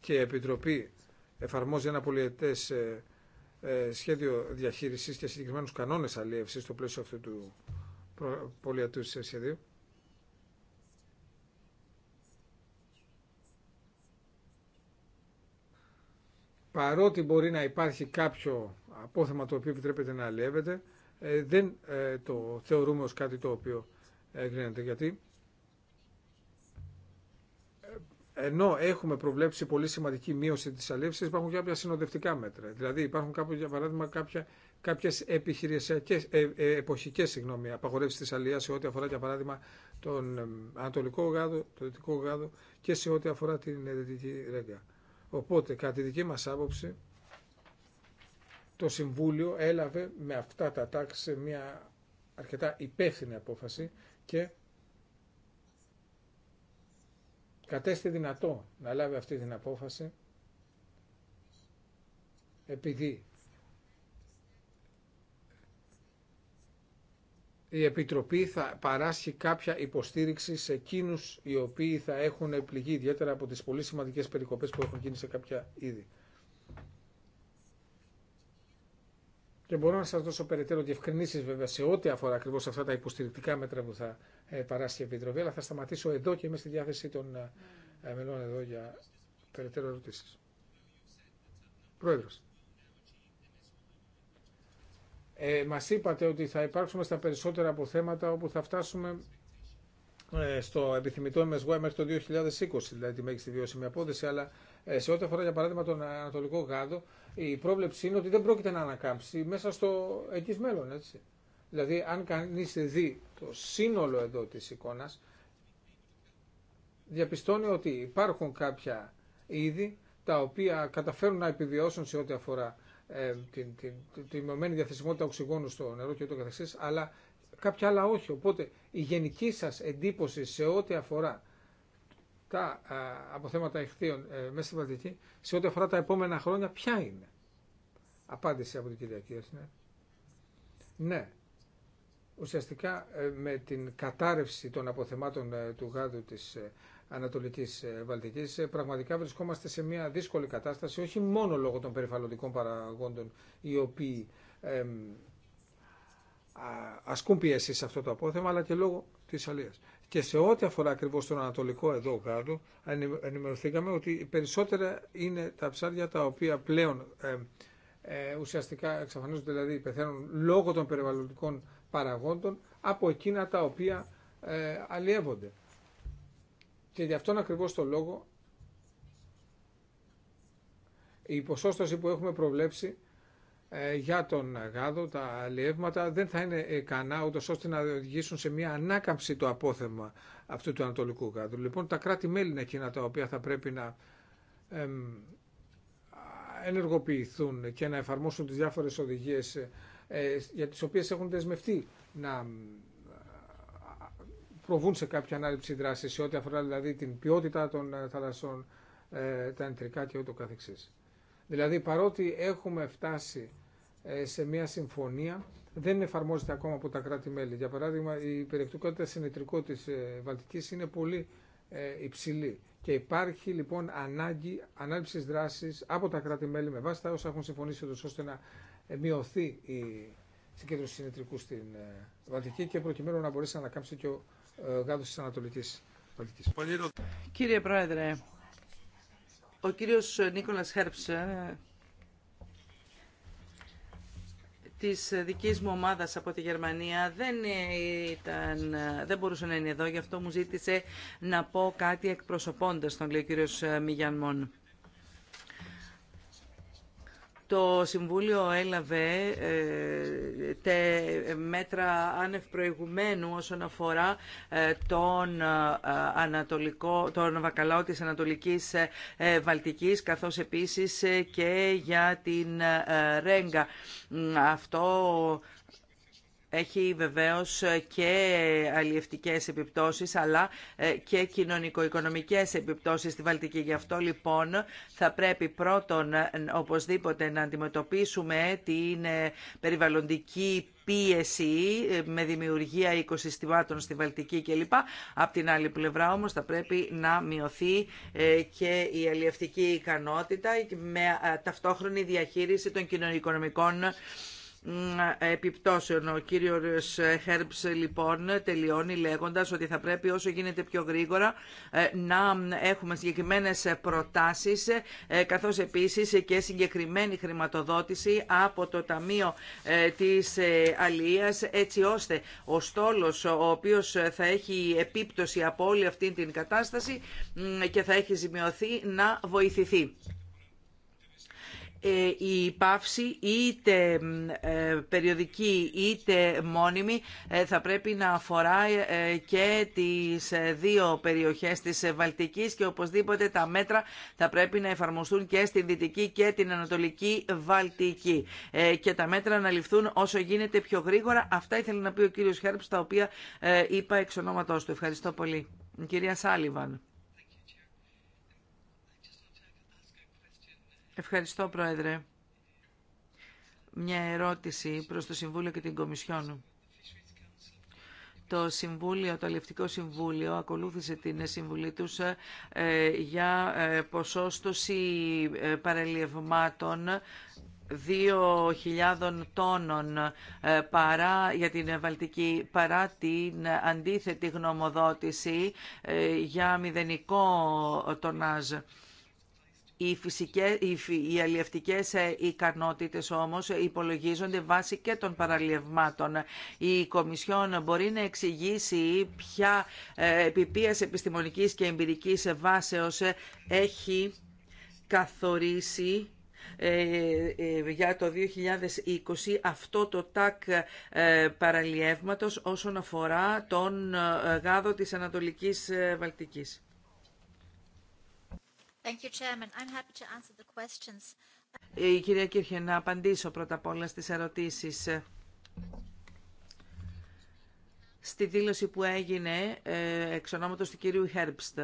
και η Επιτροπή εφαρμόζει ένα πολυετές ε, ε, σχέδιο διαχείρισης και συγκεκριμένους κανόνες αλίευσης στο πλαίσιο αυτού του πολυετούς σχεδίου, παρότι μπορεί να υπάρχει κάποιο απόθεμα το οποίο επιτρέπεται να αλλιεύεται, ε, δεν ε, το θεωρούμε ως κάτι το οποίο γίνεται. Γιατί ε, ενώ έχουμε προβλέψει πολύ σημαντική μείωση της αλλιεύσης, υπάρχουν κάποια συνοδευτικά μέτρα. Δηλαδή υπάρχουν κάποιο, για παράδειγμα κάποια, κάποιες επιχειρησιακές, ε, ε, εποχικές συγγνώμη, απαγορεύσεις της σε ό,τι αφορά για παράδειγμα τον ανατολικό γάδο, τον δυτικό γάδο και σε ό,τι αφορά την δυτική Ρέγκα. Οπότε, κατά τη δική μας άποψη, το Συμβούλιο έλαβε με αυτά τα τάξη μια αρκετά υπεύθυνη απόφαση και κατέστη δυνατό να λάβει αυτή την απόφαση επειδή η Επιτροπή θα παράσχει κάποια υποστήριξη σε εκείνους οι οποίοι θα έχουν πληγεί ιδιαίτερα από τις πολύ σημαντικές περικοπές που έχουν γίνει σε κάποια είδη. Και μπορώ να σας δώσω περαιτέρω διευκρινήσεις βέβαια σε ό,τι αφορά ακριβώς αυτά τα υποστηρικτικά μέτρα που θα ε, παράσχει η Επιτροπή, αλλά θα σταματήσω εδώ και είμαι στη διάθεση των ε, μελών εδώ για περαιτέρω ερωτήσεις. Πρόεδρος. Ε, μας είπατε ότι θα υπάρξουμε στα περισσότερα από θέματα όπου θα φτάσουμε ε, στο επιθυμητό MSY μέχρι το 2020, δηλαδή τη μέγιστη βιώσιμη απόδοση, αλλά ε, σε ό,τι αφορά για παράδειγμα τον Ανατολικό Γάδο, η πρόβλεψη είναι ότι δεν πρόκειται να ανακάμψει μέσα στο εκείς μέλλον, έτσι. Δηλαδή, αν κανείς δει το σύνολο εδώ της εικόνας, διαπιστώνει ότι υπάρχουν κάποια είδη τα οποία καταφέρουν να επιβιώσουν σε ό,τι αφορά την, την, την, μειωμένη διαθεσιμότητα οξυγόνου στο νερό και ούτω καθεξής, αλλά κάποια άλλα όχι. Οπότε η γενική σας εντύπωση σε ό,τι αφορά τα αποθέματα αιχθείων ε, μέσα στην Βαλτική, σε ό,τι αφορά τα επόμενα χρόνια, ποια είναι. Απάντηση από την κυρία Κίρσνερ. Ναι. Ουσιαστικά ε, με την κατάρρευση των αποθεμάτων ε, του γάδου της Ανατολική ε, Βαλτική, ε, Πραγματικά βρισκόμαστε σε μια δύσκολη κατάσταση, όχι μόνο λόγω των περιβαλλοντικών παραγόντων, οι οποίοι ασκούν πίεση σε αυτό το απόθεμα, αλλά και λόγω τη αλλείας. Και σε ό,τι αφορά ακριβώ τον Ανατολικό εδώ κάτω, ενημερωθήκαμε ότι περισσότερα είναι τα ψάρια τα οποία πλέον ε, ουσιαστικά εξαφανίζονται, δηλαδή πεθαίνουν λόγω των περιβαλλοντικών παραγόντων από εκείνα τα οποία αλλιεύονται. Και γι' αυτόν ακριβώ το λόγο η ποσόσταση που έχουμε προβλέψει ε, για τον γάδο, τα αλλιεύματα δεν θα είναι ικανά ούτως ώστε να οδηγήσουν σε μια ανάκαμψη το απόθεμα αυτού του ανατολικού γάδου. Λοιπόν, τα κράτη-μέλη είναι εκείνα τα οποία θα πρέπει να ενεργοποιηθούν και να εφαρμόσουν τις διάφορες οδηγίες ε, ε, για τις οποίες έχουν δεσμευτεί να προβούν σε κάποια ανάληψη δράση σε ό,τι αφορά δηλαδή την ποιότητα των ε, θαλασσών, ε, τα εντρικά και ούτω καθεξής. Δηλαδή παρότι έχουμε φτάσει ε, σε μια συμφωνία δεν εφαρμόζεται ακόμα από τα κράτη-μέλη. Για παράδειγμα, η περιεκτικότητα συνετρικό τη Βαλτική είναι πολύ υψηλή και υπάρχει λοιπόν ανάγκη ανάληψη δράση από τα κράτη-μέλη με βάση τα όσα έχουν συμφωνήσει τους ώστε να μειωθεί η συγκέντρωση συνετρικού στην Βαλτική και προκειμένου να μπορέσει να ανακάμψει και ο ε, Κύριε Πρόεδρε, ο κύριος Νίκολας Χέρψ ε, της δικής μου ομάδας από τη Γερμανία δεν, ήταν, δεν μπορούσε να είναι εδώ, γι' αυτό μου ζήτησε να πω κάτι εκπροσωπώντας τον λέει κύριος Μιγιανμόν το Συμβούλιο έλαβε ε, τε μέτρα άνευ προηγουμένου όσον αφορά ε, τον, ε, ανατολικό, τον βακαλάο της Ανατολικής Βαλτικής καθώς επίσης και για την Ρέγγα. Αυτό έχει βεβαίως και αλλιευτικές επιπτώσεις αλλά ε, και κοινωνικο-οικονομικές επιπτώσεις στη Βαλτική. Γι' αυτό λοιπόν θα πρέπει πρώτον ε, οπωσδήποτε να αντιμετωπίσουμε την ε, περιβαλλοντική πίεση με δημιουργία οικοσυστημάτων στη Βαλτική κλπ. Απ' την άλλη πλευρά όμως θα πρέπει να μειωθεί και η αλλιευτική ικανότητα με ταυτόχρονη διαχείριση των κοινωνικονομικών επιπτώσεων. Ο κύριος Χέρμπς λοιπόν τελειώνει λέγοντας ότι θα πρέπει όσο γίνεται πιο γρήγορα ε, να έχουμε συγκεκριμένες προτάσεις ε, καθώς επίσης και συγκεκριμένη χρηματοδότηση από το Ταμείο ε, της Αλίας έτσι ώστε ο στόλος ο οποίος θα έχει επίπτωση από όλη αυτή την κατάσταση και θα έχει ζημιωθεί να βοηθηθεί. Ε, η πάυση είτε ε, περιοδική είτε μόνιμη ε, θα πρέπει να αφορά και τις δύο περιοχές της Βαλτικής και οπωσδήποτε τα μέτρα θα πρέπει να εφαρμοστούν και στην Δυτική και την Ανατολική Βαλτική και τα μέτρα να ληφθούν όσο γίνεται πιο γρήγορα. Αυτά ήθελε να πει ο κύριος Χέρπς τα οποία είπα εξ ονόματός του. Ευχαριστώ πολύ. Κυρία Σάλιβαν. Ευχαριστώ, Πρόεδρε. Μια ερώτηση προς το Συμβούλιο και την Κομισιόν. Το Συμβούλιο, το Αλληλευτικό Συμβούλιο ακολούθησε την συμβουλή τους ε, για ε, ποσόστοση ε, παρελιευμάτων 2.000 τόνων παρά για την Βαλτική παρά την αντίθετη γνωμοδότηση για μηδενικό τονάζ. Οι, φυσικές, οι αλλιευτικές ε, ικανότητες όμως υπολογίζονται βάσει και των παραλιευμάτων. Η Κομισιόν μπορεί να εξηγήσει ποια ε, επιπίας επιστημονικής και εμπειρικής βάσεως ε, έχει καθορίσει για το 2020 αυτό το τάκ παραλιεύματος όσον αφορά τον γάδο της Ανατολικής Βαλτικής. Thank ε, Η κυρία Κύρχε, να απαντήσω πρώτα απ' όλα στις ερωτήσεις. Στη δήλωση που έγινε ε, εξ ονόματος του κυρίου Χέρμπστ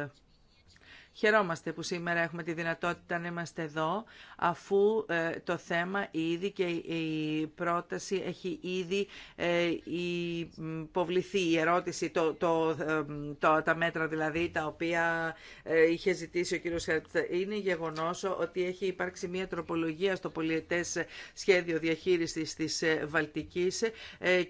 Χαιρόμαστε που σήμερα έχουμε τη δυνατότητα να είμαστε εδώ, αφού ε, το θέμα ήδη και η πρόταση έχει ήδη ε, υποβληθεί. Η ερώτηση, το, το, ε, το, τα μέτρα δηλαδή τα οποία είχε ζητήσει ο κύριος είναι γεγονός ότι έχει υπάρξει μια τροπολογία στο πολιετές σχέδιο διαχείρισης της Βαλτικής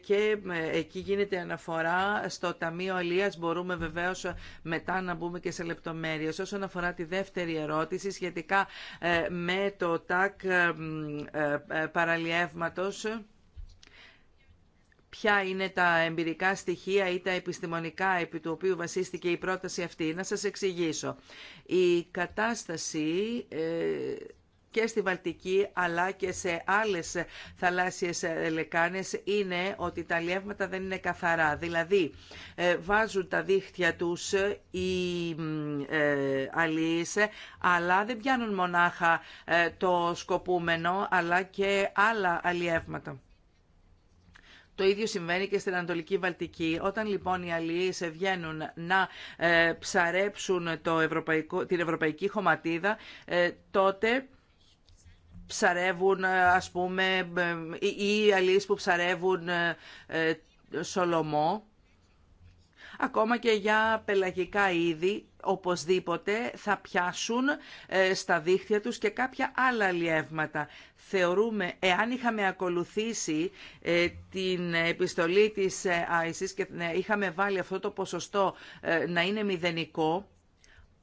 και εκεί γίνεται αναφορά στο Ταμείο Αλίας. Μπορούμε βεβαίως μετά να μπούμε και σε λεπτομέρειες όσον αφορά τη δεύτερη ερώτηση σχετικά ε, με το ΤΑΚ ε, ε, παραλιεύματος ποια είναι τα εμπειρικά στοιχεία ή τα επιστημονικά επί του οποίου βασίστηκε η πρόταση αυτή. Να σας εξηγήσω. Η κατάσταση και στη Βαλτική αλλά και σε άλλες θαλάσσιες ε, λεκάνες είναι ότι τα αλλιεύματα δεν είναι καθαρά. Δηλαδή ε, βάζουν τα δίχτυα τους ε, οι αλλιείς αλλά δεν πιάνουν μονάχα το σκοπούμενο αλλά και άλλα αλλιεύματα. Το ίδιο συμβαίνει και στην Ανατολική Βαλτική. Όταν λοιπόν οι αλληλείς βγαίνουν να ψαρέψουν το ευρωπαϊκό, την ευρωπαϊκή χωματίδα τότε ψαρεύουν ε, ας πούμε ή ε, αλείς που ψαρεύουν ε, σολομό ακόμα και για πελαγικά είδη οπωσδήποτε θα πιάσουν στα δίχτυα τους και κάποια άλλα λιεύματα. Θεωρούμε, εάν είχαμε ακολουθήσει την επιστολή της ISIS και είχαμε βάλει αυτό το ποσοστό να είναι μηδενικό,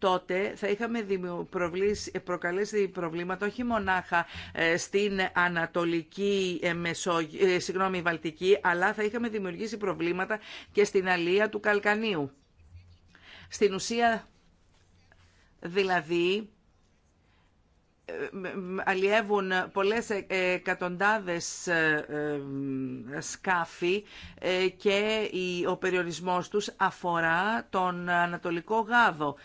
τότε θα είχαμε ε, προκαλέσει προβλήματα όχι μονάχα ε, στην Ανατολική ε, Μεσόγειο, συγγνώμη, Βαλτική, αλλά θα είχαμε δημιουργήσει προβλήματα και στην αλία του Καλκανίου. Στην ουσία, δηλαδή, αλλιεύουν πολλές εκατοντάδες σκάφη και ο περιορισμός τους αφορά τον Ανατολικό Γάδο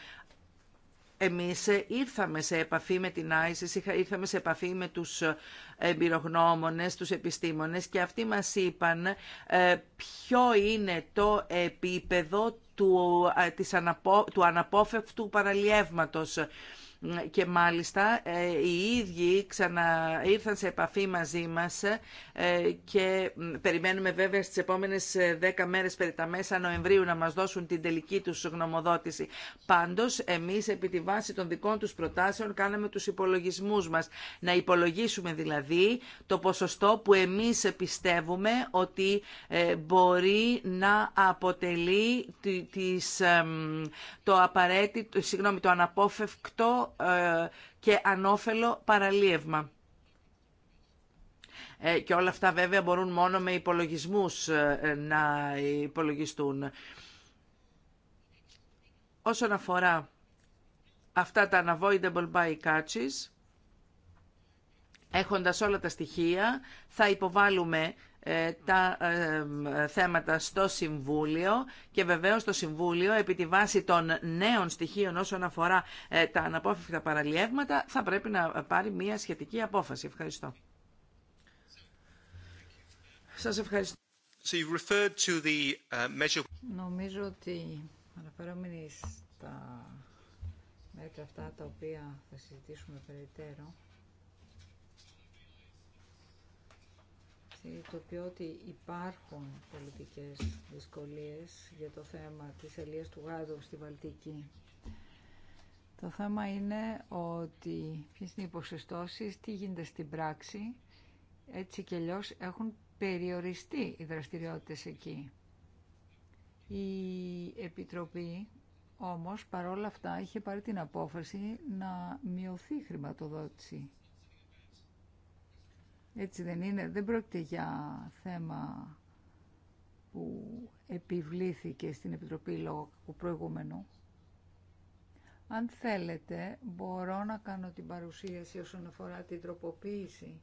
εμείς ήρθαμε σε επαφή με την ISIS, ήρθαμε σε επαφή με τους ε, εμπειρογνώμονες, τους επιστήμονες και αυτοί μας είπαν ε, ποιο είναι το επίπεδο του, ε, της αναπο, του αναπόφευκτου παραλιεύματος και μάλιστα ε, οι ίδιοι ξανα... ήρθαν σε επαφή μαζί μας ε, και περιμένουμε βέβαια στις επόμενες ε, δέκα μέρες περί τα μέσα Νοεμβρίου να μας δώσουν την τελική τους γνωμοδότηση. Πάντως εμείς επί τη βάση των δικών τους προτάσεων κάναμε τους υπολογισμούς μας. Να υπολογίσουμε δηλαδή το ποσοστό που εμείς πιστεύουμε ότι μπορεί να αποτελεί το απαραίτητο, το αναπόφευκτο ε, και ανώφελο παραλίευμα. Ε, και όλα αυτά βέβαια μπορούν μόνο με υπολογισμούς ε, να υπολογιστούν. Όσον αφορά αυτά τα unavoidable by catches, έχοντας όλα τα στοιχεία, θα υποβάλουμε ε, τα ε, θέματα στο Συμβούλιο και βεβαίως το Συμβούλιο επί τη βάση των νέων στοιχείων όσον αφορά ε, τα αναπόφευκτα παραλιεύματα θα πρέπει να πάρει μια σχετική απόφαση. Ευχαριστώ. Σας ευχαριστώ. to the uh, measure... Νομίζω ότι αναφερόμενοι στα μέτρα αυτά τα οποία θα συζητήσουμε συνειδητοποιώ ότι υπάρχουν πολιτικές δυσκολίες για το θέμα της ελίας του γάδου στη Βαλτική. Το θέμα είναι ότι ποιες είναι οι υποσυστώσεις, τι γίνεται στην πράξη, έτσι και αλλιώ έχουν περιοριστεί οι δραστηριότητες εκεί. Η Επιτροπή όμως παρόλα αυτά είχε πάρει την απόφαση να μειωθεί η χρηματοδότηση έτσι δεν είναι. Δεν πρόκειται για θέμα που επιβλήθηκε στην Επιτροπή λόγω προηγούμενου. Αν θέλετε, μπορώ να κάνω την παρουσίαση όσον αφορά την τροποποίηση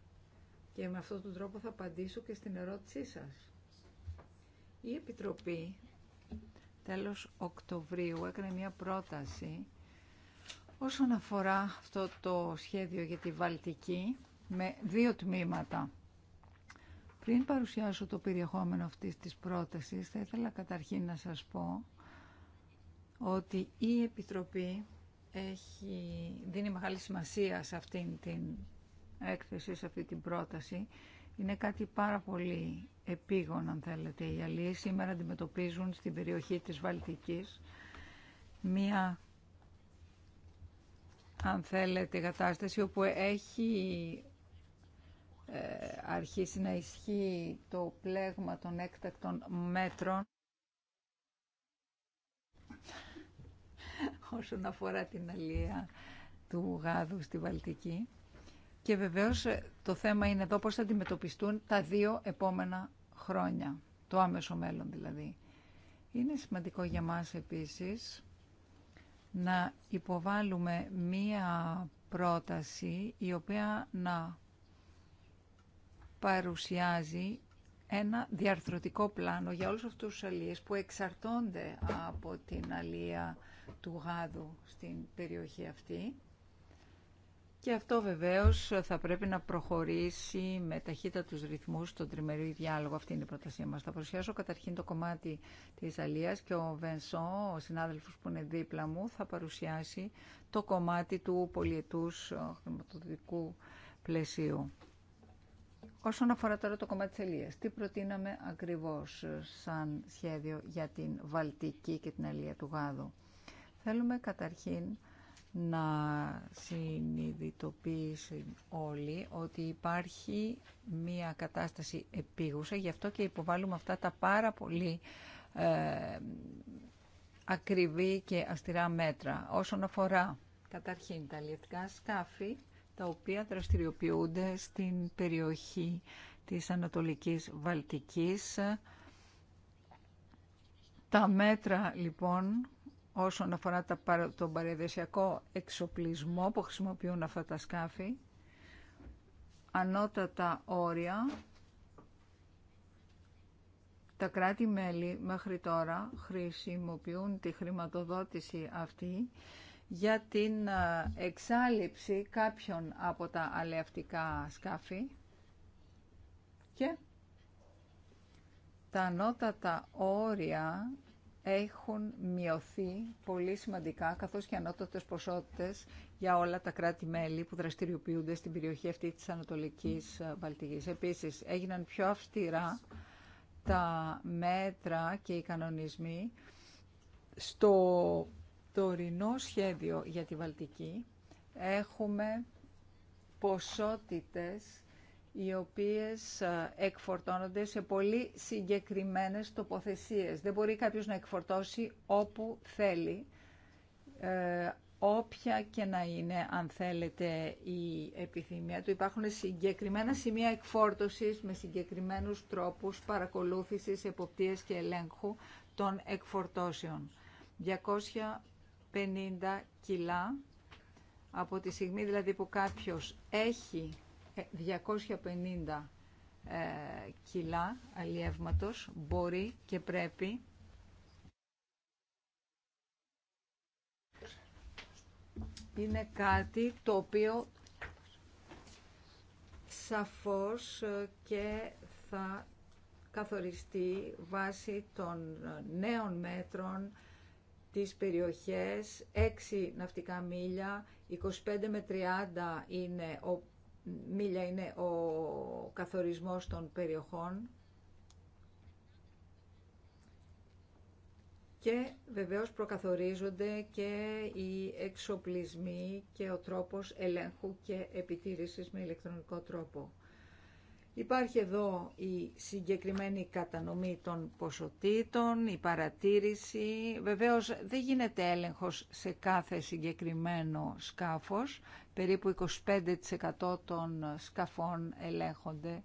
και με αυτόν τον τρόπο θα απαντήσω και στην ερώτησή σας. Η Επιτροπή τέλος Οκτωβρίου έκανε μια πρόταση όσον αφορά αυτό το σχέδιο για τη Βαλτική με δύο τμήματα. Πριν παρουσιάσω το περιεχόμενο αυτής της πρότασης, θα ήθελα καταρχήν να σας πω ότι η Επιτροπή έχει, δίνει μεγάλη σημασία σε αυτήν την έκθεση, σε αυτή την πρόταση. Είναι κάτι πάρα πολύ επίγον, αν θέλετε. Οι αλλοί σήμερα αντιμετωπίζουν στην περιοχή της Βαλτικής μία, αν θέλετε, κατάσταση όπου έχει ε, αρχίσει να ισχύει το πλέγμα των έκτακτων μέτρων όσον αφορά την αλία του γάδου στη Βαλτική. Και βεβαίως ε, το θέμα είναι εδώ πώς θα αντιμετωπιστούν τα δύο επόμενα χρόνια, το άμεσο μέλλον δηλαδή. Είναι σημαντικό για μας επίσης να υποβάλουμε μία πρόταση η οποία να παρουσιάζει ένα διαρθρωτικό πλάνο για όλους αυτούς τους αλίες που εξαρτώνται από την αλία του γάδου στην περιοχή αυτή. Και αυτό βεβαίως θα πρέπει να προχωρήσει με ταχύτητα τους ρυθμούς στον τριμερή διάλογο. Αυτή είναι η πρότασή μας. Θα παρουσιάσω καταρχήν το κομμάτι της αλίας και ο Βενσό, ο συνάδελφος που είναι δίπλα μου, θα παρουσιάσει το κομμάτι του πολιετούς ε, χρηματοδοτικού πλαισίου. Όσον αφορά τώρα το κομμάτι της Ελίας, τι προτείναμε ακριβώς ε, σαν σχέδιο για την Βαλτική και την Ελία του Γάδου. Θέλουμε καταρχήν να συνειδητοποιήσουν όλοι ότι υπάρχει μία κατάσταση επίγουσα, γι' αυτό και υποβάλλουμε αυτά τα πάρα πολύ ε, ακριβή και αστηρά μέτρα. Όσον αφορά καταρχήν τα αλληλευτικά σκάφη, τα οποία δραστηριοποιούνται στην περιοχή της Ανατολικής Βαλτικής. Τα μέτρα λοιπόν όσον αφορά τον παρεδεσιακό εξοπλισμό που χρησιμοποιούν αυτά τα σκάφη, ανώτατα όρια, τα κράτη-μέλη μέχρι τώρα χρησιμοποιούν τη χρηματοδότηση αυτή για την ε, εξάλληψη κάποιων από τα αλεαυτικά σκάφη και τα ανώτατα όρια έχουν μειωθεί πολύ σημαντικά, καθώς και ανώτατες ποσότητες για όλα τα κράτη-μέλη που δραστηριοποιούνται στην περιοχή αυτή της Ανατολικής ε, Βαλτικής. Επίσης, έγιναν πιο αυστηρά τα μέτρα και οι κανονισμοί στο τωρινό σχέδιο για τη Βαλτική έχουμε ποσότητες οι οποίες ε, εκφορτώνονται σε πολύ συγκεκριμένες τοποθεσίες. Δεν μπορεί κάποιος να εκφορτώσει όπου θέλει, ε, όποια και να είναι, αν θέλετε, η επιθυμία του. Υπάρχουν συγκεκριμένα σημεία εκφόρτωσης με συγκεκριμένους τρόπους παρακολούθησης, εποπτείας και ελέγχου των εκφορτώσεων. 50 κιλά από τη στιγμή δηλαδή που κάποιος έχει 250 ε, ε, κιλά αλλιεύματος μπορεί και πρέπει είναι κάτι το οποίο σαφώς ε, και θα καθοριστεί βάσει των νέων μέτρων τις περιοχές, 6 ναυτικά μίλια, 25 με 30 είναι ο, μίλια είναι ο καθορισμός των περιοχών και βεβαίως προκαθορίζονται και οι εξοπλισμοί και ο τρόπος ελέγχου και επιτήρησης με ηλεκτρονικό τρόπο. Υπάρχει εδώ η συγκεκριμένη κατανομή των ποσοτήτων, η παρατήρηση. Βεβαίως δεν γίνεται έλεγχος σε κάθε συγκεκριμένο σκάφος. Περίπου 25% των σκαφών ελέγχονται.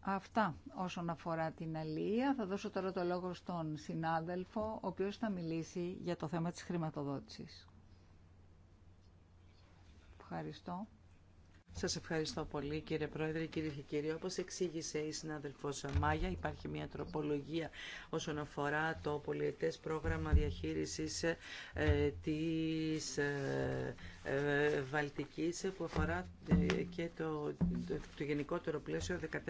Αυτά όσον αφορά την αλληλεία. Θα δώσω τώρα το λόγο στον συνάδελφο, ο οποίος θα μιλήσει για το θέμα της χρηματοδότησης. Ευχαριστώ. Σας ευχαριστώ πολύ κύριε Πρόεδρε, κύριε και κύριοι. Όπως εξήγησε η συνάδελφος Μάγια, υπάρχει μια τροπολογία όσον αφορά το πολιετές πρόγραμμα διαχείρισης ε, της ε, ε, Βαλτικής που αφορά ε, και το, το, το γενικότερο πλαίσιο 14-19.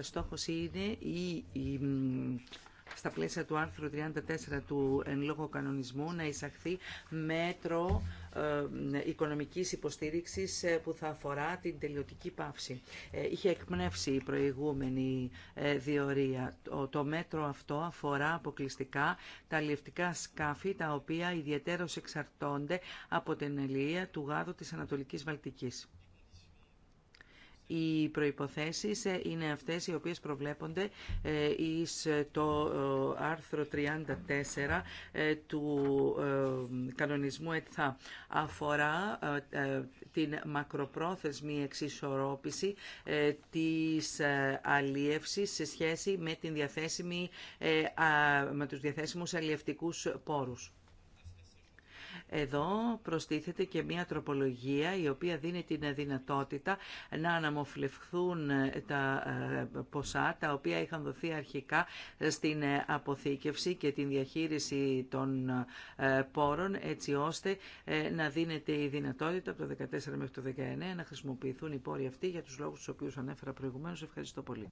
Στόχος είναι η, η στα πλαίσια του άρθρου 34 του εν λόγω κανονισμού να εισαχθεί μέτρο ε, οικονομικής υποστήριξης ε, που θα αφορά την τελειωτική πάυση. Ε, είχε εκπνεύσει η προηγούμενη διορία. Το μέτρο αυτό αφορά αποκλειστικά τα λιευτικά σκάφη τα οποία ιδιαίτερως εξαρτώνται από την ελεία του γάδου της Ανατολικής Βαλτικής. Οι προϋποθέσεις ε, είναι αυτές οι οποίες προβλέπονται ε, εις ε, το άρθρο 34 του κανονισμού ΕΤΘΑ. Αφορά την μακροπρόθεσμη εξισορρόπηση της αλίευσης σε σχέση με, την διαθέσιμη, με τους διαθέσιμους αλιευτικούς πόρους. Εδώ προστίθεται και μια τροπολογία η οποία δίνει την δυνατότητα να αναμοφλευχθούν τα ε, ποσά τα οποία είχαν δοθεί αρχικά στην ε, αποθήκευση και την διαχείριση των ε, πόρων έτσι ώστε να δίνεται η δυνατότητα από το 2014 μέχρι το 2019 να χρησιμοποιηθούν οι πόροι αυτοί για τους λόγους τους οποίους ανέφερα προηγουμένως. Ευχαριστώ πολύ.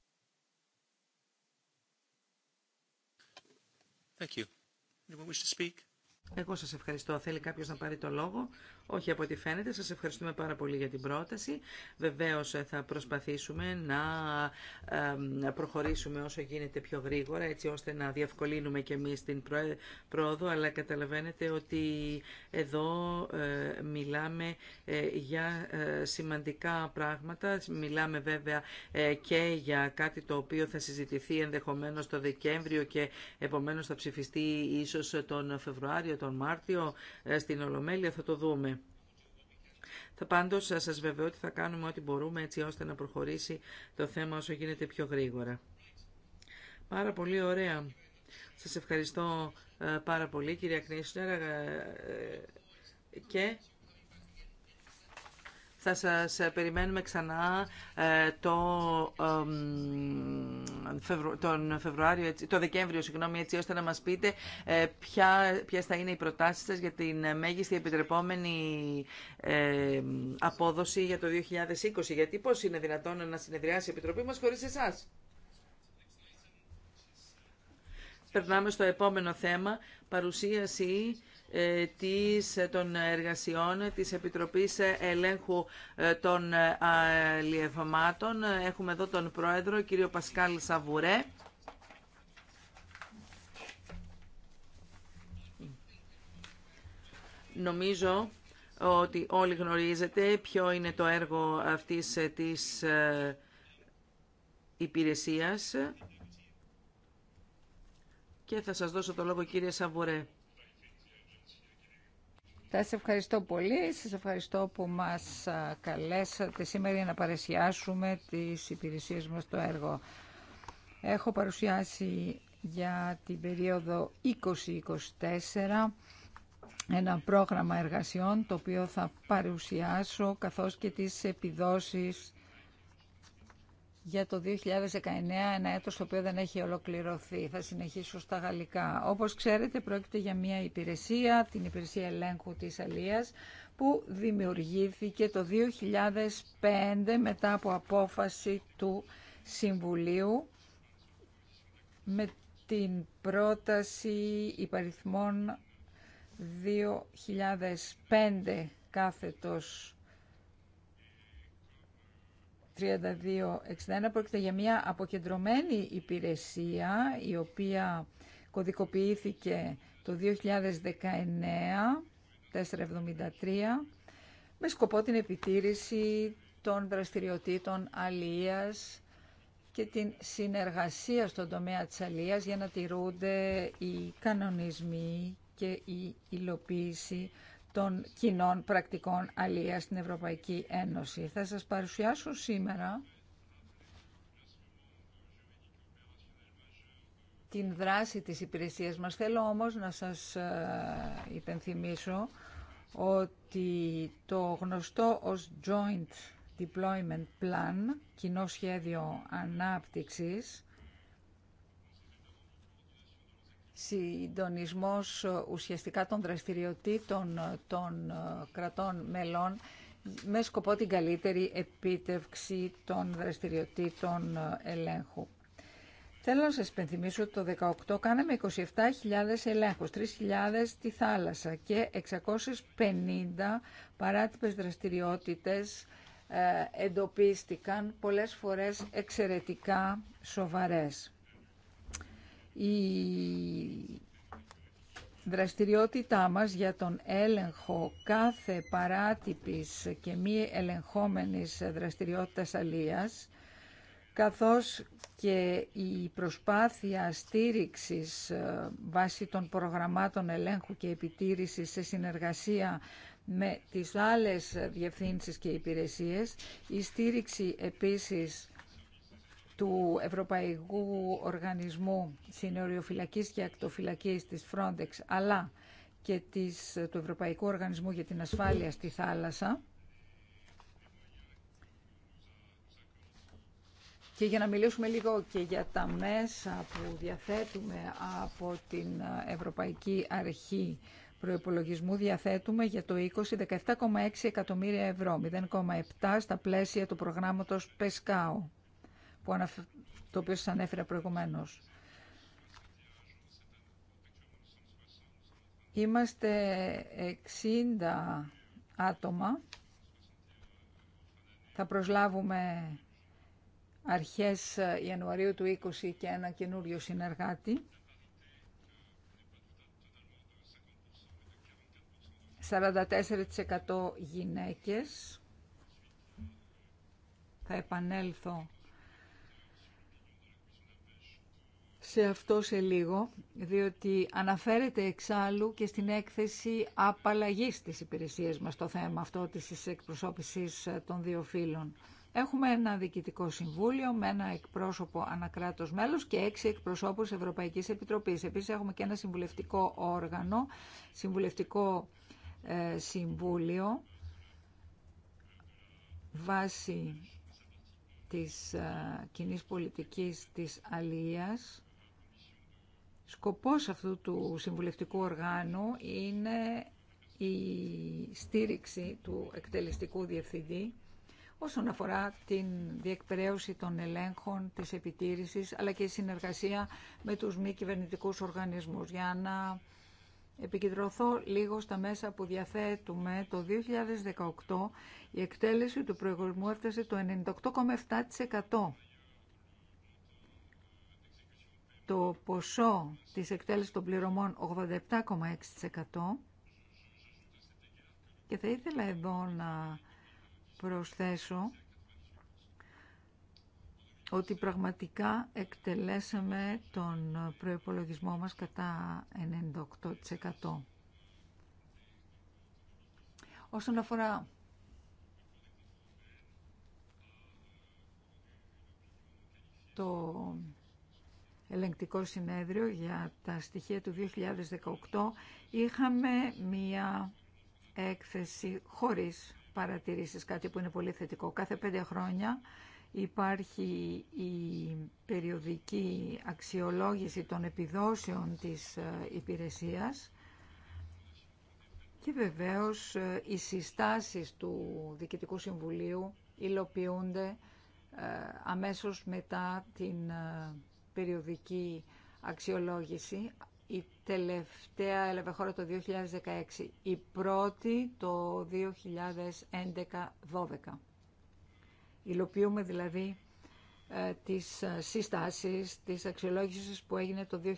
Thank you. wish to speak? Εγώ σας ευχαριστώ. Θέλει κάποιος να πάρει το λόγο. Όχι από ό,τι φαίνεται. Σας ευχαριστούμε πάρα πολύ για την πρόταση. Βεβαίως ε, θα προσπαθήσουμε να προχωρήσουμε όσο γίνεται πιο γρήγορα, έτσι ώστε να διευκολύνουμε και εμείς την πρόοδο, αλλά καταλαβαίνετε ότι εδώ ε, μιλάμε ε, για σημαντικά πράγματα. Μιλάμε βέβαια και για κάτι το οποίο θα συζητηθεί ενδεχομένως το Δεκέμβριο και επομένως θα ψηφιστεί ίσως τον Φεβρουάριο, τον Μάρτιο στην Ολομέλεια. Θα το δούμε. Θα πάντως σας βεβαιώ ότι θα κάνουμε ό,τι μπορούμε έτσι ώστε να προχωρήσει το θέμα όσο γίνεται πιο γρήγορα. Πάρα πολύ ωραία. Σας ευχαριστώ ε, πάρα πολύ κυρία Κνίσνερ ε, ε, και θα σας ε, περιμένουμε ξανά ε, το, τον Φεβρουάριο, το Δεκέμβριο, συγγνώμη, έτσι ώστε να μας πείτε ε, ποια, ποιες θα είναι οι προτάσεις σας για την μέγιστη επιτρεπόμενη απόδοση για το 2020. Γιατί πώς είναι δυνατόν να συνεδριάσει η Επιτροπή μας χωρίς εσάς. Περνάμε στο επόμενο θέμα, παρουσίαση ε, ε, των εργασιών της Επιτροπής Ελέγχου ε, των Αλλιευμάτων. Έχουμε εδώ τον Πρόεδρο, κύριο Πασκάλ Σαβουρέ. Νομίζω ότι όλοι γνωρίζετε ποιο είναι το έργο αυτής της υπηρεσίας και θα σας δώσω το λόγο κύριε Σαβουρέ. Σας ευχαριστώ πολύ. Σας ευχαριστώ που μας καλέσατε σήμερα για να παρουσιάσουμε τις υπηρεσίες μας στο έργο. Έχω παρουσιάσει για την περίοδο 2024 ένα πρόγραμμα εργασιών το οποίο θα παρουσιάσω καθώς και τις επιδόσεις για το 2019, ένα έτος το οποίο δεν έχει ολοκληρωθεί. Θα συνεχίσω στα γαλλικά. Όπως ξέρετε, πρόκειται για μια υπηρεσία, την υπηρεσία ελέγχου της Αλίας, που δημιουργήθηκε το 2005 μετά από απόφαση του Συμβουλίου με την πρόταση υπαριθμών 2005 κάθετος 3261 πρόκειται για μια αποκεντρωμένη υπηρεσία η οποία κωδικοποιήθηκε το 2019 473 με σκοπό την επιτήρηση των δραστηριοτήτων αλίας και την συνεργασία στον τομέα της αλίας για να τηρούνται οι κανονισμοί και η υλοποίηση των κοινών πρακτικών αλίας στην Ευρωπαϊκή Ένωση. Θα σας παρουσιάσω σήμερα την δράση της υπηρεσίας μας. Θέλω όμως να σας ε, υπενθυμίσω ότι το γνωστό ως Joint Deployment Plan, κοινό σχέδιο ανάπτυξης, συντονισμός ε, ουσιαστικά των δραστηριοτήτων ε, των ε, κρατών μελών με σκοπό την καλύτερη επίτευξη των δραστηριοτήτων ελέγχου. Θέλω να σας πενθυμίσω ότι το 2018 κάναμε 27.000 ελέγχους, 3.000 στη θάλασσα και 650 παράτυπες δραστηριότητες εντοπίστηκαν πολλές φορές εξαιρετικά σοβαρές. Η δραστηριότητά μας για τον έλεγχο κάθε παράτυπης και μη ελεγχόμενης δραστηριότητας αλίας, καθώς και η προσπάθεια στήριξης ε, βάσει των προγραμμάτων ελέγχου και επιτήρησης σε συνεργασία με τις άλλες διευθύνσεις και υπηρεσίες, η στήριξη επίσης του Ευρωπαϊκού Οργανισμού Συνεωριοφυλακής και Ακτοφυλακής της Frontex αλλά και της, του Ευρωπαϊκού Οργανισμού για την Ασφάλεια στη Θάλασσα και για να μιλήσουμε λίγο και για τα μέσα που διαθέτουμε από την Ευρωπαϊκή Αρχή προϋπολογισμού διαθέτουμε για το 20 17,6 εκατομμύρια ευρώ, 0,7 στα πλαίσια του προγράμματος PESCAO που το οποίο σας ανέφερα προηγουμένως. Είμαστε 60 άτομα. Θα προσλάβουμε αρχές Ιανουαρίου του 20 και ένα καινούριο συνεργάτη. 44% γυναίκες. Θα επανέλθω σε αυτό σε λίγο, διότι αναφέρεται εξάλλου και στην έκθεση απαλλαγή τη υπηρεσία μα το θέμα αυτό τη εκπροσώπησης των δύο φύλων. Έχουμε ένα διοικητικό συμβούλιο με ένα εκπρόσωπο ανακράτος μέλος και έξι εκπροσώπους Ευρωπαϊκής Επιτροπής. Επίσης έχουμε και ένα συμβουλευτικό όργανο, συμβουλευτικό ε, συμβούλιο, βάσει της ε, κοινής πολιτικής της Αλίας Σκοπός αυτού του συμβουλευτικού οργάνου είναι η στήριξη του εκτελεστικού διευθυντή όσον αφορά την διεκπαιρέωση των ελέγχων, της επιτήρησης, αλλά και η συνεργασία με τους μη κυβερνητικού οργανισμούς. Για να επικεντρωθώ λίγο στα μέσα που διαθέτουμε, το 2018 η εκτέλεση του προηγουμένου έφτασε το 98,7% το ποσό της εκτέλεσης των πληρωμών 87,6% και θα ήθελα εδώ να προσθέσω ότι πραγματικά εκτελέσαμε τον προϋπολογισμό μας κατά 98%. Όσον αφορά το ελεγκτικό συνέδριο για τα στοιχεία του 2018 είχαμε μία έκθεση χωρίς παρατηρήσεις, κάτι που είναι πολύ θετικό. Κάθε πέντε χρόνια υπάρχει η περιοδική αξιολόγηση των επιδόσεων της ε, υπηρεσίας και βεβαίως ε, οι συστάσεις του Διοικητικού Συμβουλίου υλοποιούνται ε, αμέσως μετά την περιοδική αξιολόγηση. Η τελευταία έλαβε χώρα το 2016, η πρώτη το 2011-12. Υλοποιούμε δηλαδή ε, τις ε, συστάσεις της αξιολόγησης που έγινε το 2016-17.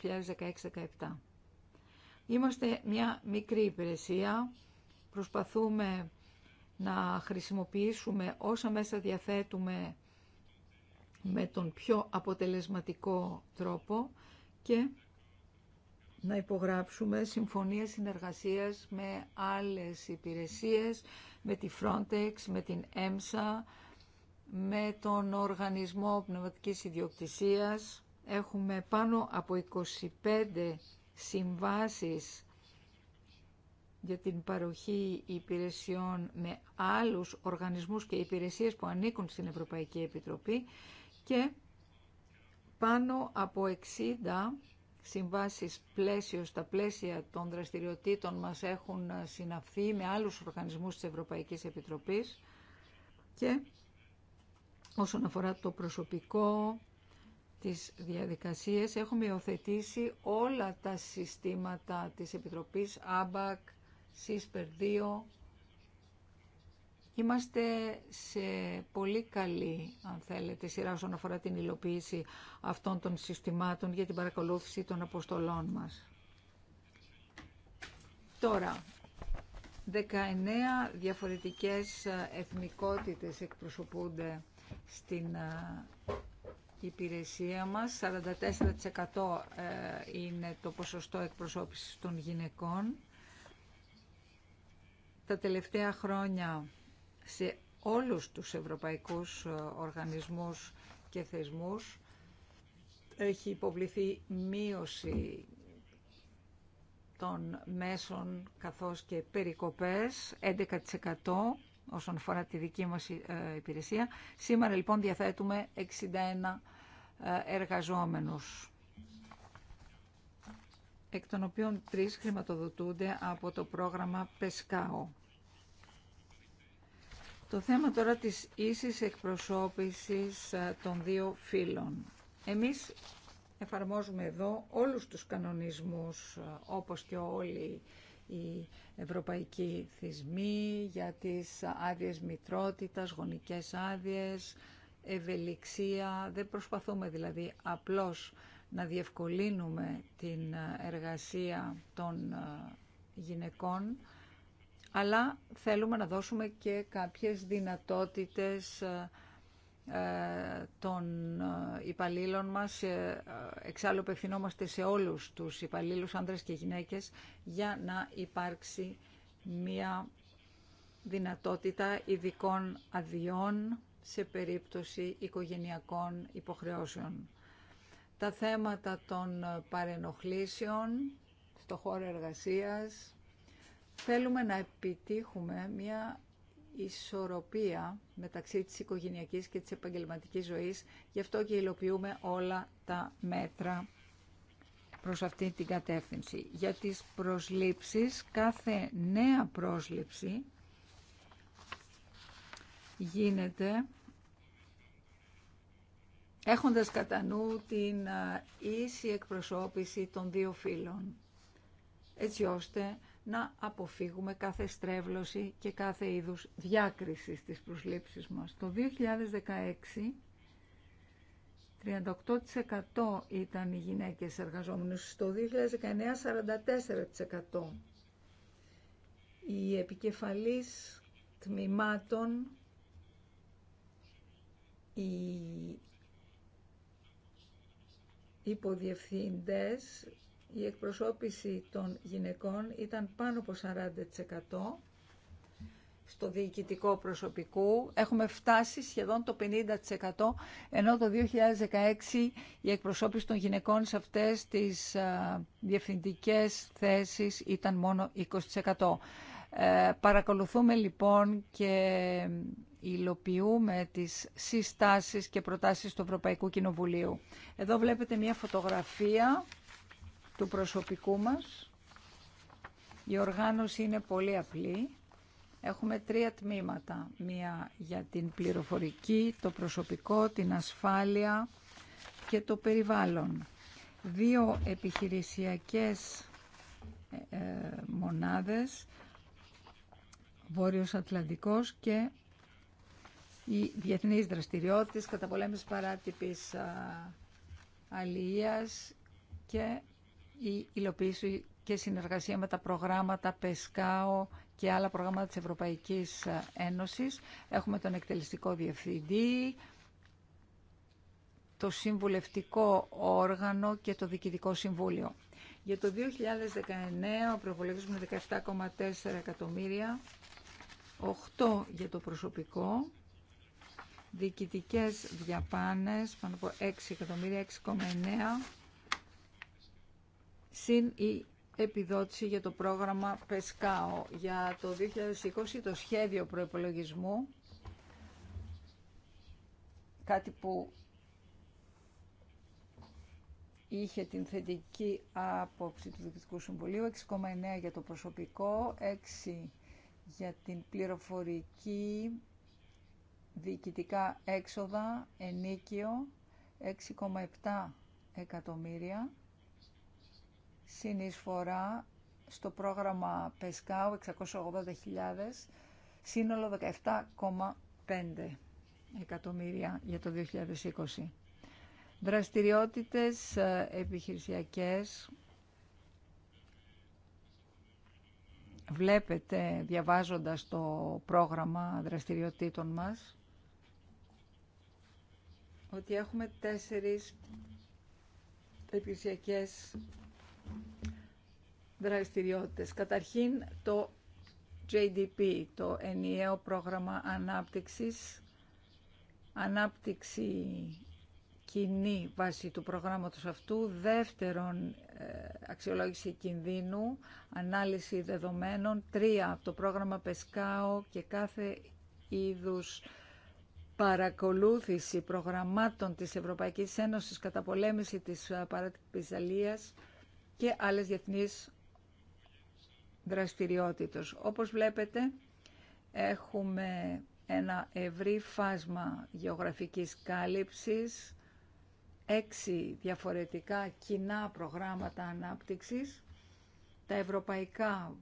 Είμαστε μια μικρή υπηρεσία, προσπαθούμε να χρησιμοποιήσουμε όσα μέσα διαθέτουμε με τον πιο αποτελεσματικό τρόπο και να υπογράψουμε συμφωνίες συνεργασίας με άλλες υπηρεσίες, με τη Frontex, με την EMSA, με τον Οργανισμό Πνευματικής Ιδιοκτησίας. Έχουμε πάνω από 25 συμβάσεις για την παροχή υπηρεσιών με άλλους οργανισμούς και υπηρεσίες που ανήκουν στην Ευρωπαϊκή Επιτροπή και πάνω από 60 συμβάσεις πλαίσιο στα πλαίσια των δραστηριοτήτων μας έχουν συναυθεί με άλλους οργανισμούς της Ευρωπαϊκής Επιτροπής και όσον αφορά το προσωπικό, τις διαδικασίες, έχουμε υιοθετήσει όλα τα συστήματα της Επιτροπής, ABAC, CISPER 2, Είμαστε σε πολύ καλή, αν θέλετε, σειρά όσον αφορά την υλοποίηση αυτών των συστημάτων για την παρακολούθηση των αποστολών μας. Τώρα, 19 διαφορετικές εθνικότητες εκπροσωπούνται στην ε, υπηρεσία μας. 44% ε, είναι το ποσοστό εκπροσώπησης των γυναικών. Τα τελευταία χρόνια σε όλους τους ευρωπαϊκούς ε, οργανισμούς και θεσμούς. Έχει υποβληθεί μείωση των μέσων καθώς και περικοπές 11% όσον αφορά τη δική μας ε, υπηρεσία. Σήμερα λοιπόν διαθέτουμε 61 ε, εργαζόμενους εκ των οποίων τρεις χρηματοδοτούνται από το πρόγραμμα ΠΕΣΚΑΟ. Το θέμα τώρα της ίσης εκπροσώπησης ε, των δύο φύλων. Εμείς εφαρμόζουμε εδώ όλους τους κανονισμούς, ε, όπως και όλοι οι ευρωπαϊκοί θυσμοί για τις άδειες μητρότητας, γονικές άδειες, ευελιξία. Δεν προσπαθούμε δηλαδή απλώς να διευκολύνουμε την ε, εργασία των γυναικών, αλλά θέλουμε να δώσουμε και κάποιες δυνατότητες ε, ε, των ε, υπαλλήλων μας, εξάλλου απευθυνόμαστε σε όλους τους υπαλλήλους, άνδρες και γυναίκες, για να υπάρξει μία δυνατότητα ειδικών αδειών σε περίπτωση οικογενειακών υποχρεώσεων. Τα θέματα των παρενοχλήσεων στο χώρο εργασίας, θέλουμε να επιτύχουμε μια ισορροπία μεταξύ της οικογενειακής και της επαγγελματικής ζωής. Γι' αυτό και υλοποιούμε όλα τα μέτρα προς αυτή την κατεύθυνση. Για τις προσλήψεις, κάθε νέα πρόσληψη γίνεται έχοντας κατά νου την ε, ίση εκπροσώπηση των δύο φύλων, έτσι ώστε να αποφύγουμε κάθε στρέβλωση και κάθε είδους διάκριση στις προσλήψεις μας. Το 2016 38% ήταν οι γυναίκες εργαζόμενες, το 2019 44%. Οι επικεφαλής τμήματων, οι υποδιευθυντές η εκπροσώπηση των γυναικών ήταν πάνω από 40% στο διοικητικό προσωπικού. Έχουμε φτάσει σχεδόν το 50%, ενώ το 2016 η εκπροσώπηση των γυναικών σε αυτές τις διευθυντικές θέσεις ήταν μόνο 20%. Ε, παρακολουθούμε λοιπόν και υλοποιούμε τις συστάσεις και προτάσεις του Ευρωπαϊκού Κοινοβουλίου. Εδώ βλέπετε μια φωτογραφία του προσωπικού μας. Η οργάνωση είναι πολύ απλή. Έχουμε τρία τμήματα. Μία για την πληροφορική, το προσωπικό, την ασφάλεια και το περιβάλλον. Δύο επιχειρησιακές ε, ε, μονάδες, Βόρειος Ατλαντικός και οι δραστηριότητε Κατά καταπολέμησης παράτυπης αλίας και η υλοποίηση και συνεργασία με τα προγράμματα ΠΕΣΚΑΟ και άλλα προγράμματα της Ευρωπαϊκής Ένωσης. Έχουμε τον εκτελεστικό διευθυντή, το συμβουλευτικό όργανο και το διοικητικό συμβούλιο. Για το 2019 ο προπολογισμός 17,4 εκατομμύρια, 8 για το προσωπικό, διοικητικές διαπάνες πάνω από 6 εκατομμύρια, 6,9 συν η επιδότηση για το πρόγραμμα ΠΕΣΚΑΟ. Για το 2020 το σχέδιο προϋπολογισμού, κάτι που είχε την θετική άποψη του Διοικητικού Συμβουλίου, 6,9 για το προσωπικό, 6 για την πληροφορική, διοικητικά έξοδα, ενίκιο, 6,7 εκατομμύρια συνεισφορά στο πρόγραμμα Πεσκάου 680.000, σύνολο 17,5 εκατομμύρια για το 2020. Δραστηριότητες ε, επιχειρησιακές. Βλέπετε, διαβάζοντας το πρόγραμμα δραστηριοτήτων μας, ότι έχουμε τέσσερις επιχειρησιακές δραστηριότητες. Καταρχήν το JDP, το ενιαίο πρόγραμμα ανάπτυξης, ανάπτυξη κοινή βάση του προγράμματος αυτού, δεύτερον ε, αξιολόγηση κινδύνου, ανάλυση δεδομένων, τρία το πρόγραμμα Πεσκάο και κάθε είδους παρακολούθηση προγραμμάτων της Ευρωπαϊκής Ένωσης κατά πολέμηση της ε, παρατυπιζαλίας και άλλες διεθνείς δραστηριότητες. Όπως βλέπετε, έχουμε ένα ευρύ φάσμα γεωγραφικής κάλυψης, έξι διαφορετικά κοινά προγράμματα ανάπτυξης, τα ευρωπαϊκά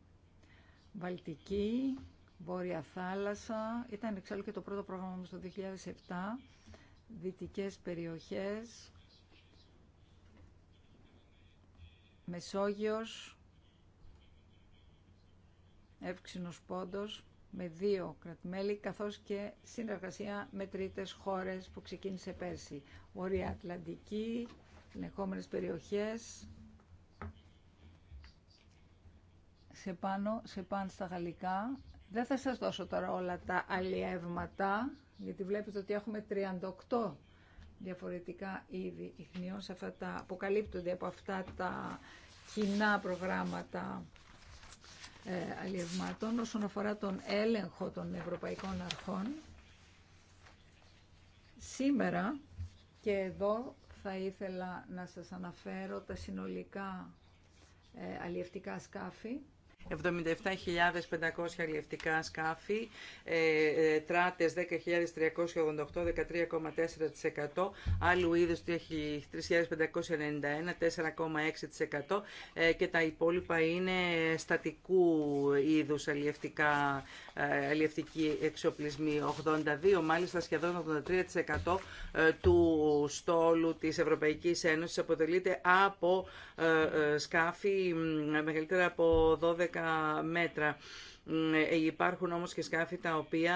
Βαλτική, Βόρεια Θάλασσα, ήταν εξάλλου και το πρώτο πρόγραμμα μας το 2007, δυτικές περιοχές, Μεσόγειος, εύξηνος πόντος με δύο κρατημέλη καθώς και συνεργασία με τρίτες χώρες που ξεκίνησε πέρσι. Βόρεια Ατλαντική, ελεγχόμενες περιοχές, σε πάνω, σε πάνω στα γαλλικά. Δεν θα σας δώσω τώρα όλα τα αλλιεύματα, γιατί βλέπετε ότι έχουμε 38 διαφορετικά είδη ιχνιών σε αυτά τα, αποκαλύπτονται από αυτά τα κοινά προγράμματα ε, αλλιευμάτων όσον αφορά τον έλεγχο των ευρωπαϊκών αρχών. Σήμερα και εδώ θα ήθελα να σας αναφέρω τα συνολικά ε, αλλιευτικά σκάφη 77.500 αλλιευτικά σκάφη, ε, ε, τράτες 10.388, 13,4%, άλλου είδους 3.591, 4,6% ε, και τα υπόλοιπα είναι στατικού είδους αλλιευτικά αλλιευτικοί εξοπλισμοί. 82, μάλιστα σχεδόν 83% ε, του στόλου της Ευρωπαϊκής Ένωσης αποτελείται από ε, ε, σκάφη μεγαλύτερα από 12 μέτρα. Ναι, υπάρχουν όμως και σκάφη τα οποία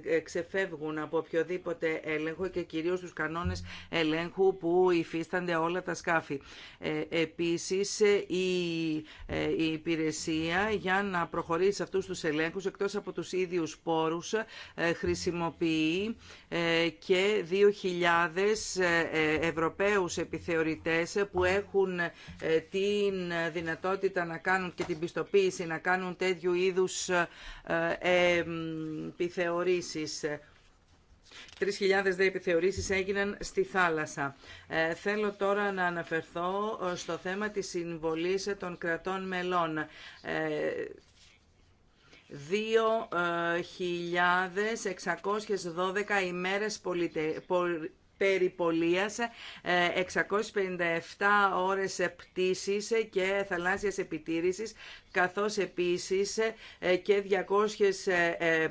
ε, ε, ξεφεύγουν από οποιοδήποτε έλεγχο και κυρίως τους κανόνες ελέγχου που υφίστανται όλα τα σκάφη. Ε, επίσης, η υπηρεσία για να προχωρήσει σε αυτούς τους ελέγχους, εκτός από τους ίδιους πόρους, χρησιμοποιεί και 2.000 Ευρωπαίους επιθεωρητές που έχουν την δυνατότητα να κάνουν και την πιστοποίηση, να κάνουν τέτοιου είδους είδους ε, ε, επιθεωρήσεις. 3.000 δε επιθεωρήσεις έγιναν στη θάλασσα. Ε, θέλω τώρα να αναφερθώ ε, στο θέμα της συμβολής των κρατών μελών. Ε, 2.612 ημέρες περιπολία περιπολίας, 657 ώρες πτήσης και θαλάσσιας επιτήρησης καθώς επίσης ε, ε, και 200 ε,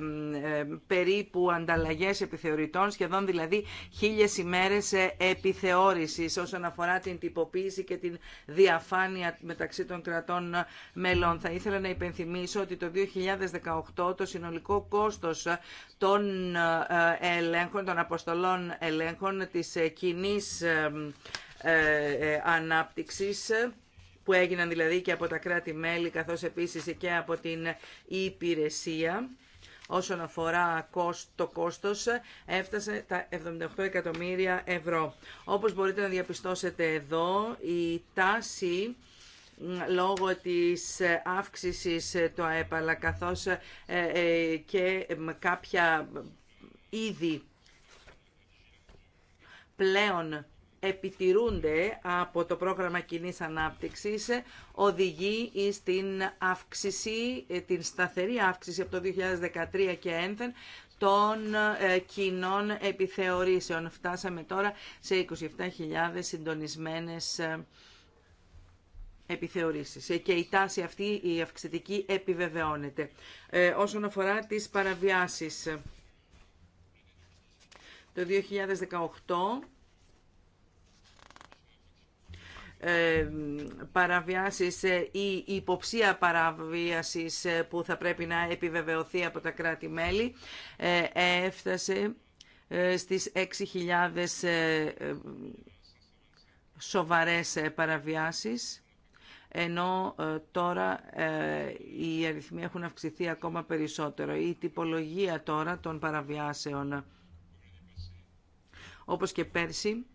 περίπου ανταλλαγές επιθεωρητών, σχεδόν δηλαδή χίλιες ημέρες επιθεώρησης όσον αφορά την τυποποίηση και την διαφάνεια μεταξύ των κρατών μελών. Θα ήθελα να υπενθυμίσω ότι το 2018 το συνολικό κόστος των ελέγχων, των αποστολών ελέγχων της κοινή ανάπτυξης που έγιναν δηλαδή και από τα κράτη-μέλη καθώς επίσης και από την υπηρεσία όσον αφορά το κόστος έφτασε τα 78 εκατομμύρια ευρώ. Όπως μπορείτε να διαπιστώσετε εδώ, η τάση λόγω της αύξησης του ΑΕΠ αλλά καθώς ε, ε, και κάποια είδη πλέον επιτηρούνται από το πρόγραμμα κοινή ανάπτυξης οδηγεί στην αύξηση, την σταθερή αύξηση από το 2013 και ένθεν των ε, κοινών επιθεωρήσεων. Φτάσαμε τώρα σε 27.000 συντονισμένες ε, επιθεωρήσεις. Ε, και η τάση αυτή η αυξητική επιβεβαιώνεται. όσον αφορά τις παραβιάσεις, το 2018 παραβιάσεις ή υποψία παραβίασης ε, που θα πρέπει να επιβεβαιωθεί από τα κράτη-μέλη ε, έφτασε ε, στις 6.000 σοβαρές παραβιάσεις ενώ τώρα οι αριθμοί έχουν αυξηθεί ακόμα περισσότερο. Η τυπολογία τώρα των παραβιάσεων, όπως και πέρσι,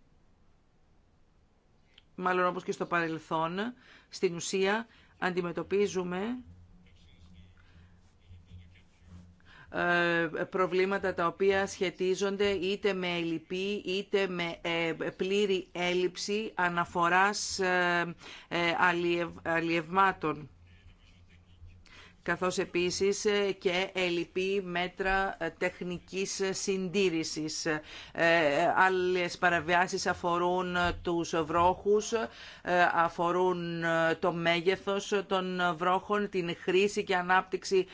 μάλλον όπως και στο παρελθόν, στην ουσία αντιμετωπίζουμε ε, προβλήματα τα οποία σχετίζονται είτε με ελλειπή είτε με ε, πλήρη έλλειψη αναφοράς ε, αλλιευμάτων καθώς επίσης ε, και ελλειπή μέτρα ε, τεχνικής συντήρησης. Ε, άλλες παραβιάσεις αφορούν τους βρόχους, αφορούν το μέγεθος των βρόχων, την χρήση και ανάπτυξη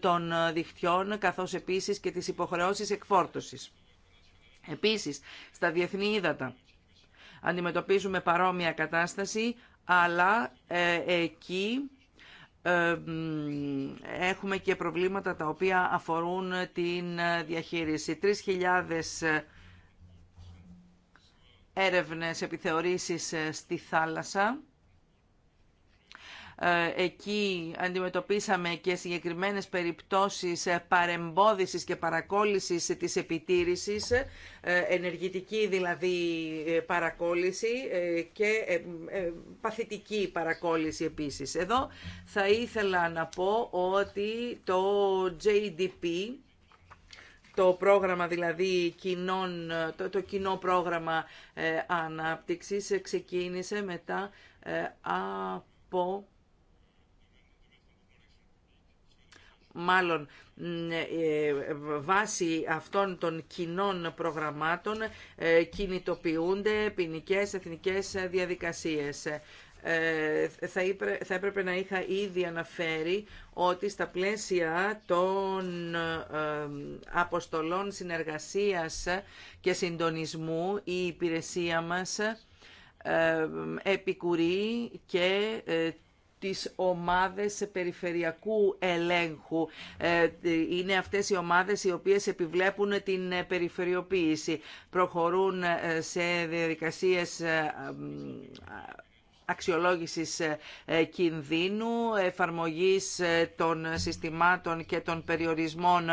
των δικτυών, καθώς επίσης και τις υποχρεώσεις εκφόρτωσης. Επίσης, στα διεθνή ύδατα αντιμετωπίζουμε παρόμοια κατάσταση, αλλά εκεί έχουμε και προβλήματα τα οποία αφορούν την διαχείριση. 3.000 έρευνες επιθεωρήσεις ε, στη θάλασσα ε, εκεί αντιμετωπίσαμε και συγκεκριμένες περιπτώσεις ε, παρεμπόδισης και παρακόλλησης της επιτήρησης, ε, ενεργητική δηλαδή παρακόλληση και παθητική παρακόλληση επίσης. Εδώ θα ήθελα να πω ότι το JDP, το πρόγραμμα δηλαδή κοινών, το, κοινό πρόγραμμα ανάπτυξης ξεκίνησε μετά από μάλλον ε, βάσει αυτών των κοινών προγραμμάτων ε, κινητοποιούνται ποινικέ εθνικές διαδικασίες. Ε, θα, θα έπρεπε να είχα ήδη αναφέρει ότι στα πλαίσια των αποστολών συνεργασίας και συντονισμού η υπηρεσία μας επικουρεί και τις ομάδες περιφερειακού ελέγχου. Ε, είναι αυτές οι ομάδες οι οποίες επιβλέπουν την περιφερειοποίηση. Προχωρούν ε, σε διαδικασίες ε, αξιολόγησης ε, ε, κινδύνου, εφαρμογής ε, των συστημάτων και των περιορισμών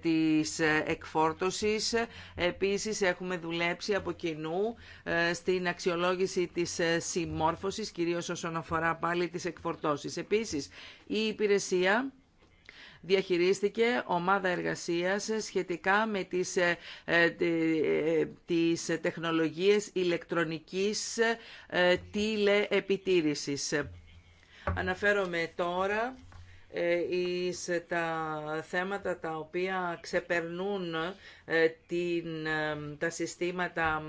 της εκφόρτωσης. Επίσης έχουμε δουλέψει από κοινού στην αξιολόγηση της συμμόρφωσης, κυρίως όσον αφορά πάλι τις εκφορτώσεις. Επίσης η υπηρεσία διαχειρίστηκε ομάδα εργασίας σχετικά με τις, ε, ε, τις τεχνολογίες ηλεκτρονικής ε, τηλεεπιτήρησης. Αναφέρομαι τώρα εις τα θέματα τα οποία ξεπερνούν την, τα συστήματα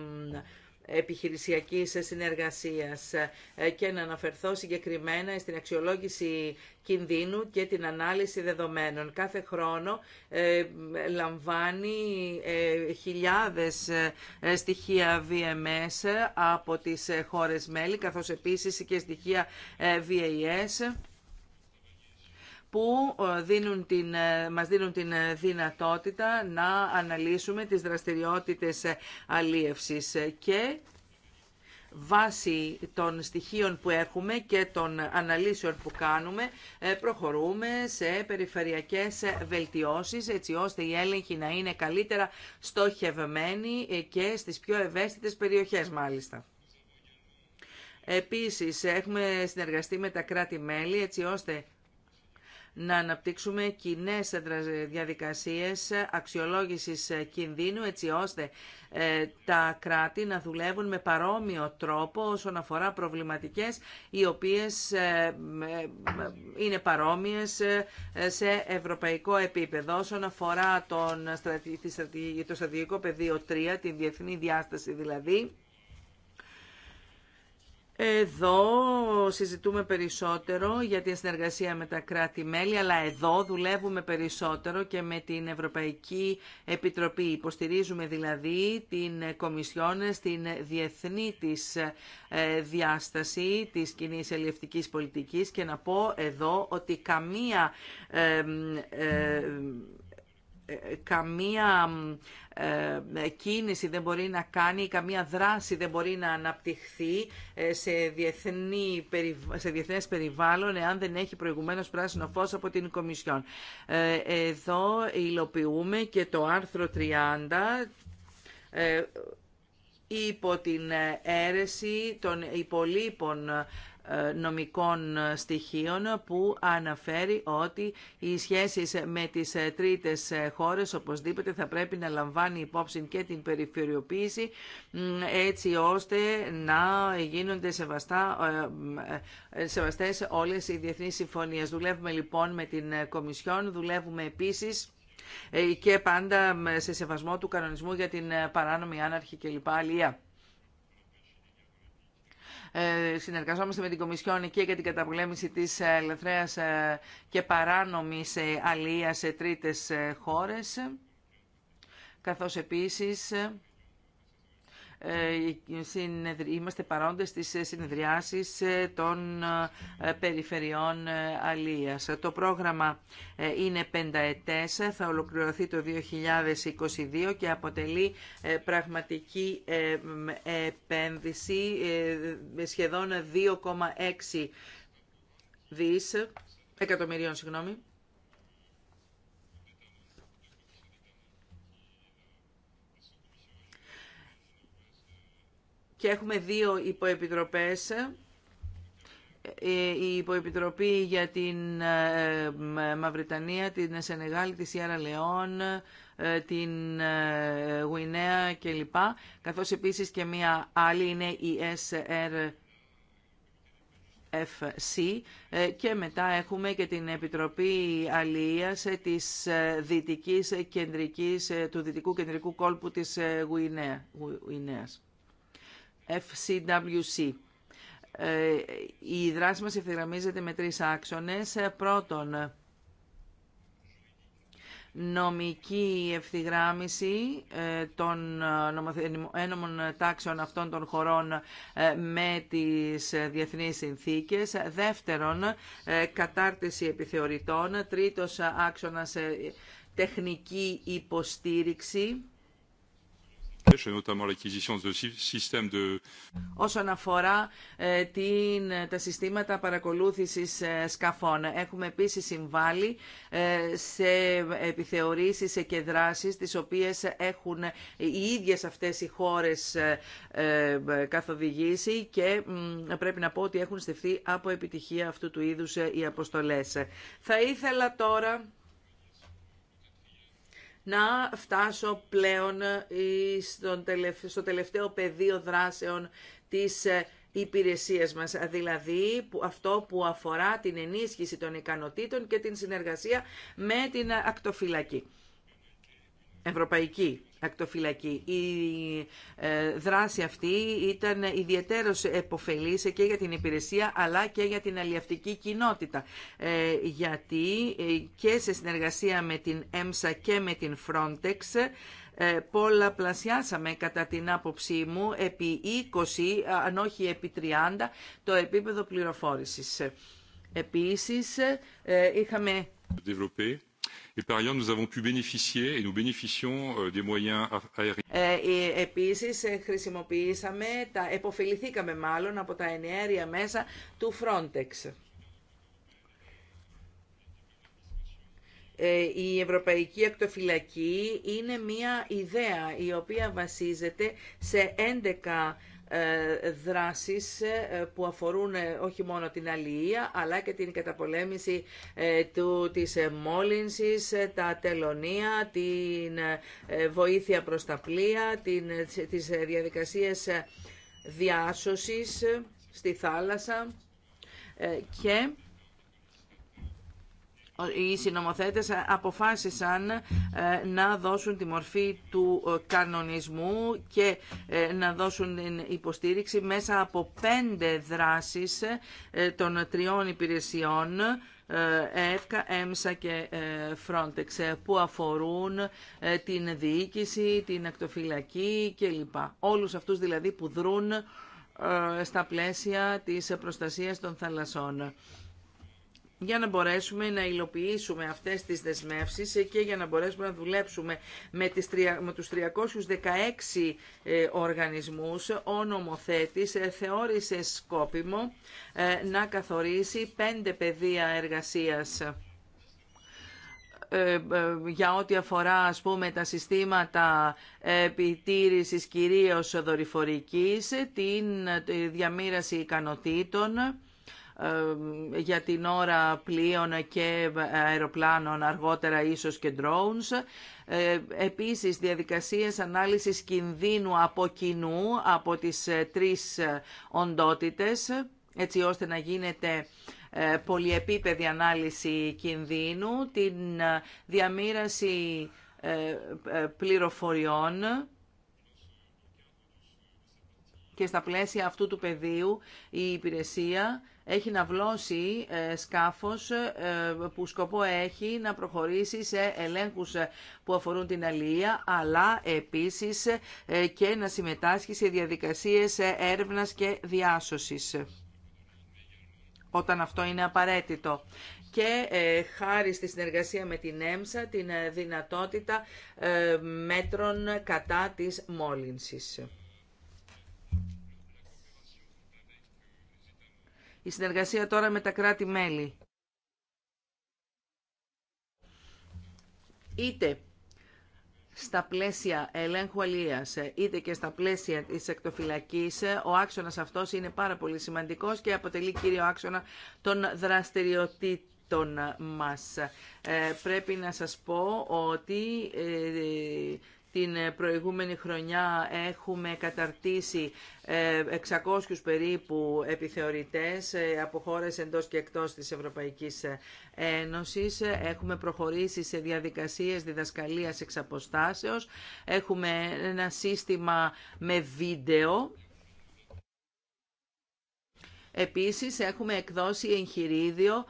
επιχειρησιακής συνεργασίας ε, και να αναφερθώ συγκεκριμένα στην αξιολόγηση κινδύνου και την ανάλυση δεδομένων. Κάθε χρόνο ε, λαμβάνει ε, χιλιάδες στοιχεία VMS από τις χώρες μέλη, καθώς επίσης και στοιχεία VAS που ε, δίνουν την, ε, μας δίνουν την ε, δυνατότητα να αναλύσουμε τις δραστηριότητες αλίευσης και βάσει των στοιχείων που έχουμε και των αναλύσεων που κάνουμε προχωρούμε σε περιφερειακές βελτιώσεις έτσι ώστε η έλεγχη να είναι καλύτερα στοχευμένη και στις πιο ευαίσθητες περιοχές μάλιστα. Επίσης έχουμε συνεργαστεί με τα κράτη-μέλη έτσι ώστε να αναπτύξουμε κοινέ διαδικασίες αξιολόγησης κινδύνου έτσι ώστε ε, τα κράτη να δουλεύουν με παρόμοιο τρόπο όσον αφορά προβληματικές οι οποίες ε, ε, είναι παρόμοιες σε ευρωπαϊκό επίπεδο. Όσον αφορά τον, το στρατηγικό πεδίο 3, την διεθνή διάσταση δηλαδή, εδώ συζητούμε περισσότερο για την συνεργασία με τα κράτη-μέλη, αλλά εδώ δουλεύουμε περισσότερο και με την Ευρωπαϊκή Επιτροπή. Υποστηρίζουμε δηλαδή την Κομισιόν στην διεθνή της ε, διάσταση της κοινή ελευθερικής πολιτικής και να πω εδώ ότι καμία ε, καμία ε, κίνηση δεν μπορεί να κάνει, καμία δράση δεν μπορεί να αναπτυχθεί ε, σε, διεθνή, σε διεθνές περιβάλλον εάν δεν έχει προηγουμένως πράσινο φως από την Κομισιόν. Ε, εδώ υλοποιούμε και το άρθρο 30 υπό την αίρεση των υπολείπων νομικών στοιχείων που αναφέρει ότι οι σχέσεις με τις τρίτες χώρες οπωσδήποτε θα πρέπει να λαμβάνει υπόψη και την περιφερειοποίηση έτσι ώστε να γίνονται σεβαστά, ε, ε, σεβαστές όλες οι διεθνείς συμφωνίες. Δουλεύουμε λοιπόν με την Κομισιόν, δουλεύουμε επίσης ε, και πάντα σε σεβασμό του κανονισμού για την παράνομη άναρχη κλπ. Ε, συνεργαζόμαστε με την Κομισιόν και για την καταπολέμηση της ελευθερία και παράνομης ε, αλίας σε τρίτες ε, χώρες, καθώς επίσης ε, είμαστε παρόντες στις συνεδριάσεις ε, των ε, περιφερειών Αλίας. Το πρόγραμμα είναι πενταετές, θα ολοκληρωθεί το 2022 και αποτελεί πραγματική επένδυση σχεδόν 2,6 δις, εκατομμυρίων συγγνώμη, και έχουμε δύο υποεπιτροπές ε, η υποεπιτροπή για την ε, ε, Μαυριτανία, την Σενεγάλη, τη Σιέρα Λεόν, την Γουινέα κλπ. Καθώς επίσης και μία άλλη είναι η SRFC και μετά έχουμε και την Επιτροπή αλληλία της Δυτικής Κεντρικής, του Δυτικού Κεντρικού Κόλπου της Γουινέας. FCWC. Ε, η δράση μας ευθυγραμμίζεται με τρεις άξονες. Ε, πρώτον, νομική ευθυγράμμιση ε, των ένομων τάξεων αυτών των χωρών με τις διεθνείς συνθήκες. Δεύτερον, κατάρτιση επιθεωρητών. Τρίτος άξονας, τεχνική υποστήριξη Όσον αφορά ε, την, ε, τα συστήματα παρακολούθησης ε, σκαφών, έχουμε επίσης συμβάλει σε επιθεωρήσεις και δράσεις τις οποίες έχουν οι ίδιες αυτές οι χώρες καθοδηγήσει και πρέπει να πω ότι έχουν στεφθεί από επιτυχία αυτού του είδους οι αποστολές. Θα ήθελα τώρα να φτάσω πλέον ε, στο τελευταίο πεδίο δράσεων της ε, υπηρεσίας μας, δηλαδή αυτό που αφορά την ενίσχυση των ικανοτήτων και την συνεργασία με την ακτοφυλακή. Ευρωπαϊκή ακτοφυλακή. Η ε, δράση αυτή ήταν ιδιαίτερος επωφελής και για την υπηρεσία αλλά και για την αλλιευτική κοινότητα. Ε, γιατί ε, και σε συνεργασία με την ΕΜΣΑ και με την Frontex πολλαπλασιάσαμε κατά την άποψή μου επί 20 αν όχι επί 30 το επίπεδο πληροφόρησης. Επίσης είχαμε... Et par ailleurs, nous avons pu bénéficier et nous bénéficions euh, des moyens aériens. Ε, ε, ε, χρησιμοποιήσαμε, τα, επωφεληθήκαμε μάλλον από τα ενιαία μέσα του Frontex. Ε, η Ευρωπαϊκή Ακτοφυλακή είναι μια ιδέα η οποία βασίζεται σε 11 ε, δράσεις ε, που αφορούν ε, όχι μόνο την αλληλεία αλλά και την καταπολέμηση του, της μόλυνσης, τα τελωνία, την βοήθεια προς τα πλοία, την, τις διαδικασίες διάσωσης στη θάλασσα και οι συνομοθέτες αποφάσισαν ε, να δώσουν τη μορφή του ε, κανονισμού και ε, να δώσουν την υποστήριξη μέσα από πέντε δράσεις των τριών υπηρεσιών ΕΦΚΑ, ΕΜΣΑ και Frontex που αφορούν την διοίκηση, την ακτοφυλακή κλπ. Όλους αυτούς δηλαδή που δρούν στα πλαίσια της προστασίας των θαλασσών για να μπορέσουμε να υλοποιήσουμε αυτές τις δεσμεύσεις και για να μπορέσουμε να δουλέψουμε με, τις, τους 316 ε, οργανισμούς, ο νομοθέτης ε, θεώρησε σκόπιμο ε, να καθορίσει πέντε πεδία εργασίας για ό,τι αφορά ας πούμε τα συστήματα επιτήρησης κυρίως δορυφορικής, την διαμήραση ικανοτήτων, για την ώρα πλοίων και αεροπλάνων, αργότερα ίσως και drones. Ε, επίσης, διαδικασίες ανάλυσης κινδύνου από κοινού, από τις ε, τρεις ε, οντότητες, έτσι ώστε να γίνεται πολυεπίπεδη ανάλυση κινδύνου, την διαμήραση πληροφοριών, και στα πλαίσια αυτού του πεδίου η υπηρεσία έχει να ναυλώσει ε, σκάφος ε, που σκοπό έχει να προχωρήσει σε ελέγχους ε, που αφορούν την αλληλεία, αλλά επίσης και να συμμετάσχει σε διαδικασίες έρευνας και διάσωσης όταν αυτό είναι απαραίτητο και χάρη στη συνεργασία με την ΕΜΣΑ την δυνατότητα μέτρων κατά της μόλυνσης. η συνεργασία τώρα με τα κράτη-μέλη. Είτε στα πλαίσια ελέγχου αλίας, είτε και στα πλαίσια της εκτοφυλακής, ο άξονας αυτός είναι πάρα πολύ σημαντικός και αποτελεί κύριο άξονα των δραστηριοτήτων μας. Ε, πρέπει να σας πω ότι ε, την ε, προηγούμενη χρονιά έχουμε καταρτήσει 600 ε, περίπου επιθεωρητές ε, από χώρες εντός και εκτός της Ευρωπαϊκής Ένωσης. Έχουμε προχωρήσει σε διαδικασίες διδασκαλίας εξ αποστάσεως. Έχουμε ένα σύστημα με βίντεο Επίσης έχουμε εκδώσει εγχειρίδιο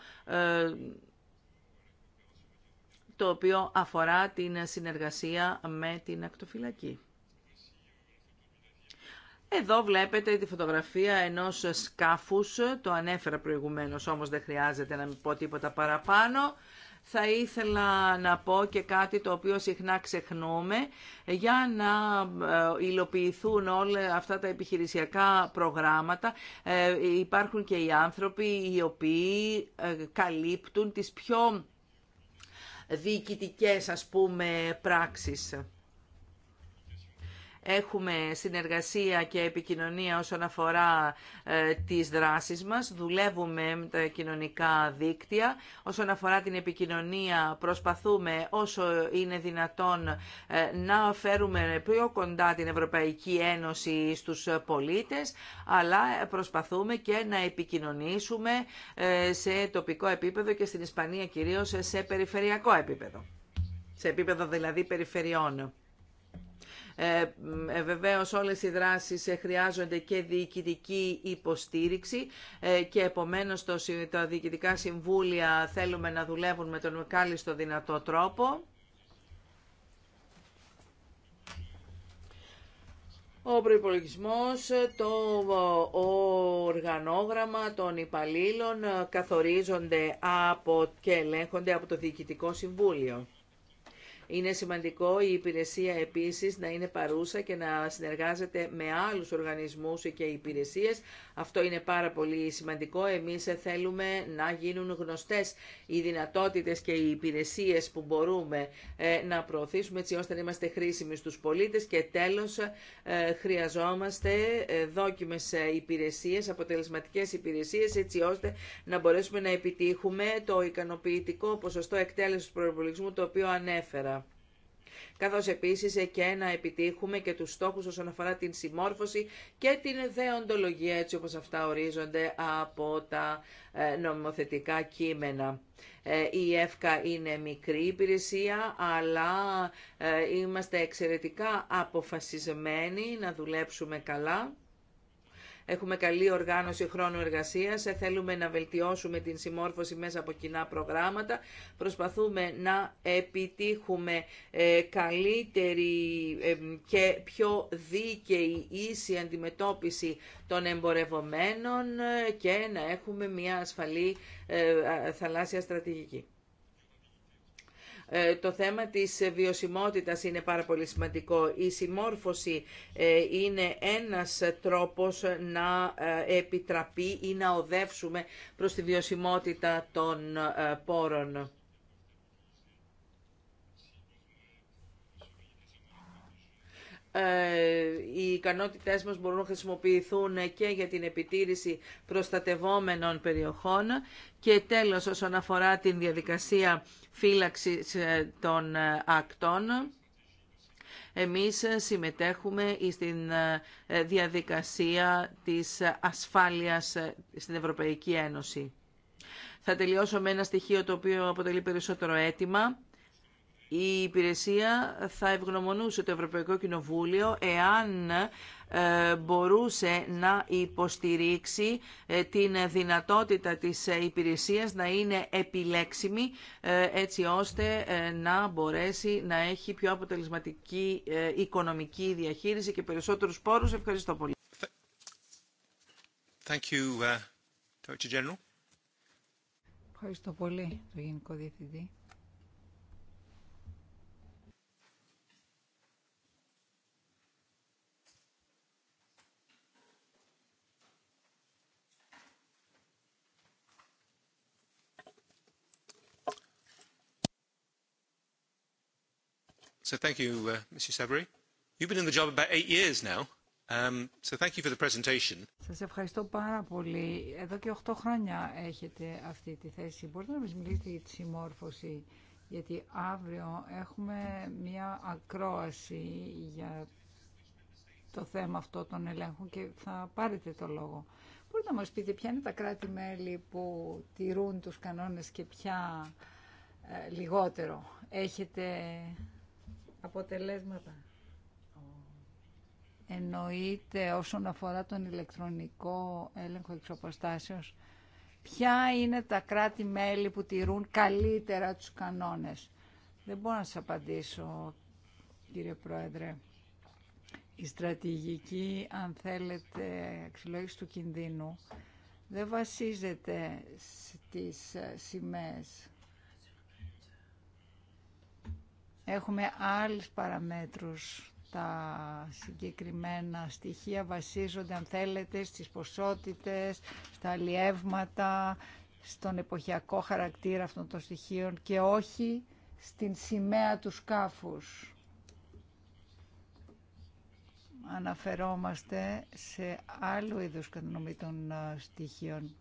το οποίο αφορά την συνεργασία με την ακτοφυλακή. Εδώ βλέπετε τη φωτογραφία ενός σκάφους, το ανέφερα προηγουμένως, όμως δεν χρειάζεται να μην πω τίποτα παραπάνω. Θα ήθελα να πω και κάτι το οποίο συχνά ξεχνούμε για να ε, υλοποιηθούν όλα αυτά τα επιχειρησιακά προγράμματα. Ε, υπάρχουν και οι άνθρωποι οι οποίοι ε, καλύπτουν τις πιο διοικητικές ας πούμε πράξεις. Έχουμε συνεργασία και επικοινωνία όσον αφορά ε, τις δράσεις μας. Δουλεύουμε με τα κοινωνικά δίκτυα. Όσον αφορά την επικοινωνία προσπαθούμε όσο είναι δυνατόν ε, να φέρουμε πιο κοντά την Ευρωπαϊκή Ένωση στους πολίτες, αλλά προσπαθούμε και να επικοινωνήσουμε ε, σε τοπικό επίπεδο και στην Ισπανία κυρίως σε περιφερειακό επίπεδο. Σε επίπεδο δηλαδή περιφερειών. Ε, ε, βεβαίως όλες οι δράσεις ε, χρειάζονται και διοικητική υποστήριξη ε, και επομένως το, τα διοικητικά συμβούλια θέλουμε να δουλεύουν με τον κάλλιστο δυνατό τρόπο. ο προπολογισμό, το οργανόγραμμα των υπαλλήλων καθορίζονται από και ελέγχονται από το Διοικητικό Συμβούλιο. Είναι σημαντικό η υπηρεσία επίσης να είναι παρούσα και να συνεργάζεται με άλλους οργανισμούς και υπηρεσίες. Αυτό είναι πάρα πολύ σημαντικό. Εμείς θέλουμε να γίνουν γνωστές οι δυνατότητες και οι υπηρεσίες που μπορούμε ε, να προωθήσουμε έτσι ώστε να είμαστε χρήσιμοι στους πολίτες και τέλος ε, χρειαζόμαστε ε, δόκιμες υπηρεσίες, αποτελεσματικές υπηρεσίες έτσι ώστε να μπορέσουμε να επιτύχουμε το ικανοποιητικό ποσοστό εκτέλεσης του προπολογισμού το οποίο ανέφερα καθώς επίσης και να επιτύχουμε και τους στόχους όσον αφορά την συμμόρφωση και την δεοντολογία έτσι όπως αυτά ορίζονται από τα ε, νομοθετικά κείμενα. Ε, η ΕΦΚΑ είναι μικρή υπηρεσία, αλλά ε, είμαστε εξαιρετικά αποφασισμένοι να δουλέψουμε καλά Έχουμε καλή οργάνωση χρόνου εργασίας, ε, θέλουμε να βελτιώσουμε την συμμόρφωση μέσα από κοινά προγράμματα, προσπαθούμε να επιτύχουμε ε, καλύτερη ε, και πιο δίκαιη ίση αντιμετώπιση των εμπορευομένων και να έχουμε μια ασφαλή θαλάσσια στρατηγική. Ε, το θέμα της βιωσιμότητας είναι πάρα πολύ σημαντικό. Η συμμόρφωση ε, είναι ένας τρόπος να ε, επιτραπεί ή να οδεύσουμε προς τη βιωσιμότητα των πόρων. Ε, οι ικανότητές μας μπορούν να χρησιμοποιηθούν και για την επιτήρηση προστατευόμενων περιοχών και τέλος όσον αφορά την διαδικασία φύλαξης ε, των ε, ακτών εμείς συμμετέχουμε στην διαδικασία της ασφάλειας στην Ευρωπαϊκή Ένωση. Θα τελειώσω με ένα στοιχείο το οποίο αποτελεί περισσότερο αίτημα η υπηρεσία θα ευγνωμονούσε το Ευρωπαϊκό Κοινοβούλιο εάν ε, μπορούσε να υποστηρίξει ε, την δυνατότητα της ε, υπηρεσίας να είναι επιλέξιμη έτσι ώστε να μπορέσει να έχει πιο αποτελεσματική οικονομική διαχείριση και περισσότερους πόρους. Ευχαριστώ πολύ. Thank you, uh, Ευχαριστώ πολύ, το Γενικό Διευθυντή. So thank you, uh, You've been in the job about years now. Um, thank you for the presentation. Σας ευχαριστώ πάρα πολύ. Εδώ και 8 χρόνια έχετε αυτή τη θέση. Μπορείτε να μας μιλήσετε για τη συμμόρφωση, γιατί αύριο έχουμε μια ακρόαση για το θέμα αυτό των ελέγχων και θα πάρετε το λόγο. Μπορείτε να μας πείτε ποια είναι τα κράτη-μέλη που τηρούν τους κανόνες και ποια ε, λιγότερο. Έχετε αποτελέσματα. Εννοείται όσον αφορά τον ηλεκτρονικό έλεγχο εξωποστάσεως. ποια είναι τα κράτη-μέλη που τηρούν καλύτερα τους κανόνες. Δεν μπορώ να σας απαντήσω, κύριε Πρόεδρε. Η στρατηγική, αν θέλετε, αξιολόγηση του κινδύνου δεν βασίζεται στις ε, σημαίες. Έχουμε άλλες παραμέτρους. Τα συγκεκριμένα στοιχεία βασίζονται, αν θέλετε, στις ποσότητες, στα αλλιεύματα, στον εποχιακό χαρακτήρα αυτών των στοιχείων και όχι στην σημαία του σκάφους. Αναφερόμαστε σε άλλου είδους κατανομή των στοιχείων.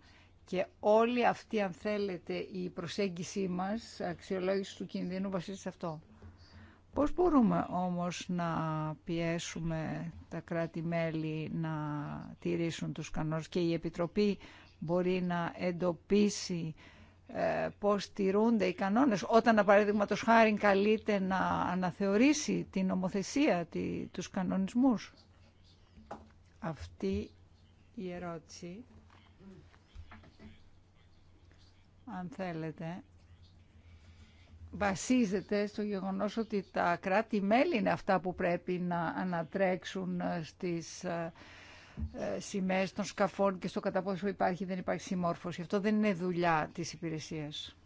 Και όλη αυτή, αν θέλετε, η προσέγγιση μας, αξιολόγηση του κινδύνου βασίζεται σε αυτό. Πώς μπορούμε όμως να πιέσουμε τα κράτη-μέλη να τηρήσουν τους κανόνες και η Επιτροπή μπορεί να εντοπίσει ε, πώς τηρούνται οι κανόνες όταν, παραδείγματο χάρη, καλείται να αναθεωρήσει την νομοθεσία, τη, τους κανονισμούς. Αυτή η ερώτηση, αν θέλετε, βασίζεται στο γεγονός ότι τα κράτη-μέλη είναι αυτά που πρέπει να ανατρέξουν ε, στις ε, ε, σημαίες των σκαφών και στο κατά πόσο υπάρχει δεν υπάρχει συμμόρφωση. Αυτό δεν είναι δουλειά της υπηρεσίας.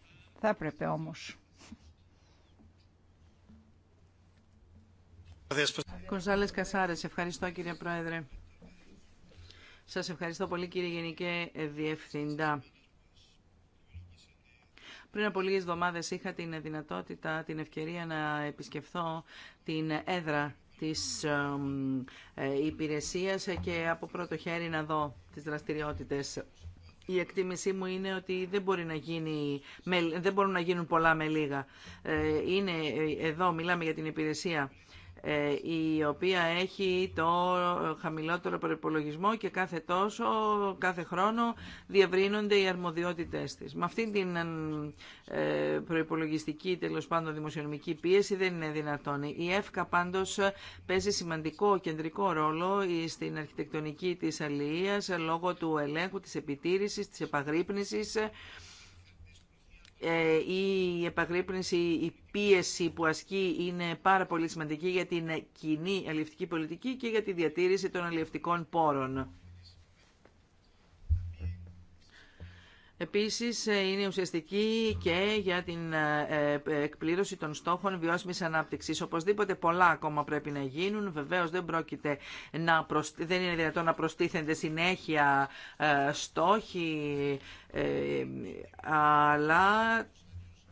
Θα έπρεπε όμως. Κονσάλες Κασάρες, ευχαριστώ κύριε Πρόεδρε. Σας ευχαριστώ πολύ κύριε Γενικέ Διευθυντά. Πριν από λίγες εβδομάδες είχα την δυνατότητα, την ευκαιρία να επισκεφθώ την έδρα της ε, υπηρεσίας και από πρώτο χέρι να δω τις δραστηριότητες. Η εκτίμησή μου είναι ότι δεν, μπορεί να γίνει, δεν μπορούν να γίνουν πολλά με λίγα. Ε, είναι, ε, εδώ μιλάμε για την υπηρεσία ε, η οποία έχει το χαμηλότερο προπολογισμό και κάθε τόσο, κάθε χρόνο διευρύνονται οι αρμοδιότητές της. Με αυτή την ε, προπολογιστική, τέλο πάντων δημοσιονομική πίεση δεν είναι δυνατόν. Η ΕΦΚΑ πάντως παίζει σημαντικό κεντρικό ρόλο στην αρχιτεκτονική της αλληλείας λόγω του ελέγχου, της επιτήρησης, της επαγρύπνησης ε, η επαγρύπνηση, η πίεση που ασκεί είναι πάρα πολύ σημαντική για την κοινή αλληλευτική πολιτική και για τη διατήρηση των αλληλευτικών πόρων. Επίσης ε, είναι ουσιαστική και για την ε, ε, εκπλήρωση των στόχων βιώσιμης ανάπτυξης. Οπωσδήποτε πολλά ακόμα πρέπει να γίνουν. Βεβαίως δεν, πρόκειται να δεν είναι δυνατόν να προστίθενται συνέχεια στόχοι αλλά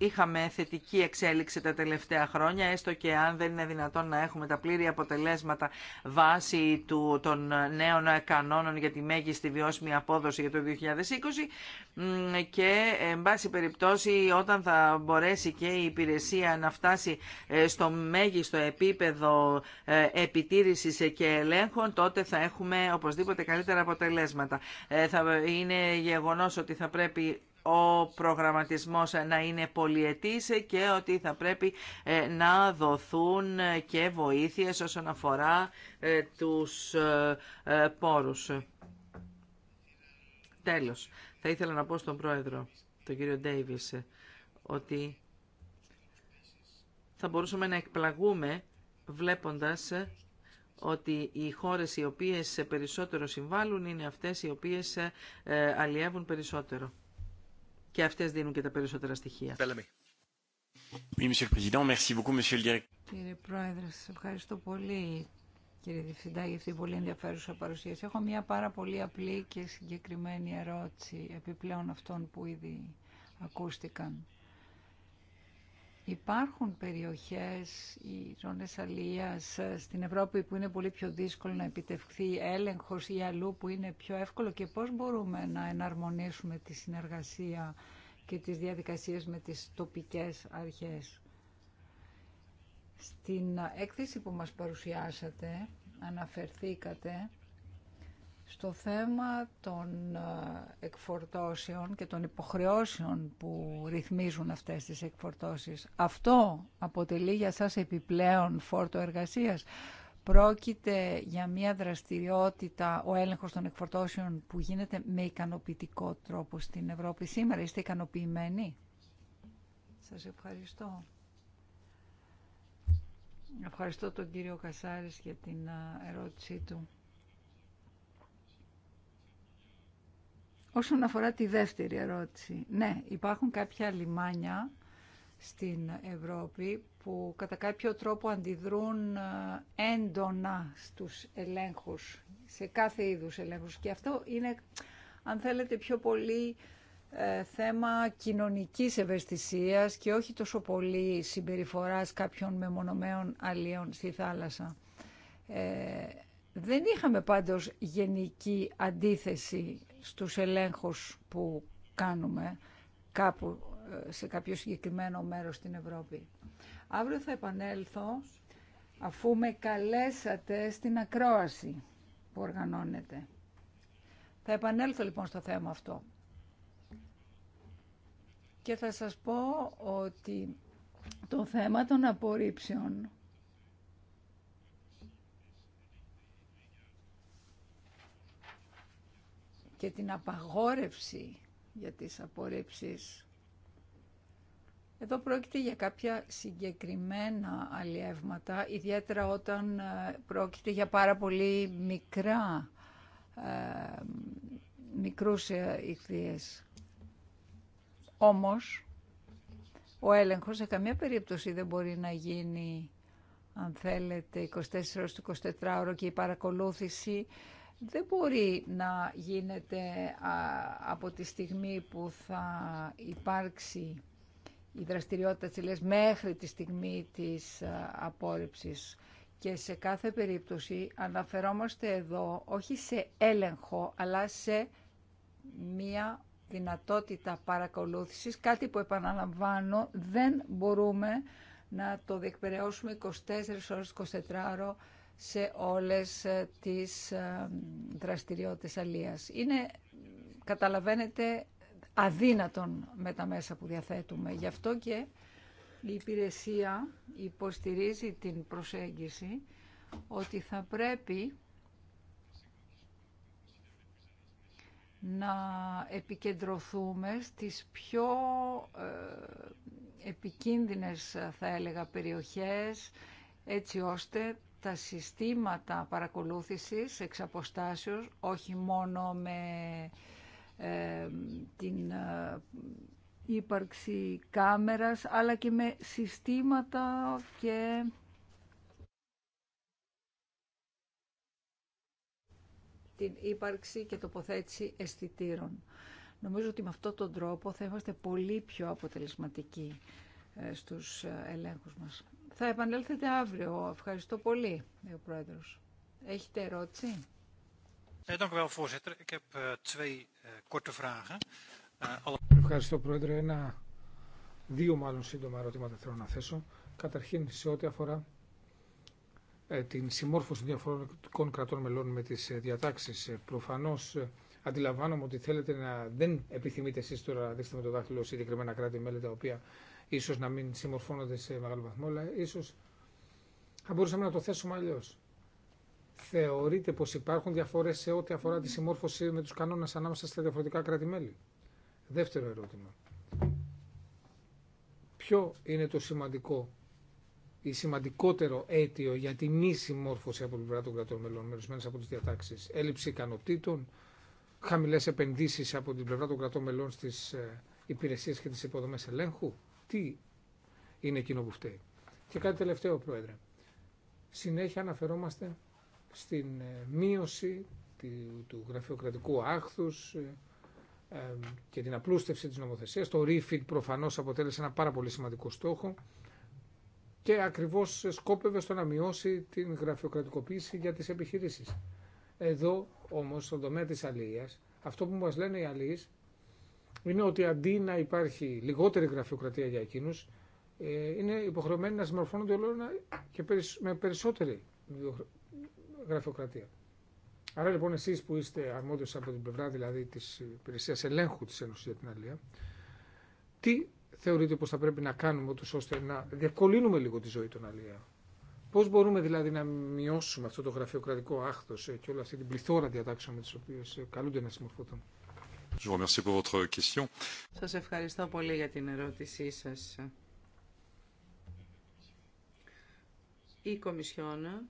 είχαμε θετική εξέλιξη τα τελευταία χρόνια, έστω και αν δεν είναι δυνατόν να έχουμε τα πλήρη αποτελέσματα βάσει του, των νέων κανόνων για τη μέγιστη βιώσιμη απόδοση για το 2020 και, εν πάση περιπτώσει, όταν θα μπορέσει και η υπηρεσία να φτάσει ε, στο μέγιστο επίπεδο ε, επιτήρησης και ελέγχων, τότε θα έχουμε οπωσδήποτε καλύτερα αποτελέσματα. Ε, θα είναι γεγονός ότι θα πρέπει ο προγραμματισμός να είναι πολυετής και ότι θα πρέπει ε, να δοθούν ε, και βοήθειες όσον αφορά ε, τους πόρους. Τέλος, θα ήθελα να πω στον Πρόεδρο, τον κύριο Ντέιβις, ότι θα μπορούσαμε να εκπλαγούμε βλέποντας ότι οι χώρες οι οποίες περισσότερο συμβάλλουν είναι αυτές οι οποίες αλλιεύουν περισσότερο και αυτέ δίνουν και τα περισσότερα στοιχεία. Κύριε Πρόεδρε, σα ευχαριστώ πολύ κύριε Διευθυντά για αυτή την πολύ ενδιαφέρουσα παρουσίαση. Έχω μια πάρα πολύ απλή και συγκεκριμένη ερώτηση επιπλέον αυτών που ήδη ακούστηκαν. Υπάρχουν περιοχές, ή ζώνες αλίας ε, στην Ευρώπη που είναι πολύ πιο δύσκολο να επιτευχθεί έλεγχος ή αλλού που είναι πιο εύκολο και πώς μπορούμε να εναρμονίσουμε τη συνεργασία και τις διαδικασίες με τις τοπικές αρχές. Στην έκθεση που μας παρουσιάσατε αναφερθήκατε στο θέμα των ε, εκφορτώσεων και των υποχρεώσεων που ρυθμίζουν αυτές τις εκφορτώσεις, αυτό αποτελεί για σας επιπλέον φόρτο εργασίας. Πρόκειται για μια δραστηριότητα, ο έλεγχος των εκφορτώσεων που γίνεται με ικανοποιητικό τρόπο στην Ευρώπη σήμερα. Είστε ικανοποιημένοι. Σας ευχαριστώ. Ευχαριστώ τον κύριο Κασάρης για την ε, ερώτησή του. Όσον αφορά τη δεύτερη ερώτηση, ναι, υπάρχουν κάποια λιμάνια στην Ευρώπη που κατά κάποιο τρόπο αντιδρούν ε, έντονα στους ελέγχους, σε κάθε είδους ελέγχους. Και αυτό είναι, αν θέλετε, πιο πολύ ε, θέμα κοινωνικής ευαισθησίας και όχι τόσο πολύ συμπεριφοράς κάποιων μεμονωμένων αλλιών στη θάλασσα. Ε, δεν είχαμε πάντως γενική αντίθεση στους ελέγχους που κάνουμε κάπου ε, σε κάποιο συγκεκριμένο μέρος στην Ευρώπη. Αύριο θα επανέλθω αφού με καλέσατε στην ακρόαση που οργανώνεται. Θα επανέλθω λοιπόν στο θέμα αυτό. Και θα σας πω ότι το θέμα των απορρίψεων και την απαγόρευση για τις απορρίψεις. Εδώ πρόκειται για κάποια συγκεκριμένα αλλιεύματα, ιδιαίτερα όταν ε, πρόκειται για πάρα πολύ μικρά, ε, μικρούς ε, ηχθείες. Όμως, ο έλεγχος σε καμία περίπτωση δεν μπορεί να γίνει, αν θέλετε, 24 24 ώρο και η παρακολούθηση δεν μπορεί να γίνεται από τη στιγμή που θα υπάρξει η δραστηριότητα της ΛΕΣ μέχρι τη στιγμή της απόρριψης. Και σε κάθε περίπτωση αναφερόμαστε εδώ όχι σε έλεγχο, αλλά σε μία δυνατότητα παρακολούθησης, κάτι που επαναλαμβάνω δεν μπορούμε να το διεκπαιρεώσουμε 24 ώρες, 24 ώρες σε όλες ε, τις ε, δραστηριότητες αλίας. Είναι, καταλαβαίνετε, αδύνατον με τα μέσα που διαθέτουμε. Γι' αυτό και η υπηρεσία υποστηρίζει την προσέγγιση ότι θα πρέπει να επικεντρωθούμε στις πιο ε, επικίνδυνες, θα έλεγα, περιοχές, έτσι ώστε τα συστήματα παρακολούθησης εξ αποστάσεως, όχι μόνο με ε, την ε, ύπαρξη κάμερας, αλλά και με συστήματα και την ύπαρξη και τοποθέτηση αισθητήρων. Νομίζω ότι με αυτόν τον τρόπο θα είμαστε πολύ πιο αποτελεσματικοί ε, στους ελέγχους μας. Θα επανέλθετε αύριο. Ευχαριστώ πολύ, ο Πρόεδρος. Έχετε ερώτηση? Ευχαριστώ, Πρόεδρε. Ένα, δύο μάλλον σύντομα ερωτήματα θέλω να θέσω. Καταρχήν, σε ό,τι αφορά ε, την συμμόρφωση διαφορετικών κρατών μελών με τις ε, διατάξεις. Ε, προφανώς αντιλαμβάνομαι ότι θέλετε να δεν επιθυμείτε εσείς τώρα, δείξτε με το δάχτυλο συγκεκριμένα κράτη-μέλη τα οποία ίσως να μην συμμορφώνονται σε μεγάλο βαθμό, αλλά ίσως θα μπορούσαμε να το θέσουμε αλλιώ. Θεωρείτε πως υπάρχουν διαφορές σε ό,τι αφορά τη συμμόρφωση με τους κανόνες ανάμεσα στα διαφορετικά κράτη-μέλη. Δεύτερο ερώτημα. Ποιο είναι το σημαντικό ή σημαντικότερο αίτιο για τη μη συμμόρφωση από την πλευρά των κρατών μελών με από τι διατάξει. Έλλειψη ικανοτήτων, χαμηλέ επενδύσει από την πλευρά των κρατών μελών στι ε, υπηρεσίε και τι υποδομέ ελέγχου τι είναι εκείνο που φταίει. Και κάτι τελευταίο, Πρόεδρε. Συνέχεια αναφερόμαστε στην ε, μείωση του γραφειοκρατικού άχθους ε, και την απλούστευση της νομοθεσίας. Το refit προφανώς αποτέλεσε ένα πάρα πολύ σημαντικό στόχο και ακριβώς σκόπευε στο να μειώσει την γραφειοκρατικοποίηση για τις επιχειρήσεις. Εδώ όμως στον τομέα της αλληλείας, αυτό που μας λένε οι αλληλείς είναι ότι αντί να υπάρχει λιγότερη γραφειοκρατία για ε, είναι υποχρεωμένοι να συμμορφώνονται όλο και με περισσότερη γραφειοκρατία. Άρα λοιπόν εσεί που είστε αρμόδιο από την πλευρά δηλαδή τη υπηρεσία ελέγχου τη Ένωση για την Αλία, τι θεωρείτε πώ θα πρέπει να κάνουμε ούτως ώστε να διευκολύνουμε λίγο τη ζωή των Αλία. Πώ μπορούμε δηλαδή να μειώσουμε αυτό το γραφειοκρατικό άχθο ε, και όλη αυτή την πληθώρα διατάξεων με τις οποίες ε, καλούνται να συμμορφωθούν. Σας ευχαριστώ πολύ για την ερώτησή σας. Η Κομισιόνα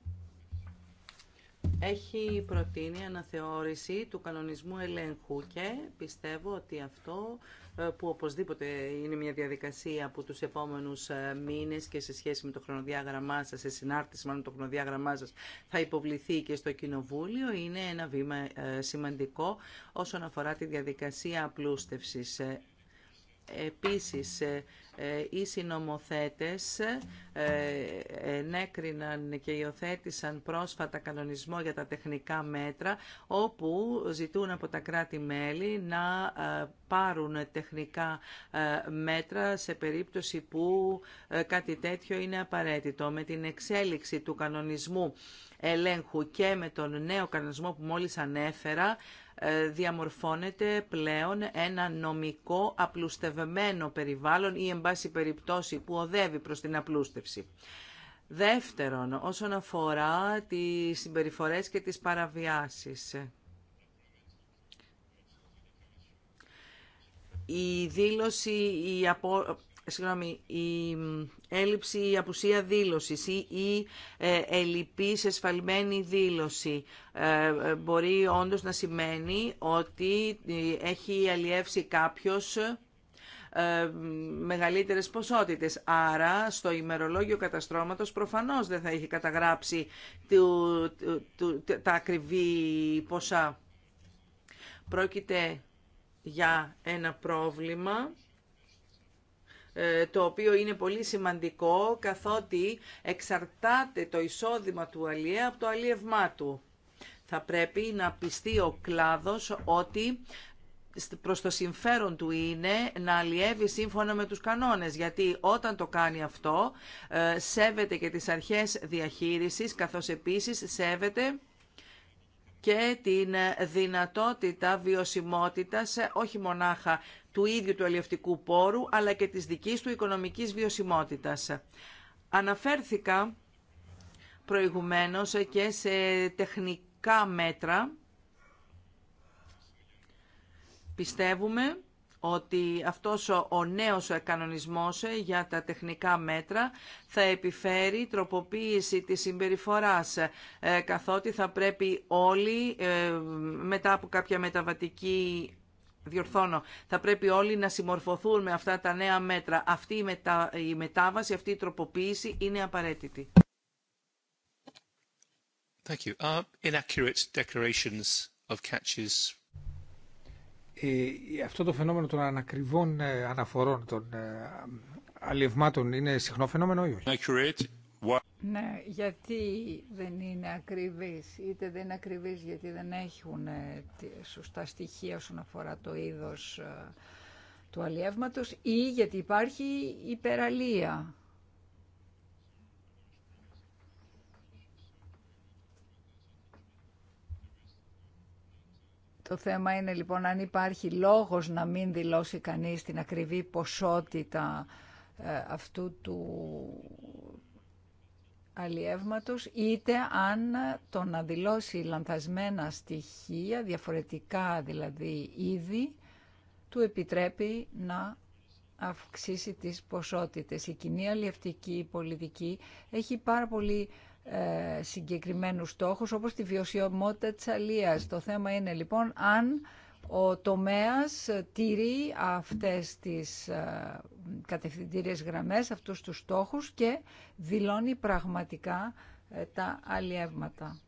έχει προτείνει αναθεώρηση του κανονισμού ελέγχου και πιστεύω ότι αυτό ε, που οπωσδήποτε είναι μια διαδικασία που τους επόμενους ε, μήνες και σε σχέση με το χρονοδιάγραμμά σας, σε συνάρτηση με το χρονοδιάγραμμά σας θα υποβληθεί και στο Κοινοβούλιο, είναι ένα βήμα ε, σημαντικό όσον αφορά τη διαδικασία απλούστευσης. Επίσης, ε, ε, οι συνομοθέτες ε, ενέκριναν και υιοθέτησαν πρόσφατα κανονισμό για τα τεχνικά μέτρα, όπου ζητούν από τα κράτη-μέλη να πάρουν τεχνικά μέτρα σε περίπτωση που κάτι τέτοιο είναι απαραίτητο. Με την εξέλιξη του κανονισμού ελέγχου και με τον νέο κανονισμό που μόλις ανέφερα, ε, διαμορφώνεται πλέον ένα νομικό απλουστευμένο περιβάλλον ή εν πάση περιπτώσει που οδεύει προς την απλούστευση. Δεύτερον, όσον αφορά τις συμπεριφορές και τις παραβιάσεις. Η δήλωση, η απο συγγνώμη, η έλλειψη, η απουσία δήλωσης ή η ε, ελλειπής εσφαλμένη δήλωση ε, ε, μπορεί όντως να σημαίνει ότι έχει αλλιεύσει κάποιος μεγαλύτερες ποσότητες. Άρα στο ημερολόγιο καταστρώματος προφανώς δεν θα έχει καταγράψει τα ακριβή ποσά. Πρόκειται για ένα πρόβλημα ε, το οποίο είναι πολύ σημαντικό καθότι εξαρτάται το εισόδημα του αλλιέα από το αλλιευμά του. Θα πρέπει να πιστεί ο κλάδος ότι προς το συμφέρον του είναι να αλλιεύει σύμφωνα με τους κανόνες, γιατί όταν το κάνει αυτό ε, σέβεται και τις αρχές διαχείρισης, καθώς επίσης σέβεται και την ε, δυνατότητα βιωσιμότητας όχι μονάχα του ίδιου του αλλιευτικού πόρου, αλλά και της δικής του οικονομικής βιωσιμότητας. Αναφέρθηκα προηγουμένως και σε τεχνικά μέτρα. Πιστεύουμε ότι αυτός ο νέος κανονισμός για τα τεχνικά μέτρα θα επιφέρει τροποποίηση της συμπεριφοράς, ε, καθότι θα πρέπει όλοι ε, μετά από κάποια μεταβατική διορθώνω, θα πρέπει όλοι να συμμορφωθούν με αυτά τα νέα μέτρα. Αυτή η, η μετάβαση, αυτή η τροποποίηση είναι απαραίτητη. Thank you. inaccurate declarations of catches. Ε, ε, αυτό το φαινόμενο των ανακριβών ε, αναφορών των αλευμάτων αλλιευμάτων είναι συχνό φαινόμενο ή όχι. Ναι, γιατί δεν είναι ακριβής, είτε δεν είναι ακριβής γιατί δεν έχουν ε, σωστά στοιχεία όσον αφορά το είδος ε, του αλλιεύματος ή γιατί υπάρχει υπεραλία. Το θέμα είναι λοιπόν αν υπάρχει λόγος να μην δηλώσει κανείς την ακριβή ποσότητα ε, αυτού του αλλιεύματος είτε αν το να δηλώσει λανθασμένα στοιχεία, διαφορετικά δηλαδή είδη, του επιτρέπει να αυξήσει τις ποσότητες. Η κοινή αλλιευτική πολιτική έχει πάρα πολύ ε, συγκεκριμένους στόχους όπως τη βιωσιμότητα της Το θέμα είναι λοιπόν αν ο τομέας τηρεί αυτές τις ε, κατευθυντήριες γραμμές, αυτούς τους στόχους και δηλώνει πραγματικά ε, τα αλλιεύματα.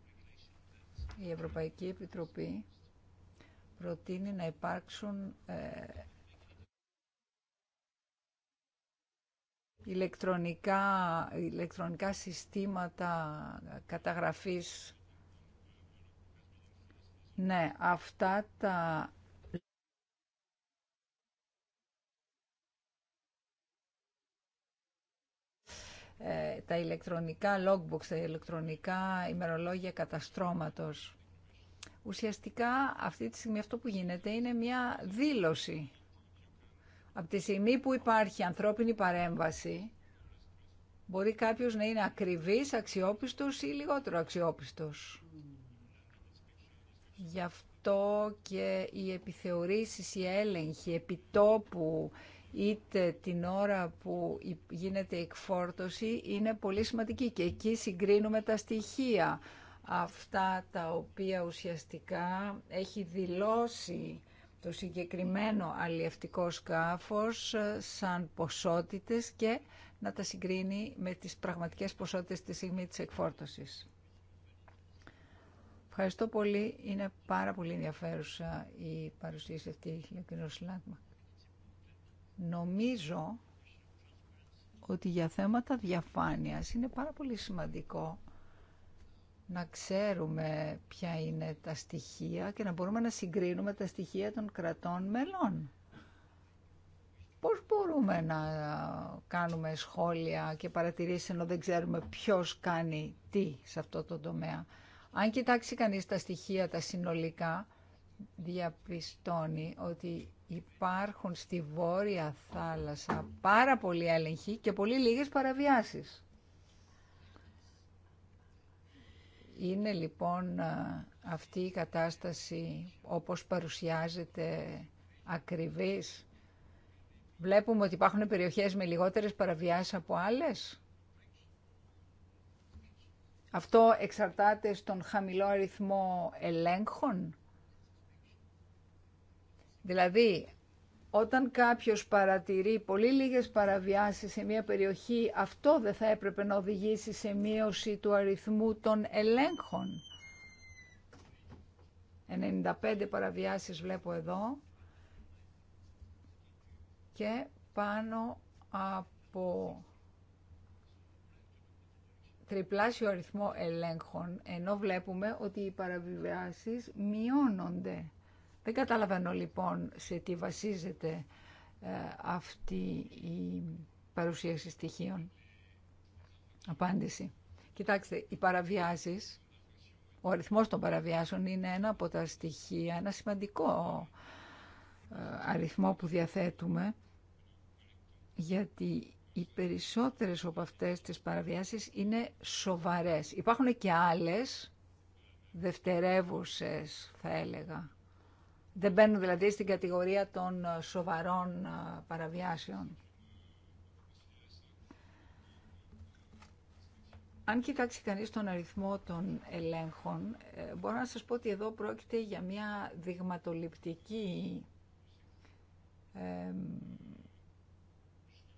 Η Ευρωπαϊκή Επιτροπή προτείνει να υπάρξουν ε, ηλεκτρονικά, ηλεκτρονικά συστήματα καταγραφής ναι, αυτά τα ε, τα ηλεκτρονικά logbooks, τα ηλεκτρονικά ημερολόγια καταστρώματος. Ουσιαστικά αυτή τη στιγμή αυτό που γίνεται είναι μια δήλωση. Από τη στιγμή που υπάρχει ανθρώπινη παρέμβαση, μπορεί κάποιος να είναι ακριβής, αξιόπιστος ή λιγότερο αξιόπιστος. Γι' αυτό και οι επιθεωρήσεις, οι έλεγχοι επιτόπου, είτε την ώρα που γίνεται η εκφόρτωση, είναι πολύ σημαντική. Και εκεί συγκρίνουμε τα στοιχεία. Αυτά τα οποία ουσιαστικά έχει δηλώσει το συγκεκριμένο αλλιευτικό σκάφος σαν ποσότητες και να τα συγκρίνει με τις πραγματικές ποσότητες τη στιγμή της εκφόρτωσης. Ευχαριστώ πολύ. Είναι πάρα πολύ ενδιαφέρουσα η παρουσίαση αυτή, κύριε Σλάγμα. Νομίζω ότι για θέματα διαφάνειας είναι πάρα πολύ σημαντικό να ξέρουμε ποια είναι τα στοιχεία και να μπορούμε να συγκρίνουμε τα στοιχεία των κρατών μελών. Πώς μπορούμε να κάνουμε σχόλια και παρατηρήσεις ενώ δεν ξέρουμε ποιος κάνει τι σε αυτό το τομέα. Αν κοιτάξει κανείς τα στοιχεία τα συνολικά, διαπιστώνει ότι υπάρχουν στη Βόρεια Θάλασσα πάρα πολλοί έλεγχοι και πολύ λίγες παραβιάσεις. Είναι λοιπόν αυτή η κατάσταση όπως παρουσιάζεται ακριβής. Βλέπουμε ότι υπάρχουν περιοχές με λιγότερες παραβιάσεις από άλλες. Αυτό εξαρτάται στον χαμηλό αριθμό ελέγχων. Δηλαδή, όταν κάποιος παρατηρεί πολύ λίγες παραβιάσεις σε μια περιοχή, αυτό δεν θα έπρεπε να οδηγήσει σε μείωση του αριθμού των ελέγχων. 95 παραβιάσεις βλέπω εδώ και πάνω από τριπλάσιο αριθμό ελέγχων, ενώ βλέπουμε ότι οι παραβιβάσεις μειώνονται. Δεν καταλαβαίνω λοιπόν σε τι βασίζεται ε, αυτή η παρουσίαση στοιχείων. Απάντηση. Κοιτάξτε, οι παραβιάσεις, ο αριθμός των παραβιάσεων είναι ένα από τα στοιχεία, ένα σημαντικό ε, αριθμό που διαθέτουμε, γιατί οι περισσότερες από αυτές τις παραβιάσεις είναι σοβαρές. Υπάρχουν και άλλες δευτερεύουσες, θα έλεγα. Δεν μπαίνουν δηλαδή στην κατηγορία των σοβαρών παραβιάσεων. Αν κοιτάξει κανείς τον αριθμό των ελέγχων, ε, μπορώ να σας πω ότι εδώ πρόκειται για μια δειγματοληπτική ε,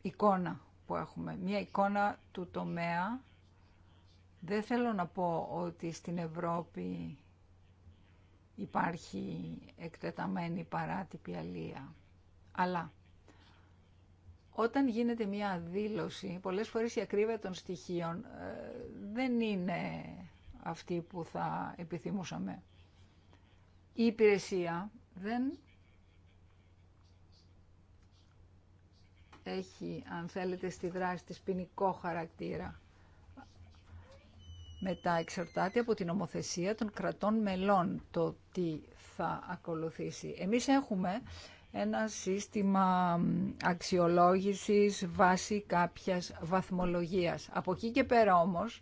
εικόνα που έχουμε, μια εικόνα του τομέα. Δεν θέλω να πω ότι στην Ευρώπη υπάρχει εκτεταμένη παράτυπη αλία, αλλά όταν γίνεται μια δήλωση, πολλές φορές η ακρίβεια των στοιχείων ε, δεν είναι αυτή που θα επιθυμούσαμε. Η υπηρεσία δεν έχει, αν θέλετε, στη δράση της ποινικό χαρακτήρα. Μετά εξαρτάται από την ομοθεσία των κρατών μελών το τι θα ακολουθήσει. Εμείς έχουμε ένα σύστημα αξιολόγησης βάσει κάποιας βαθμολογίας. Από εκεί και πέρα όμως,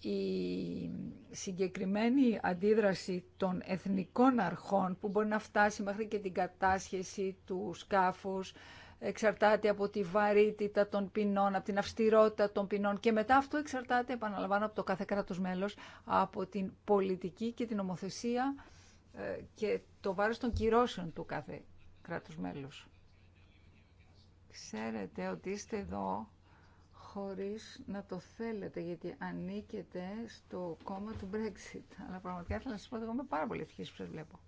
η συγκεκριμένη αντίδραση των εθνικών αρχών που μπορεί να φτάσει μέχρι και την κατάσχεση του σκάφους, εξαρτάται από τη βαρύτητα των ποινών, από την αυστηρότητα των ποινών και μετά αυτό εξαρτάται, επαναλαμβάνω, από το κάθε κράτος μέλος, από την πολιτική και την ομοθεσία ε, και το βάρος των κυρώσεων του κάθε κράτους μέλους. Ξέρετε ότι είστε εδώ χωρίς να το θέλετε, γιατί ανήκετε στο κόμμα του Brexit. Αλλά πραγματικά θέλω να σας πω ότι εγώ είμαι πάρα πολύ ευχής που σας βλέπω.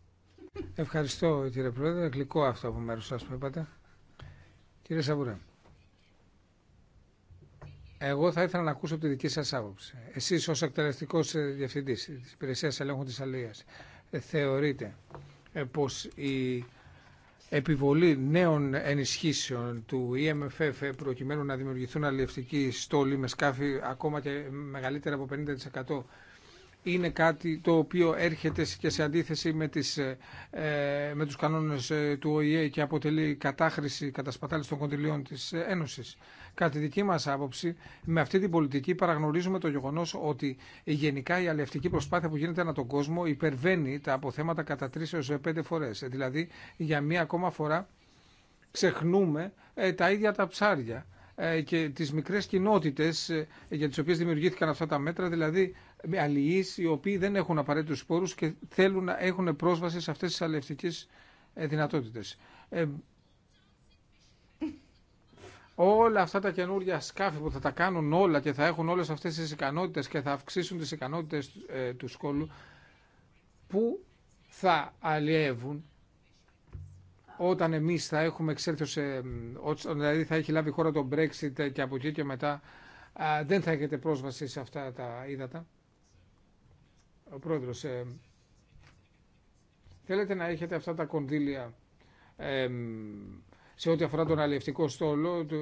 Ευχαριστώ κύριε Πρόεδρε. Γλυκό αυτό από μέρους σας που είπατε. Κύριε Σαβουρέ, εγώ θα ήθελα να ακούσω τη δική σας άποψη. Εσείς ως εκτελεστικός ε, διευθυντής της Υπηρεσίας Ελέγχου της Αλίας ε, θεωρείτε ε, πως η επιβολή νέων ενισχύσεων του EMFF προκειμένου να δημιουργηθούν αλληλευτικοί στόλοι με σκάφη ακόμα και μεγαλύτερα από 50% είναι κάτι το οποίο έρχεται και σε αντίθεση με, τις, ε, με τους κανόνες ε, του ΟΗΕ και αποτελεί κατάχρηση, κατασπατάληση των κοντιλίων της Ένωσης. Κατά τη δική μας άποψη, με αυτή την πολιτική παραγνωρίζουμε το γεγονός ότι γενικά η αλληλευτική προσπάθεια που γίνεται ανά τον κόσμο υπερβαίνει τα αποθέματα κατά τρει έως πέντε φορές. Ε, δηλαδή, για μία ακόμα φορά ξεχνούμε τα ίδια τα ψάρια και τις μικρές κοινότητες για τις οποίες δημιουργήθηκαν αυτά τα μέτρα, δηλαδή αλληλείς οι οποίοι δεν έχουν απαραίτητους σπόρους και θέλουν να έχουν πρόσβαση σε αυτές τις αλληλευτικές ε, δυνατότητες. Ε, όλα αυτά τα καινούργια σκάφη που θα τα κάνουν όλα και θα έχουν όλες αυτές τις ικανότητες και θα αυξήσουν τις ικανότητες ε, του σκόλου που θα αλλιεύουν όταν εμείς θα έχουμε εξέλθει, ε, δηλαδή θα έχει λάβει χώρα το Brexit και από εκεί και μετά δεν θα έχετε πρόσβαση σε αυτά τα ύδατα ο πρόεδρος, ε, θέλετε να έχετε αυτά τα κονδύλια σε ό,τι αφορά τον αλληλευτικό στόλο το,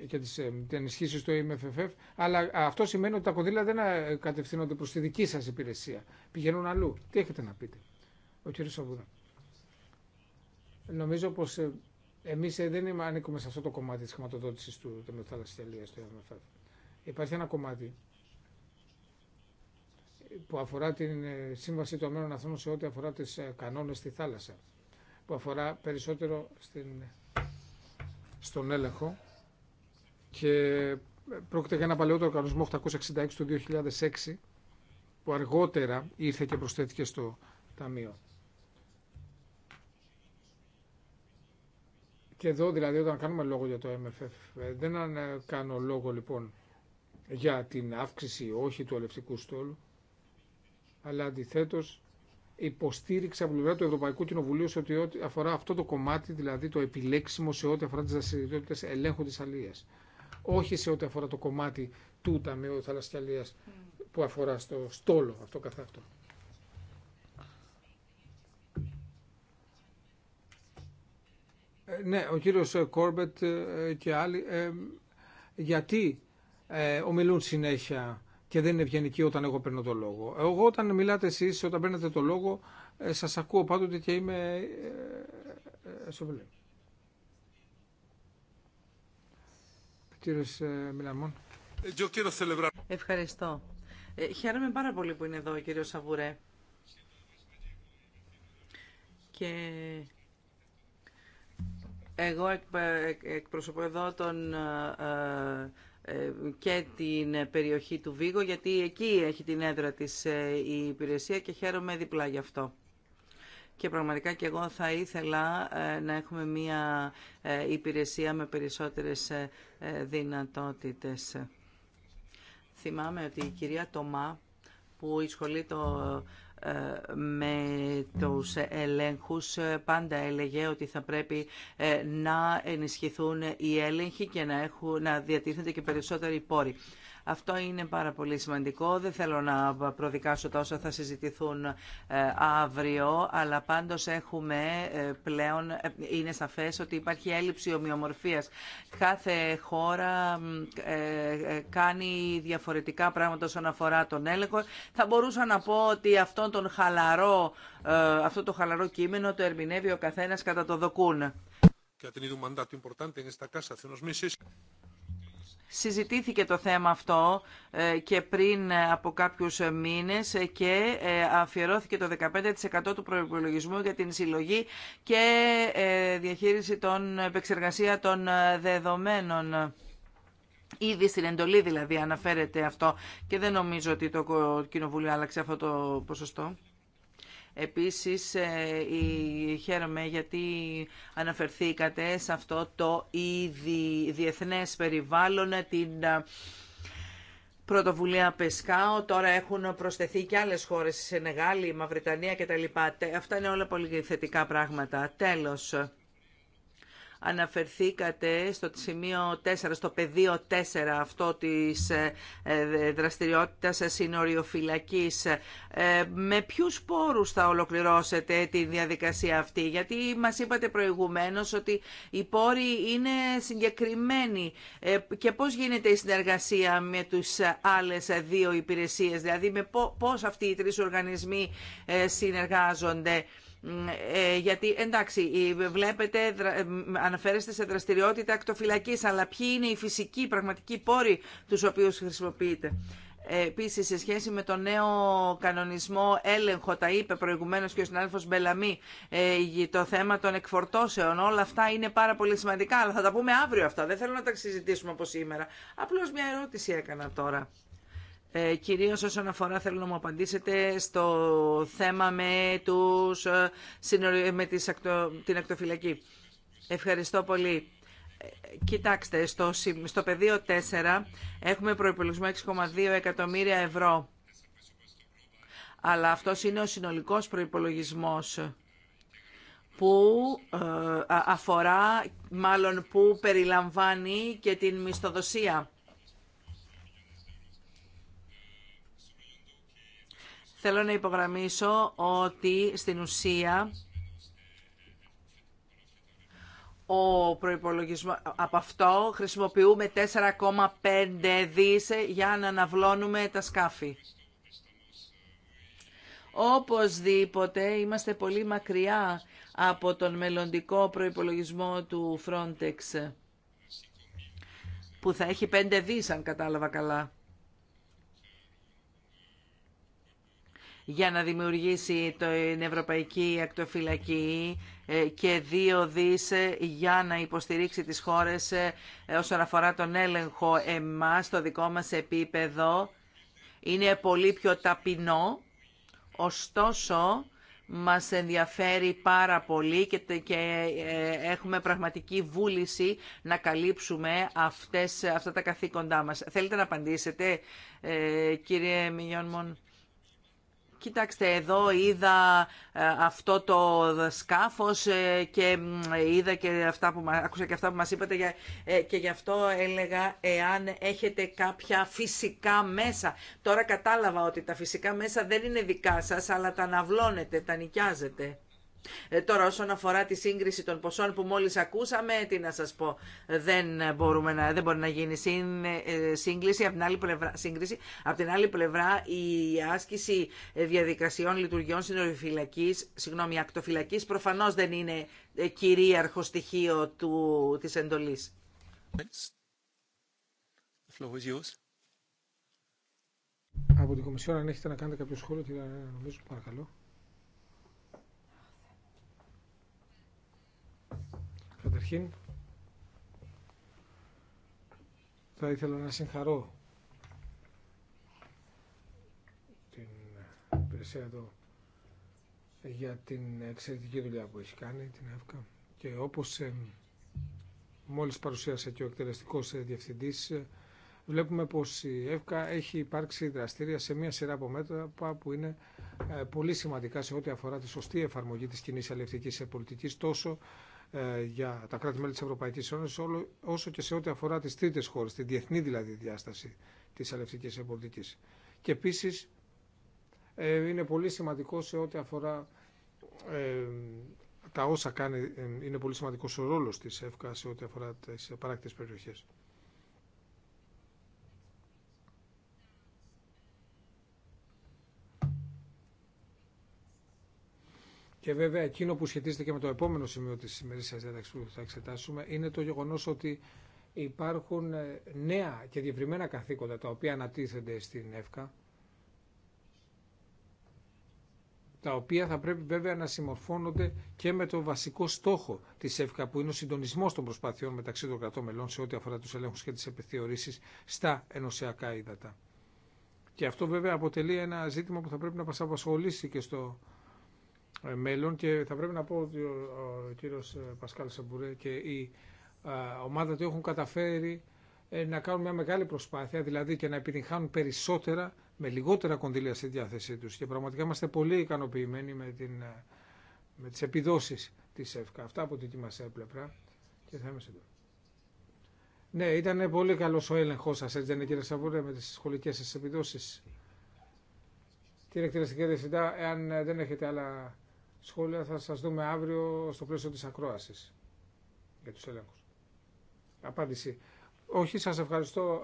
ε, και τις ενισχύσει του MFFF, αλλά αυτό σημαίνει ότι τα κονδύλια δεν ε, κατευθύνονται προς τη δική σας υπηρεσία. Πηγαίνουν αλλού. Τι έχετε να πείτε, ο κ. Νομίζω πως εμείς δεν ανήκουμε σε αυτό το κομμάτι της χρηματοδότησης του του, του Υπάρχει ένα κομμάτι που αφορά την ε, Σύμβαση των Μένων Αθήνων σε ό,τι αφορά τις ε, κανόνες στη θάλασσα, που αφορά περισσότερο στον έλεγχο και ε, πρόκειται για ένα παλαιότερο κανονισμό 866 του 2006 που αργότερα ήρθε και προσθέθηκε στο Ταμείο. Και εδώ δηλαδή όταν κάνουμε λόγο για το MFF, δεν κάνω λόγο λοιπόν για την αύξηση όχι του ελευτικού στόλου, αλλά αντιθέτω, υποστήριξε από πλευρά του Ευρωπαϊκού Κοινοβουλίου σε ό,τι αφορά αυτό το κομμάτι, δηλαδή το επιλέξιμο σε ό,τι αφορά τι δραστηριότητε ελέγχου τη αλίας. Όχι σε ό,τι αφορά το κομμάτι του Ταμείου Θαλασσιαλίας που αφορά στο στόλο αυτό καθ' αυτό. Ε, ναι, ο κύριος Κόρμπετ ε, και άλλοι, ε, γιατί ομιλούν συνέχεια και δεν είναι ευγενική όταν εγώ παίρνω το λόγο. Εγώ όταν μιλάτε εσείς, όταν παίρνετε το λόγο, ε, σας ακούω πάντοτε και είμαι ε, ε, ε Κύριος Μιλαμών. Ευχαριστώ. Χαίρομαι πάρα πολύ που είναι εδώ ο κύριος Σαβουρέ. Και εγώ εκπροσωπώ εδώ τον ε, και την περιοχή του Βίγο, γιατί εκεί έχει την έδρα της ε, η υπηρεσία και χαίρομαι διπλά γι' αυτό. Και πραγματικά και εγώ θα ήθελα ε, να έχουμε μία υπηρεσία με περισσότερες δυνατότητες. Θυμάμαι ότι η κυρία Τομά, που η το με τους ελέγχους πάντα έλεγε ότι θα πρέπει ε, να ενισχυθούν οι έλεγχοι και να, έχουν, να διατίθενται και περισσότεροι πόροι. Αυτό είναι πάρα πολύ σημαντικό. Δεν θέλω να προδικάσω τόσο θα συζητηθούν ε, αύριο, αλλά πάντως έχουμε ε, πλέον, ε, είναι σαφές ότι υπάρχει έλλειψη ομοιομορφίας. Κάθε χώρα κάνει διαφορετικά πράγματα όσον αφορά τον έλεγχο. Θα μπορούσα να πω ότι αυτόν τον χαλαρό, αυτό το χαλαρό κείμενο το ερμηνεύει ο καθένας κατά το δοκούν. Συζητήθηκε το θέμα αυτό ε, και πριν ε, από κάποιους μήνες ε, και αφιερώθηκε το 15% του προϋπολογισμού για την συλλογή και διαχείριση των επεξεργασία των δεδομένων. Ήδη στην εντολή δηλαδή αναφέρεται αυτό και δεν νομίζω ότι το Κοινοβούλιο άλλαξε αυτό το ποσοστό. Επίσης, ε, χαίρομαι γιατί αναφερθήκατε σε αυτό το ήδη διεθνές περιβάλλον, την ε, πρωτοβουλία Πεσκάο, τώρα έχουν προσθεθεί και άλλες χώρες, η Σενεγάλη, η Μαυριτανία κτλ. Αυτά είναι όλα πολύ θετικά πράγματα. Τέλος, αναφερθήκατε στο σημείο 4, στο πεδίο 4 αυτό της ε, ε, δραστηριότητας συνοριοφυλακής. Ε, με ποιους πόρους θα ολοκληρώσετε τη διαδικασία αυτή, γιατί μας είπατε προηγουμένως ότι οι πόροι είναι συγκεκριμένοι και πώς γίνεται η συνεργασία με τους άλλες δύο υπηρεσίες, δηλαδή με πώς αυτοί οι τρεις οργανισμοί συνεργάζονται. Ε, γιατί εντάξει, βλέπετε, ε, αναφέρεστε σε δραστηριότητα ακτοφυλακή, αλλά ποιοι είναι οι φυσικοί πραγματικοί πόροι τους οποίου χρησιμοποιείτε. Ε, Επίση, σε σχέση με το νέο κανονισμό έλεγχο, τα είπε προηγουμένω και ο συνάδελφο Μπελαμή, το θέμα των εκφορτώσεων, όλα αυτά είναι πάρα πολύ σημαντικά, αλλά θα τα πούμε αύριο αυτά. Δεν θέλω να τα συζητήσουμε από σήμερα. Απλώ μια ερώτηση έκανα τώρα. Ε, κυρίως όσον αφορά, θέλω να μου απαντήσετε, στο θέμα με, τους, ε, ε, με την ακτοφυλακή. Ευχαριστώ πολύ. Ε, κοιτάξτε, στο, στο πεδίο 4 έχουμε προϋπολογισμό 6,2 εκατομμύρια ευρώ. Αλλά αυτός είναι ο συνολικός προϋπολογισμός που αφορά, μάλλον που περιλαμβάνει και την μισθοδοσία. Θέλω να υπογραμμίσω ότι στην ουσία ο προϋπολογισμός, από αυτό χρησιμοποιούμε 4,5 δις για να αναβλώνουμε τα σκάφη. Οπωσδήποτε είμαστε πολύ μακριά από τον μελλοντικό προϋπολογισμό του Frontex, που θα έχει 5 δις αν κατάλαβα καλά. για να δημιουργήσει την Ευρωπαϊκή Ακτοφυλακή ε, και δύο δις ε, για να υποστηρίξει τις χώρες ε, όσον αφορά τον έλεγχο εμάς, το δικό μας επίπεδο. Είναι πολύ πιο ταπεινό, ωστόσο μας ενδιαφέρει πάρα πολύ και έχουμε πραγματική βούληση να καλύψουμε αυτές, αυτά τα καθήκοντά μας. Θέλετε να απαντήσετε, κύριε Μιλιόνμον. Κοιτάξτε, εδώ είδα ε, αυτό το σκάφος ε, και είδα και αυτά που, άκουσα και αυτά που μας είπατε ε, και γι' αυτό έλεγα εάν έχετε κάποια φυσικά μέσα. Τώρα κατάλαβα ότι τα φυσικά μέσα δεν είναι δικά σας, αλλά τα αναβλώνετε, τα νοικιάζετε. Ε, τώρα όσον αφορά τη σύγκριση των ποσών που μόλις ακούσαμε, τι να σας πω, δεν, μπορούμε να, δεν μπορεί να γίνει σύν, ε, από την άλλη πλευρά, σύγκριση. Από την άλλη πλευρά η άσκηση ε, διαδικασιών λειτουργιών συνοριοφυλακής, συγγνώμη, ακτοφυλακής προφανώς δεν είναι ε, κυρίαρχο στοιχείο του, της εντολής. Από την Κομισιόν, αν έχετε να κάνετε κάποιο σχόλιο, νομίζω, παρακαλώ. Καταρχήν, θα ήθελα να συγχαρώ την υπηρεσία εδώ για την εξαιρετική δουλειά που έχει κάνει την ΕΦΚΑ και όπως ε, μόλις παρουσίασε και ο εκτελεστικός ε, διευθυντής ε, βλέπουμε πως η ΕΦΚΑ έχει υπάρξει δραστήρια σε μια σειρά από μέτρα που είναι πολύ σημαντικά σε ό,τι αφορά τη σωστή εφαρμογή της κοινής αλληλευτικής πολιτικής τόσο ε, για τα κράτη-μέλη της Ευρωπαϊκής Ένωσης όσο και σε ό,τι αφορά τις τρίτες χώρες, τη διεθνή δηλαδή διάσταση της αλευτικής εμπορική. Και επίσης ε, είναι πολύ σημαντικό σε ό,τι αφορά ε, τα όσα κάνει, είναι πολύ σημαντικός ο ρόλος της ΕΦΚΑ σε ό,τι αφορά τις παράκτητες περιοχές. Και βέβαια εκείνο που σχετίζεται και με το επόμενο σημείο της σημερινής διάταξης που θα εξετάσουμε είναι το γεγονός ότι υπάρχουν ε, νέα και διευρυμένα καθήκοντα τα οποία ανατίθενται στην ΕΦΚΑ τα οποία θα πρέπει βέβαια να συμμορφώνονται και με το βασικό στόχο τη ΕΦΚΑ, που είναι ο συντονισμό των προσπαθειών μεταξύ των κρατών μελών σε ό,τι αφορά του ελέγχου και τι επιθεωρήσει στα ενωσιακά ύδατα. Και αυτό βέβαια αποτελεί ένα ζήτημα που θα πρέπει να μα απασχολήσει και στο ε, μέλλον και θα πρέπει να πω ότι ο κύριος ε, Πασκάλ Σαμπουρέ και η ε, ομάδα του έχουν καταφέρει να κάνουν μια μεγάλη προσπάθεια, δηλαδή και να επιτυγχάνουν περισσότερα με λιγότερα κονδύλια στη διάθεσή τους και πραγματικά είμαστε πολύ ικανοποιημένοι με, την, με τις επιδόσεις της ΕΦΚΑ. Αυτά από την κοινή μας πλευρά και θα είμαστε εδώ. Ναι, ήταν πολύ καλό ο έλεγχό σα, έτσι δεν είναι κύριε Σαμπουρέ με τι σχολικέ σα επιδόσει. Κύριε Εκτελεστική Διευθυντά, εάν δεν έχετε άλλα σχόλια θα σας δούμε αύριο στο πλαίσιο της ακρόασης για τους έλεγχους. Απάντηση. Όχι, σας ευχαριστώ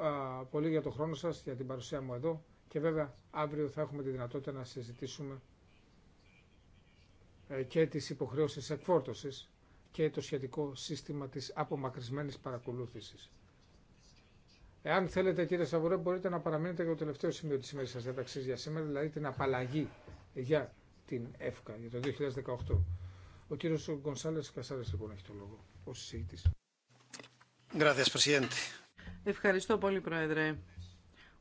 πολύ για τον χρόνο σας, για την παρουσία μου εδώ και βέβαια αύριο θα έχουμε τη δυνατότητα να συζητήσουμε ε, και τις υποχρεώσεις εκφόρτωσης και το σχετικό σύστημα της απομακρυσμένης παρακολούθησης. Εάν θέλετε κύριε Σαβουρέ μπορείτε να παραμείνετε για το τελευταίο σημείο της σημερινής σας διαταξής για σήμερα, δηλαδή την απαλλαγή για την ΕΦΚΑ για το 2018. Ο κύριος Γκονσάλες Κασάρες λοιπόν έχει το λόγο Ευχαριστώ πολύ Πρόεδρε.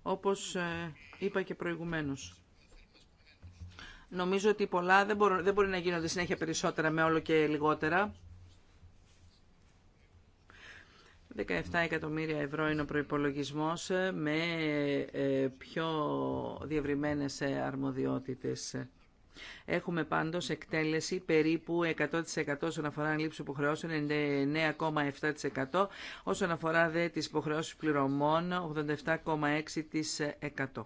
Όπως ε, είπα και προηγουμένως. Νομίζω ότι πολλά δεν, δεν μπορεί να γίνονται συνέχεια περισσότερα με όλο και λιγότερα. 17 εκατομμύρια ευρώ είναι ο προϋπολογισμός ε, με ε, πιο διευρυμένες αρμοδιότητες. Έχουμε πάντως εκτέλεση περίπου 100% όσον αφορά λήψη υποχρεώσεων, 99,7% όσον αφορά δε τις υποχρεώσεις πληρωμών, 87,6%.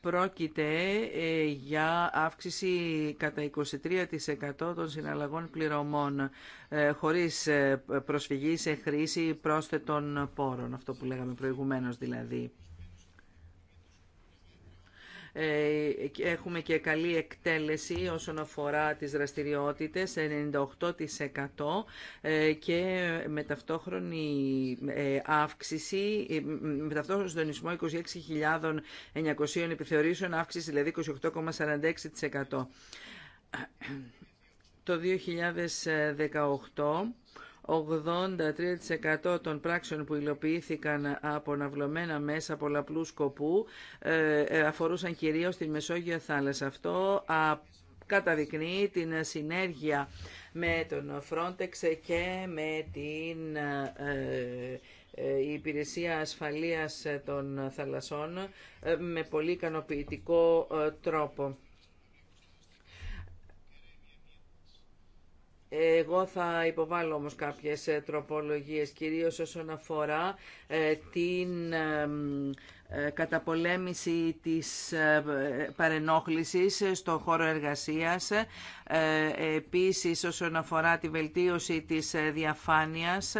Πρόκειται ε, για αύξηση κατά 23% των συναλλαγών πληρωμών ε, χωρίς ε, προσφυγή σε χρήση πρόσθετων πόρων, αυτό που λέγαμε προηγουμένως δηλαδή. Ε, έχουμε και καλή εκτέλεση όσον αφορά τις δραστηριότητες, 98% ε, και με ταυτόχρονη ε, αύξηση, με ταυτόχρονο συντονισμό 26.900 επιθεωρήσεων, αύξηση δηλαδή 28,46%. Το 2018 83% των πράξεων που υλοποιήθηκαν από ναυλωμένα μέσα πολλαπλού σκοπού ε, ε, αφορούσαν κυρίως την Μεσόγειο θάλασσα. Αυτό καταδεικνύει την συνέργεια με τον Frontex και με την ε, Υπηρεσία Ασφαλείας των Θαλασσών με πολύ ικανοποιητικό τρόπο. Εγώ θα υποβάλω όμως κάποιες ε, τροπολογίες, κυρίως όσον αφορά ε, την ε, καταπολέμηση της παρενόχλησης στον χώρο εργασίας, επίσης όσον αφορά τη βελτίωση της διαφάνειας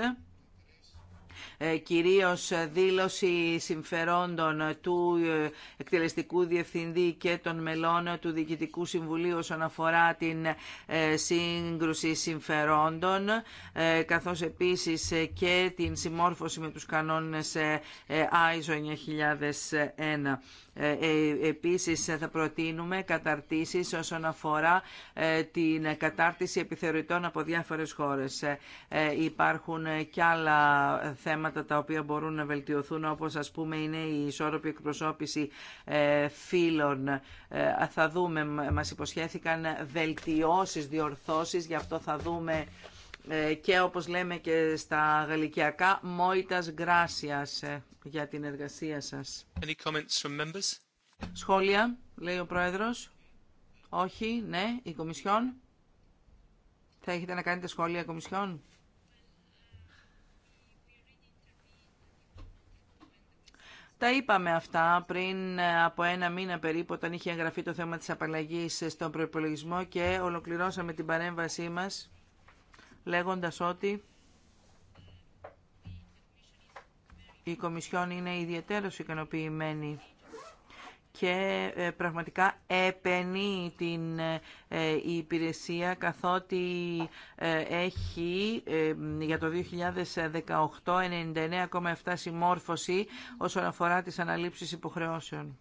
ε, κυρίως δήλωση συμφερόντων του ε, εκτελεστικού διευθυντή και των μελών του Διοικητικού Συμβουλίου όσον αφορά την ε, σύγκρουση συμφερόντων, καθώς επίσης και την συμμόρφωση με τους κανόνες ISO 9001. Ε, ε, επίσης ε, θα προτείνουμε καταρτήσεις όσον αφορά την κατάρτιση επιθεωρητών από διάφορες χώρες. Υπάρχουν και άλλα θέματα τα οποία μπορούν να βελτιωθούν όπως ας πούμε είναι η ισόρροπη εκπροσώπηση φύλων. Θα δούμε, μας υποσχέθηκαν βελτιώσεις, διορθώσεις, γι' αυτό θα δούμε ε, και όπως λέμε και στα γαλλικιακά, μόιτας γκράσιας ε, για την εργασία σας. Any from members? Σχόλια, λέει ο Πρόεδρος. Όχι, ναι, η Κομισιόν. Θα έχετε να κάνετε σχόλια, Κομισιόν. Τα είπαμε αυτά πριν ε, από ένα μήνα περίπου όταν είχε εγγραφεί το θέμα της απαλλαγής στον προϋπολογισμό και ολοκληρώσαμε την παρέμβασή μας λέγοντας ότι η Κομισιόν είναι ιδιαίτερος ικανοποιημένη και ε, πραγματικά επενεί την ε, υπηρεσία καθότι ε, έχει για το 2018 99,7 συμμόρφωση όσον αφορά τις αναλήψεις υποχρεώσεων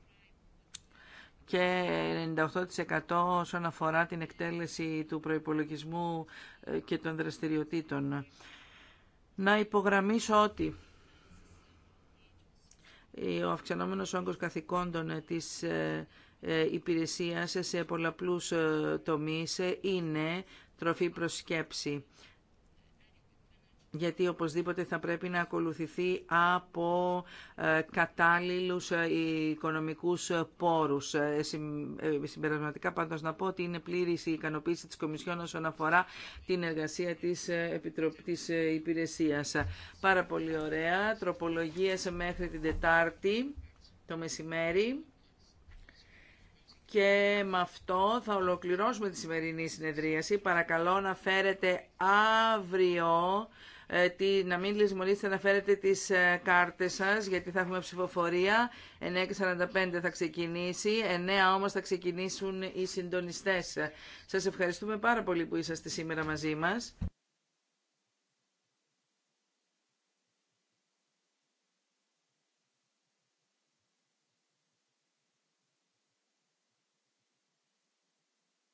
και 98% όσον αφορά την εκτέλεση του προϋπολογισμού ε, και των δραστηριοτήτων. Να υπογραμμίσω ότι ο αυξανόμενος όγκος καθηκόντων της ε, ε, υπηρεσίας σε πολλαπλούς τομείς είναι τροφή προσκέψη γιατί οπωσδήποτε θα πρέπει να ακολουθηθεί από ε, κατάλληλους ε, οικονομικούς ε, πόρους. Συμπερασματικά πάντως να πω ότι είναι πλήρης η ικανοποίηση της Κομισιόν όσον αφορά την εργασία της, της υπηρεσίας. Πάρα πολύ ωραία. Τροπολογίες μέχρι την Τετάρτη το μεσημέρι. Και με αυτό θα ολοκληρώσουμε τη σημερινή συνεδρίαση. Παρακαλώ να φέρετε αύριο ε, τι να μην λησμονήσετε να φέρετε τις ε, κάρτες σας, γιατί θα έχουμε ψηφοφορία. 9.45 θα ξεκινήσει, 9 όμως θα ξεκινήσουν οι συντονιστές. Σας ευχαριστούμε πάρα πολύ που είσαστε σήμερα μαζί μας.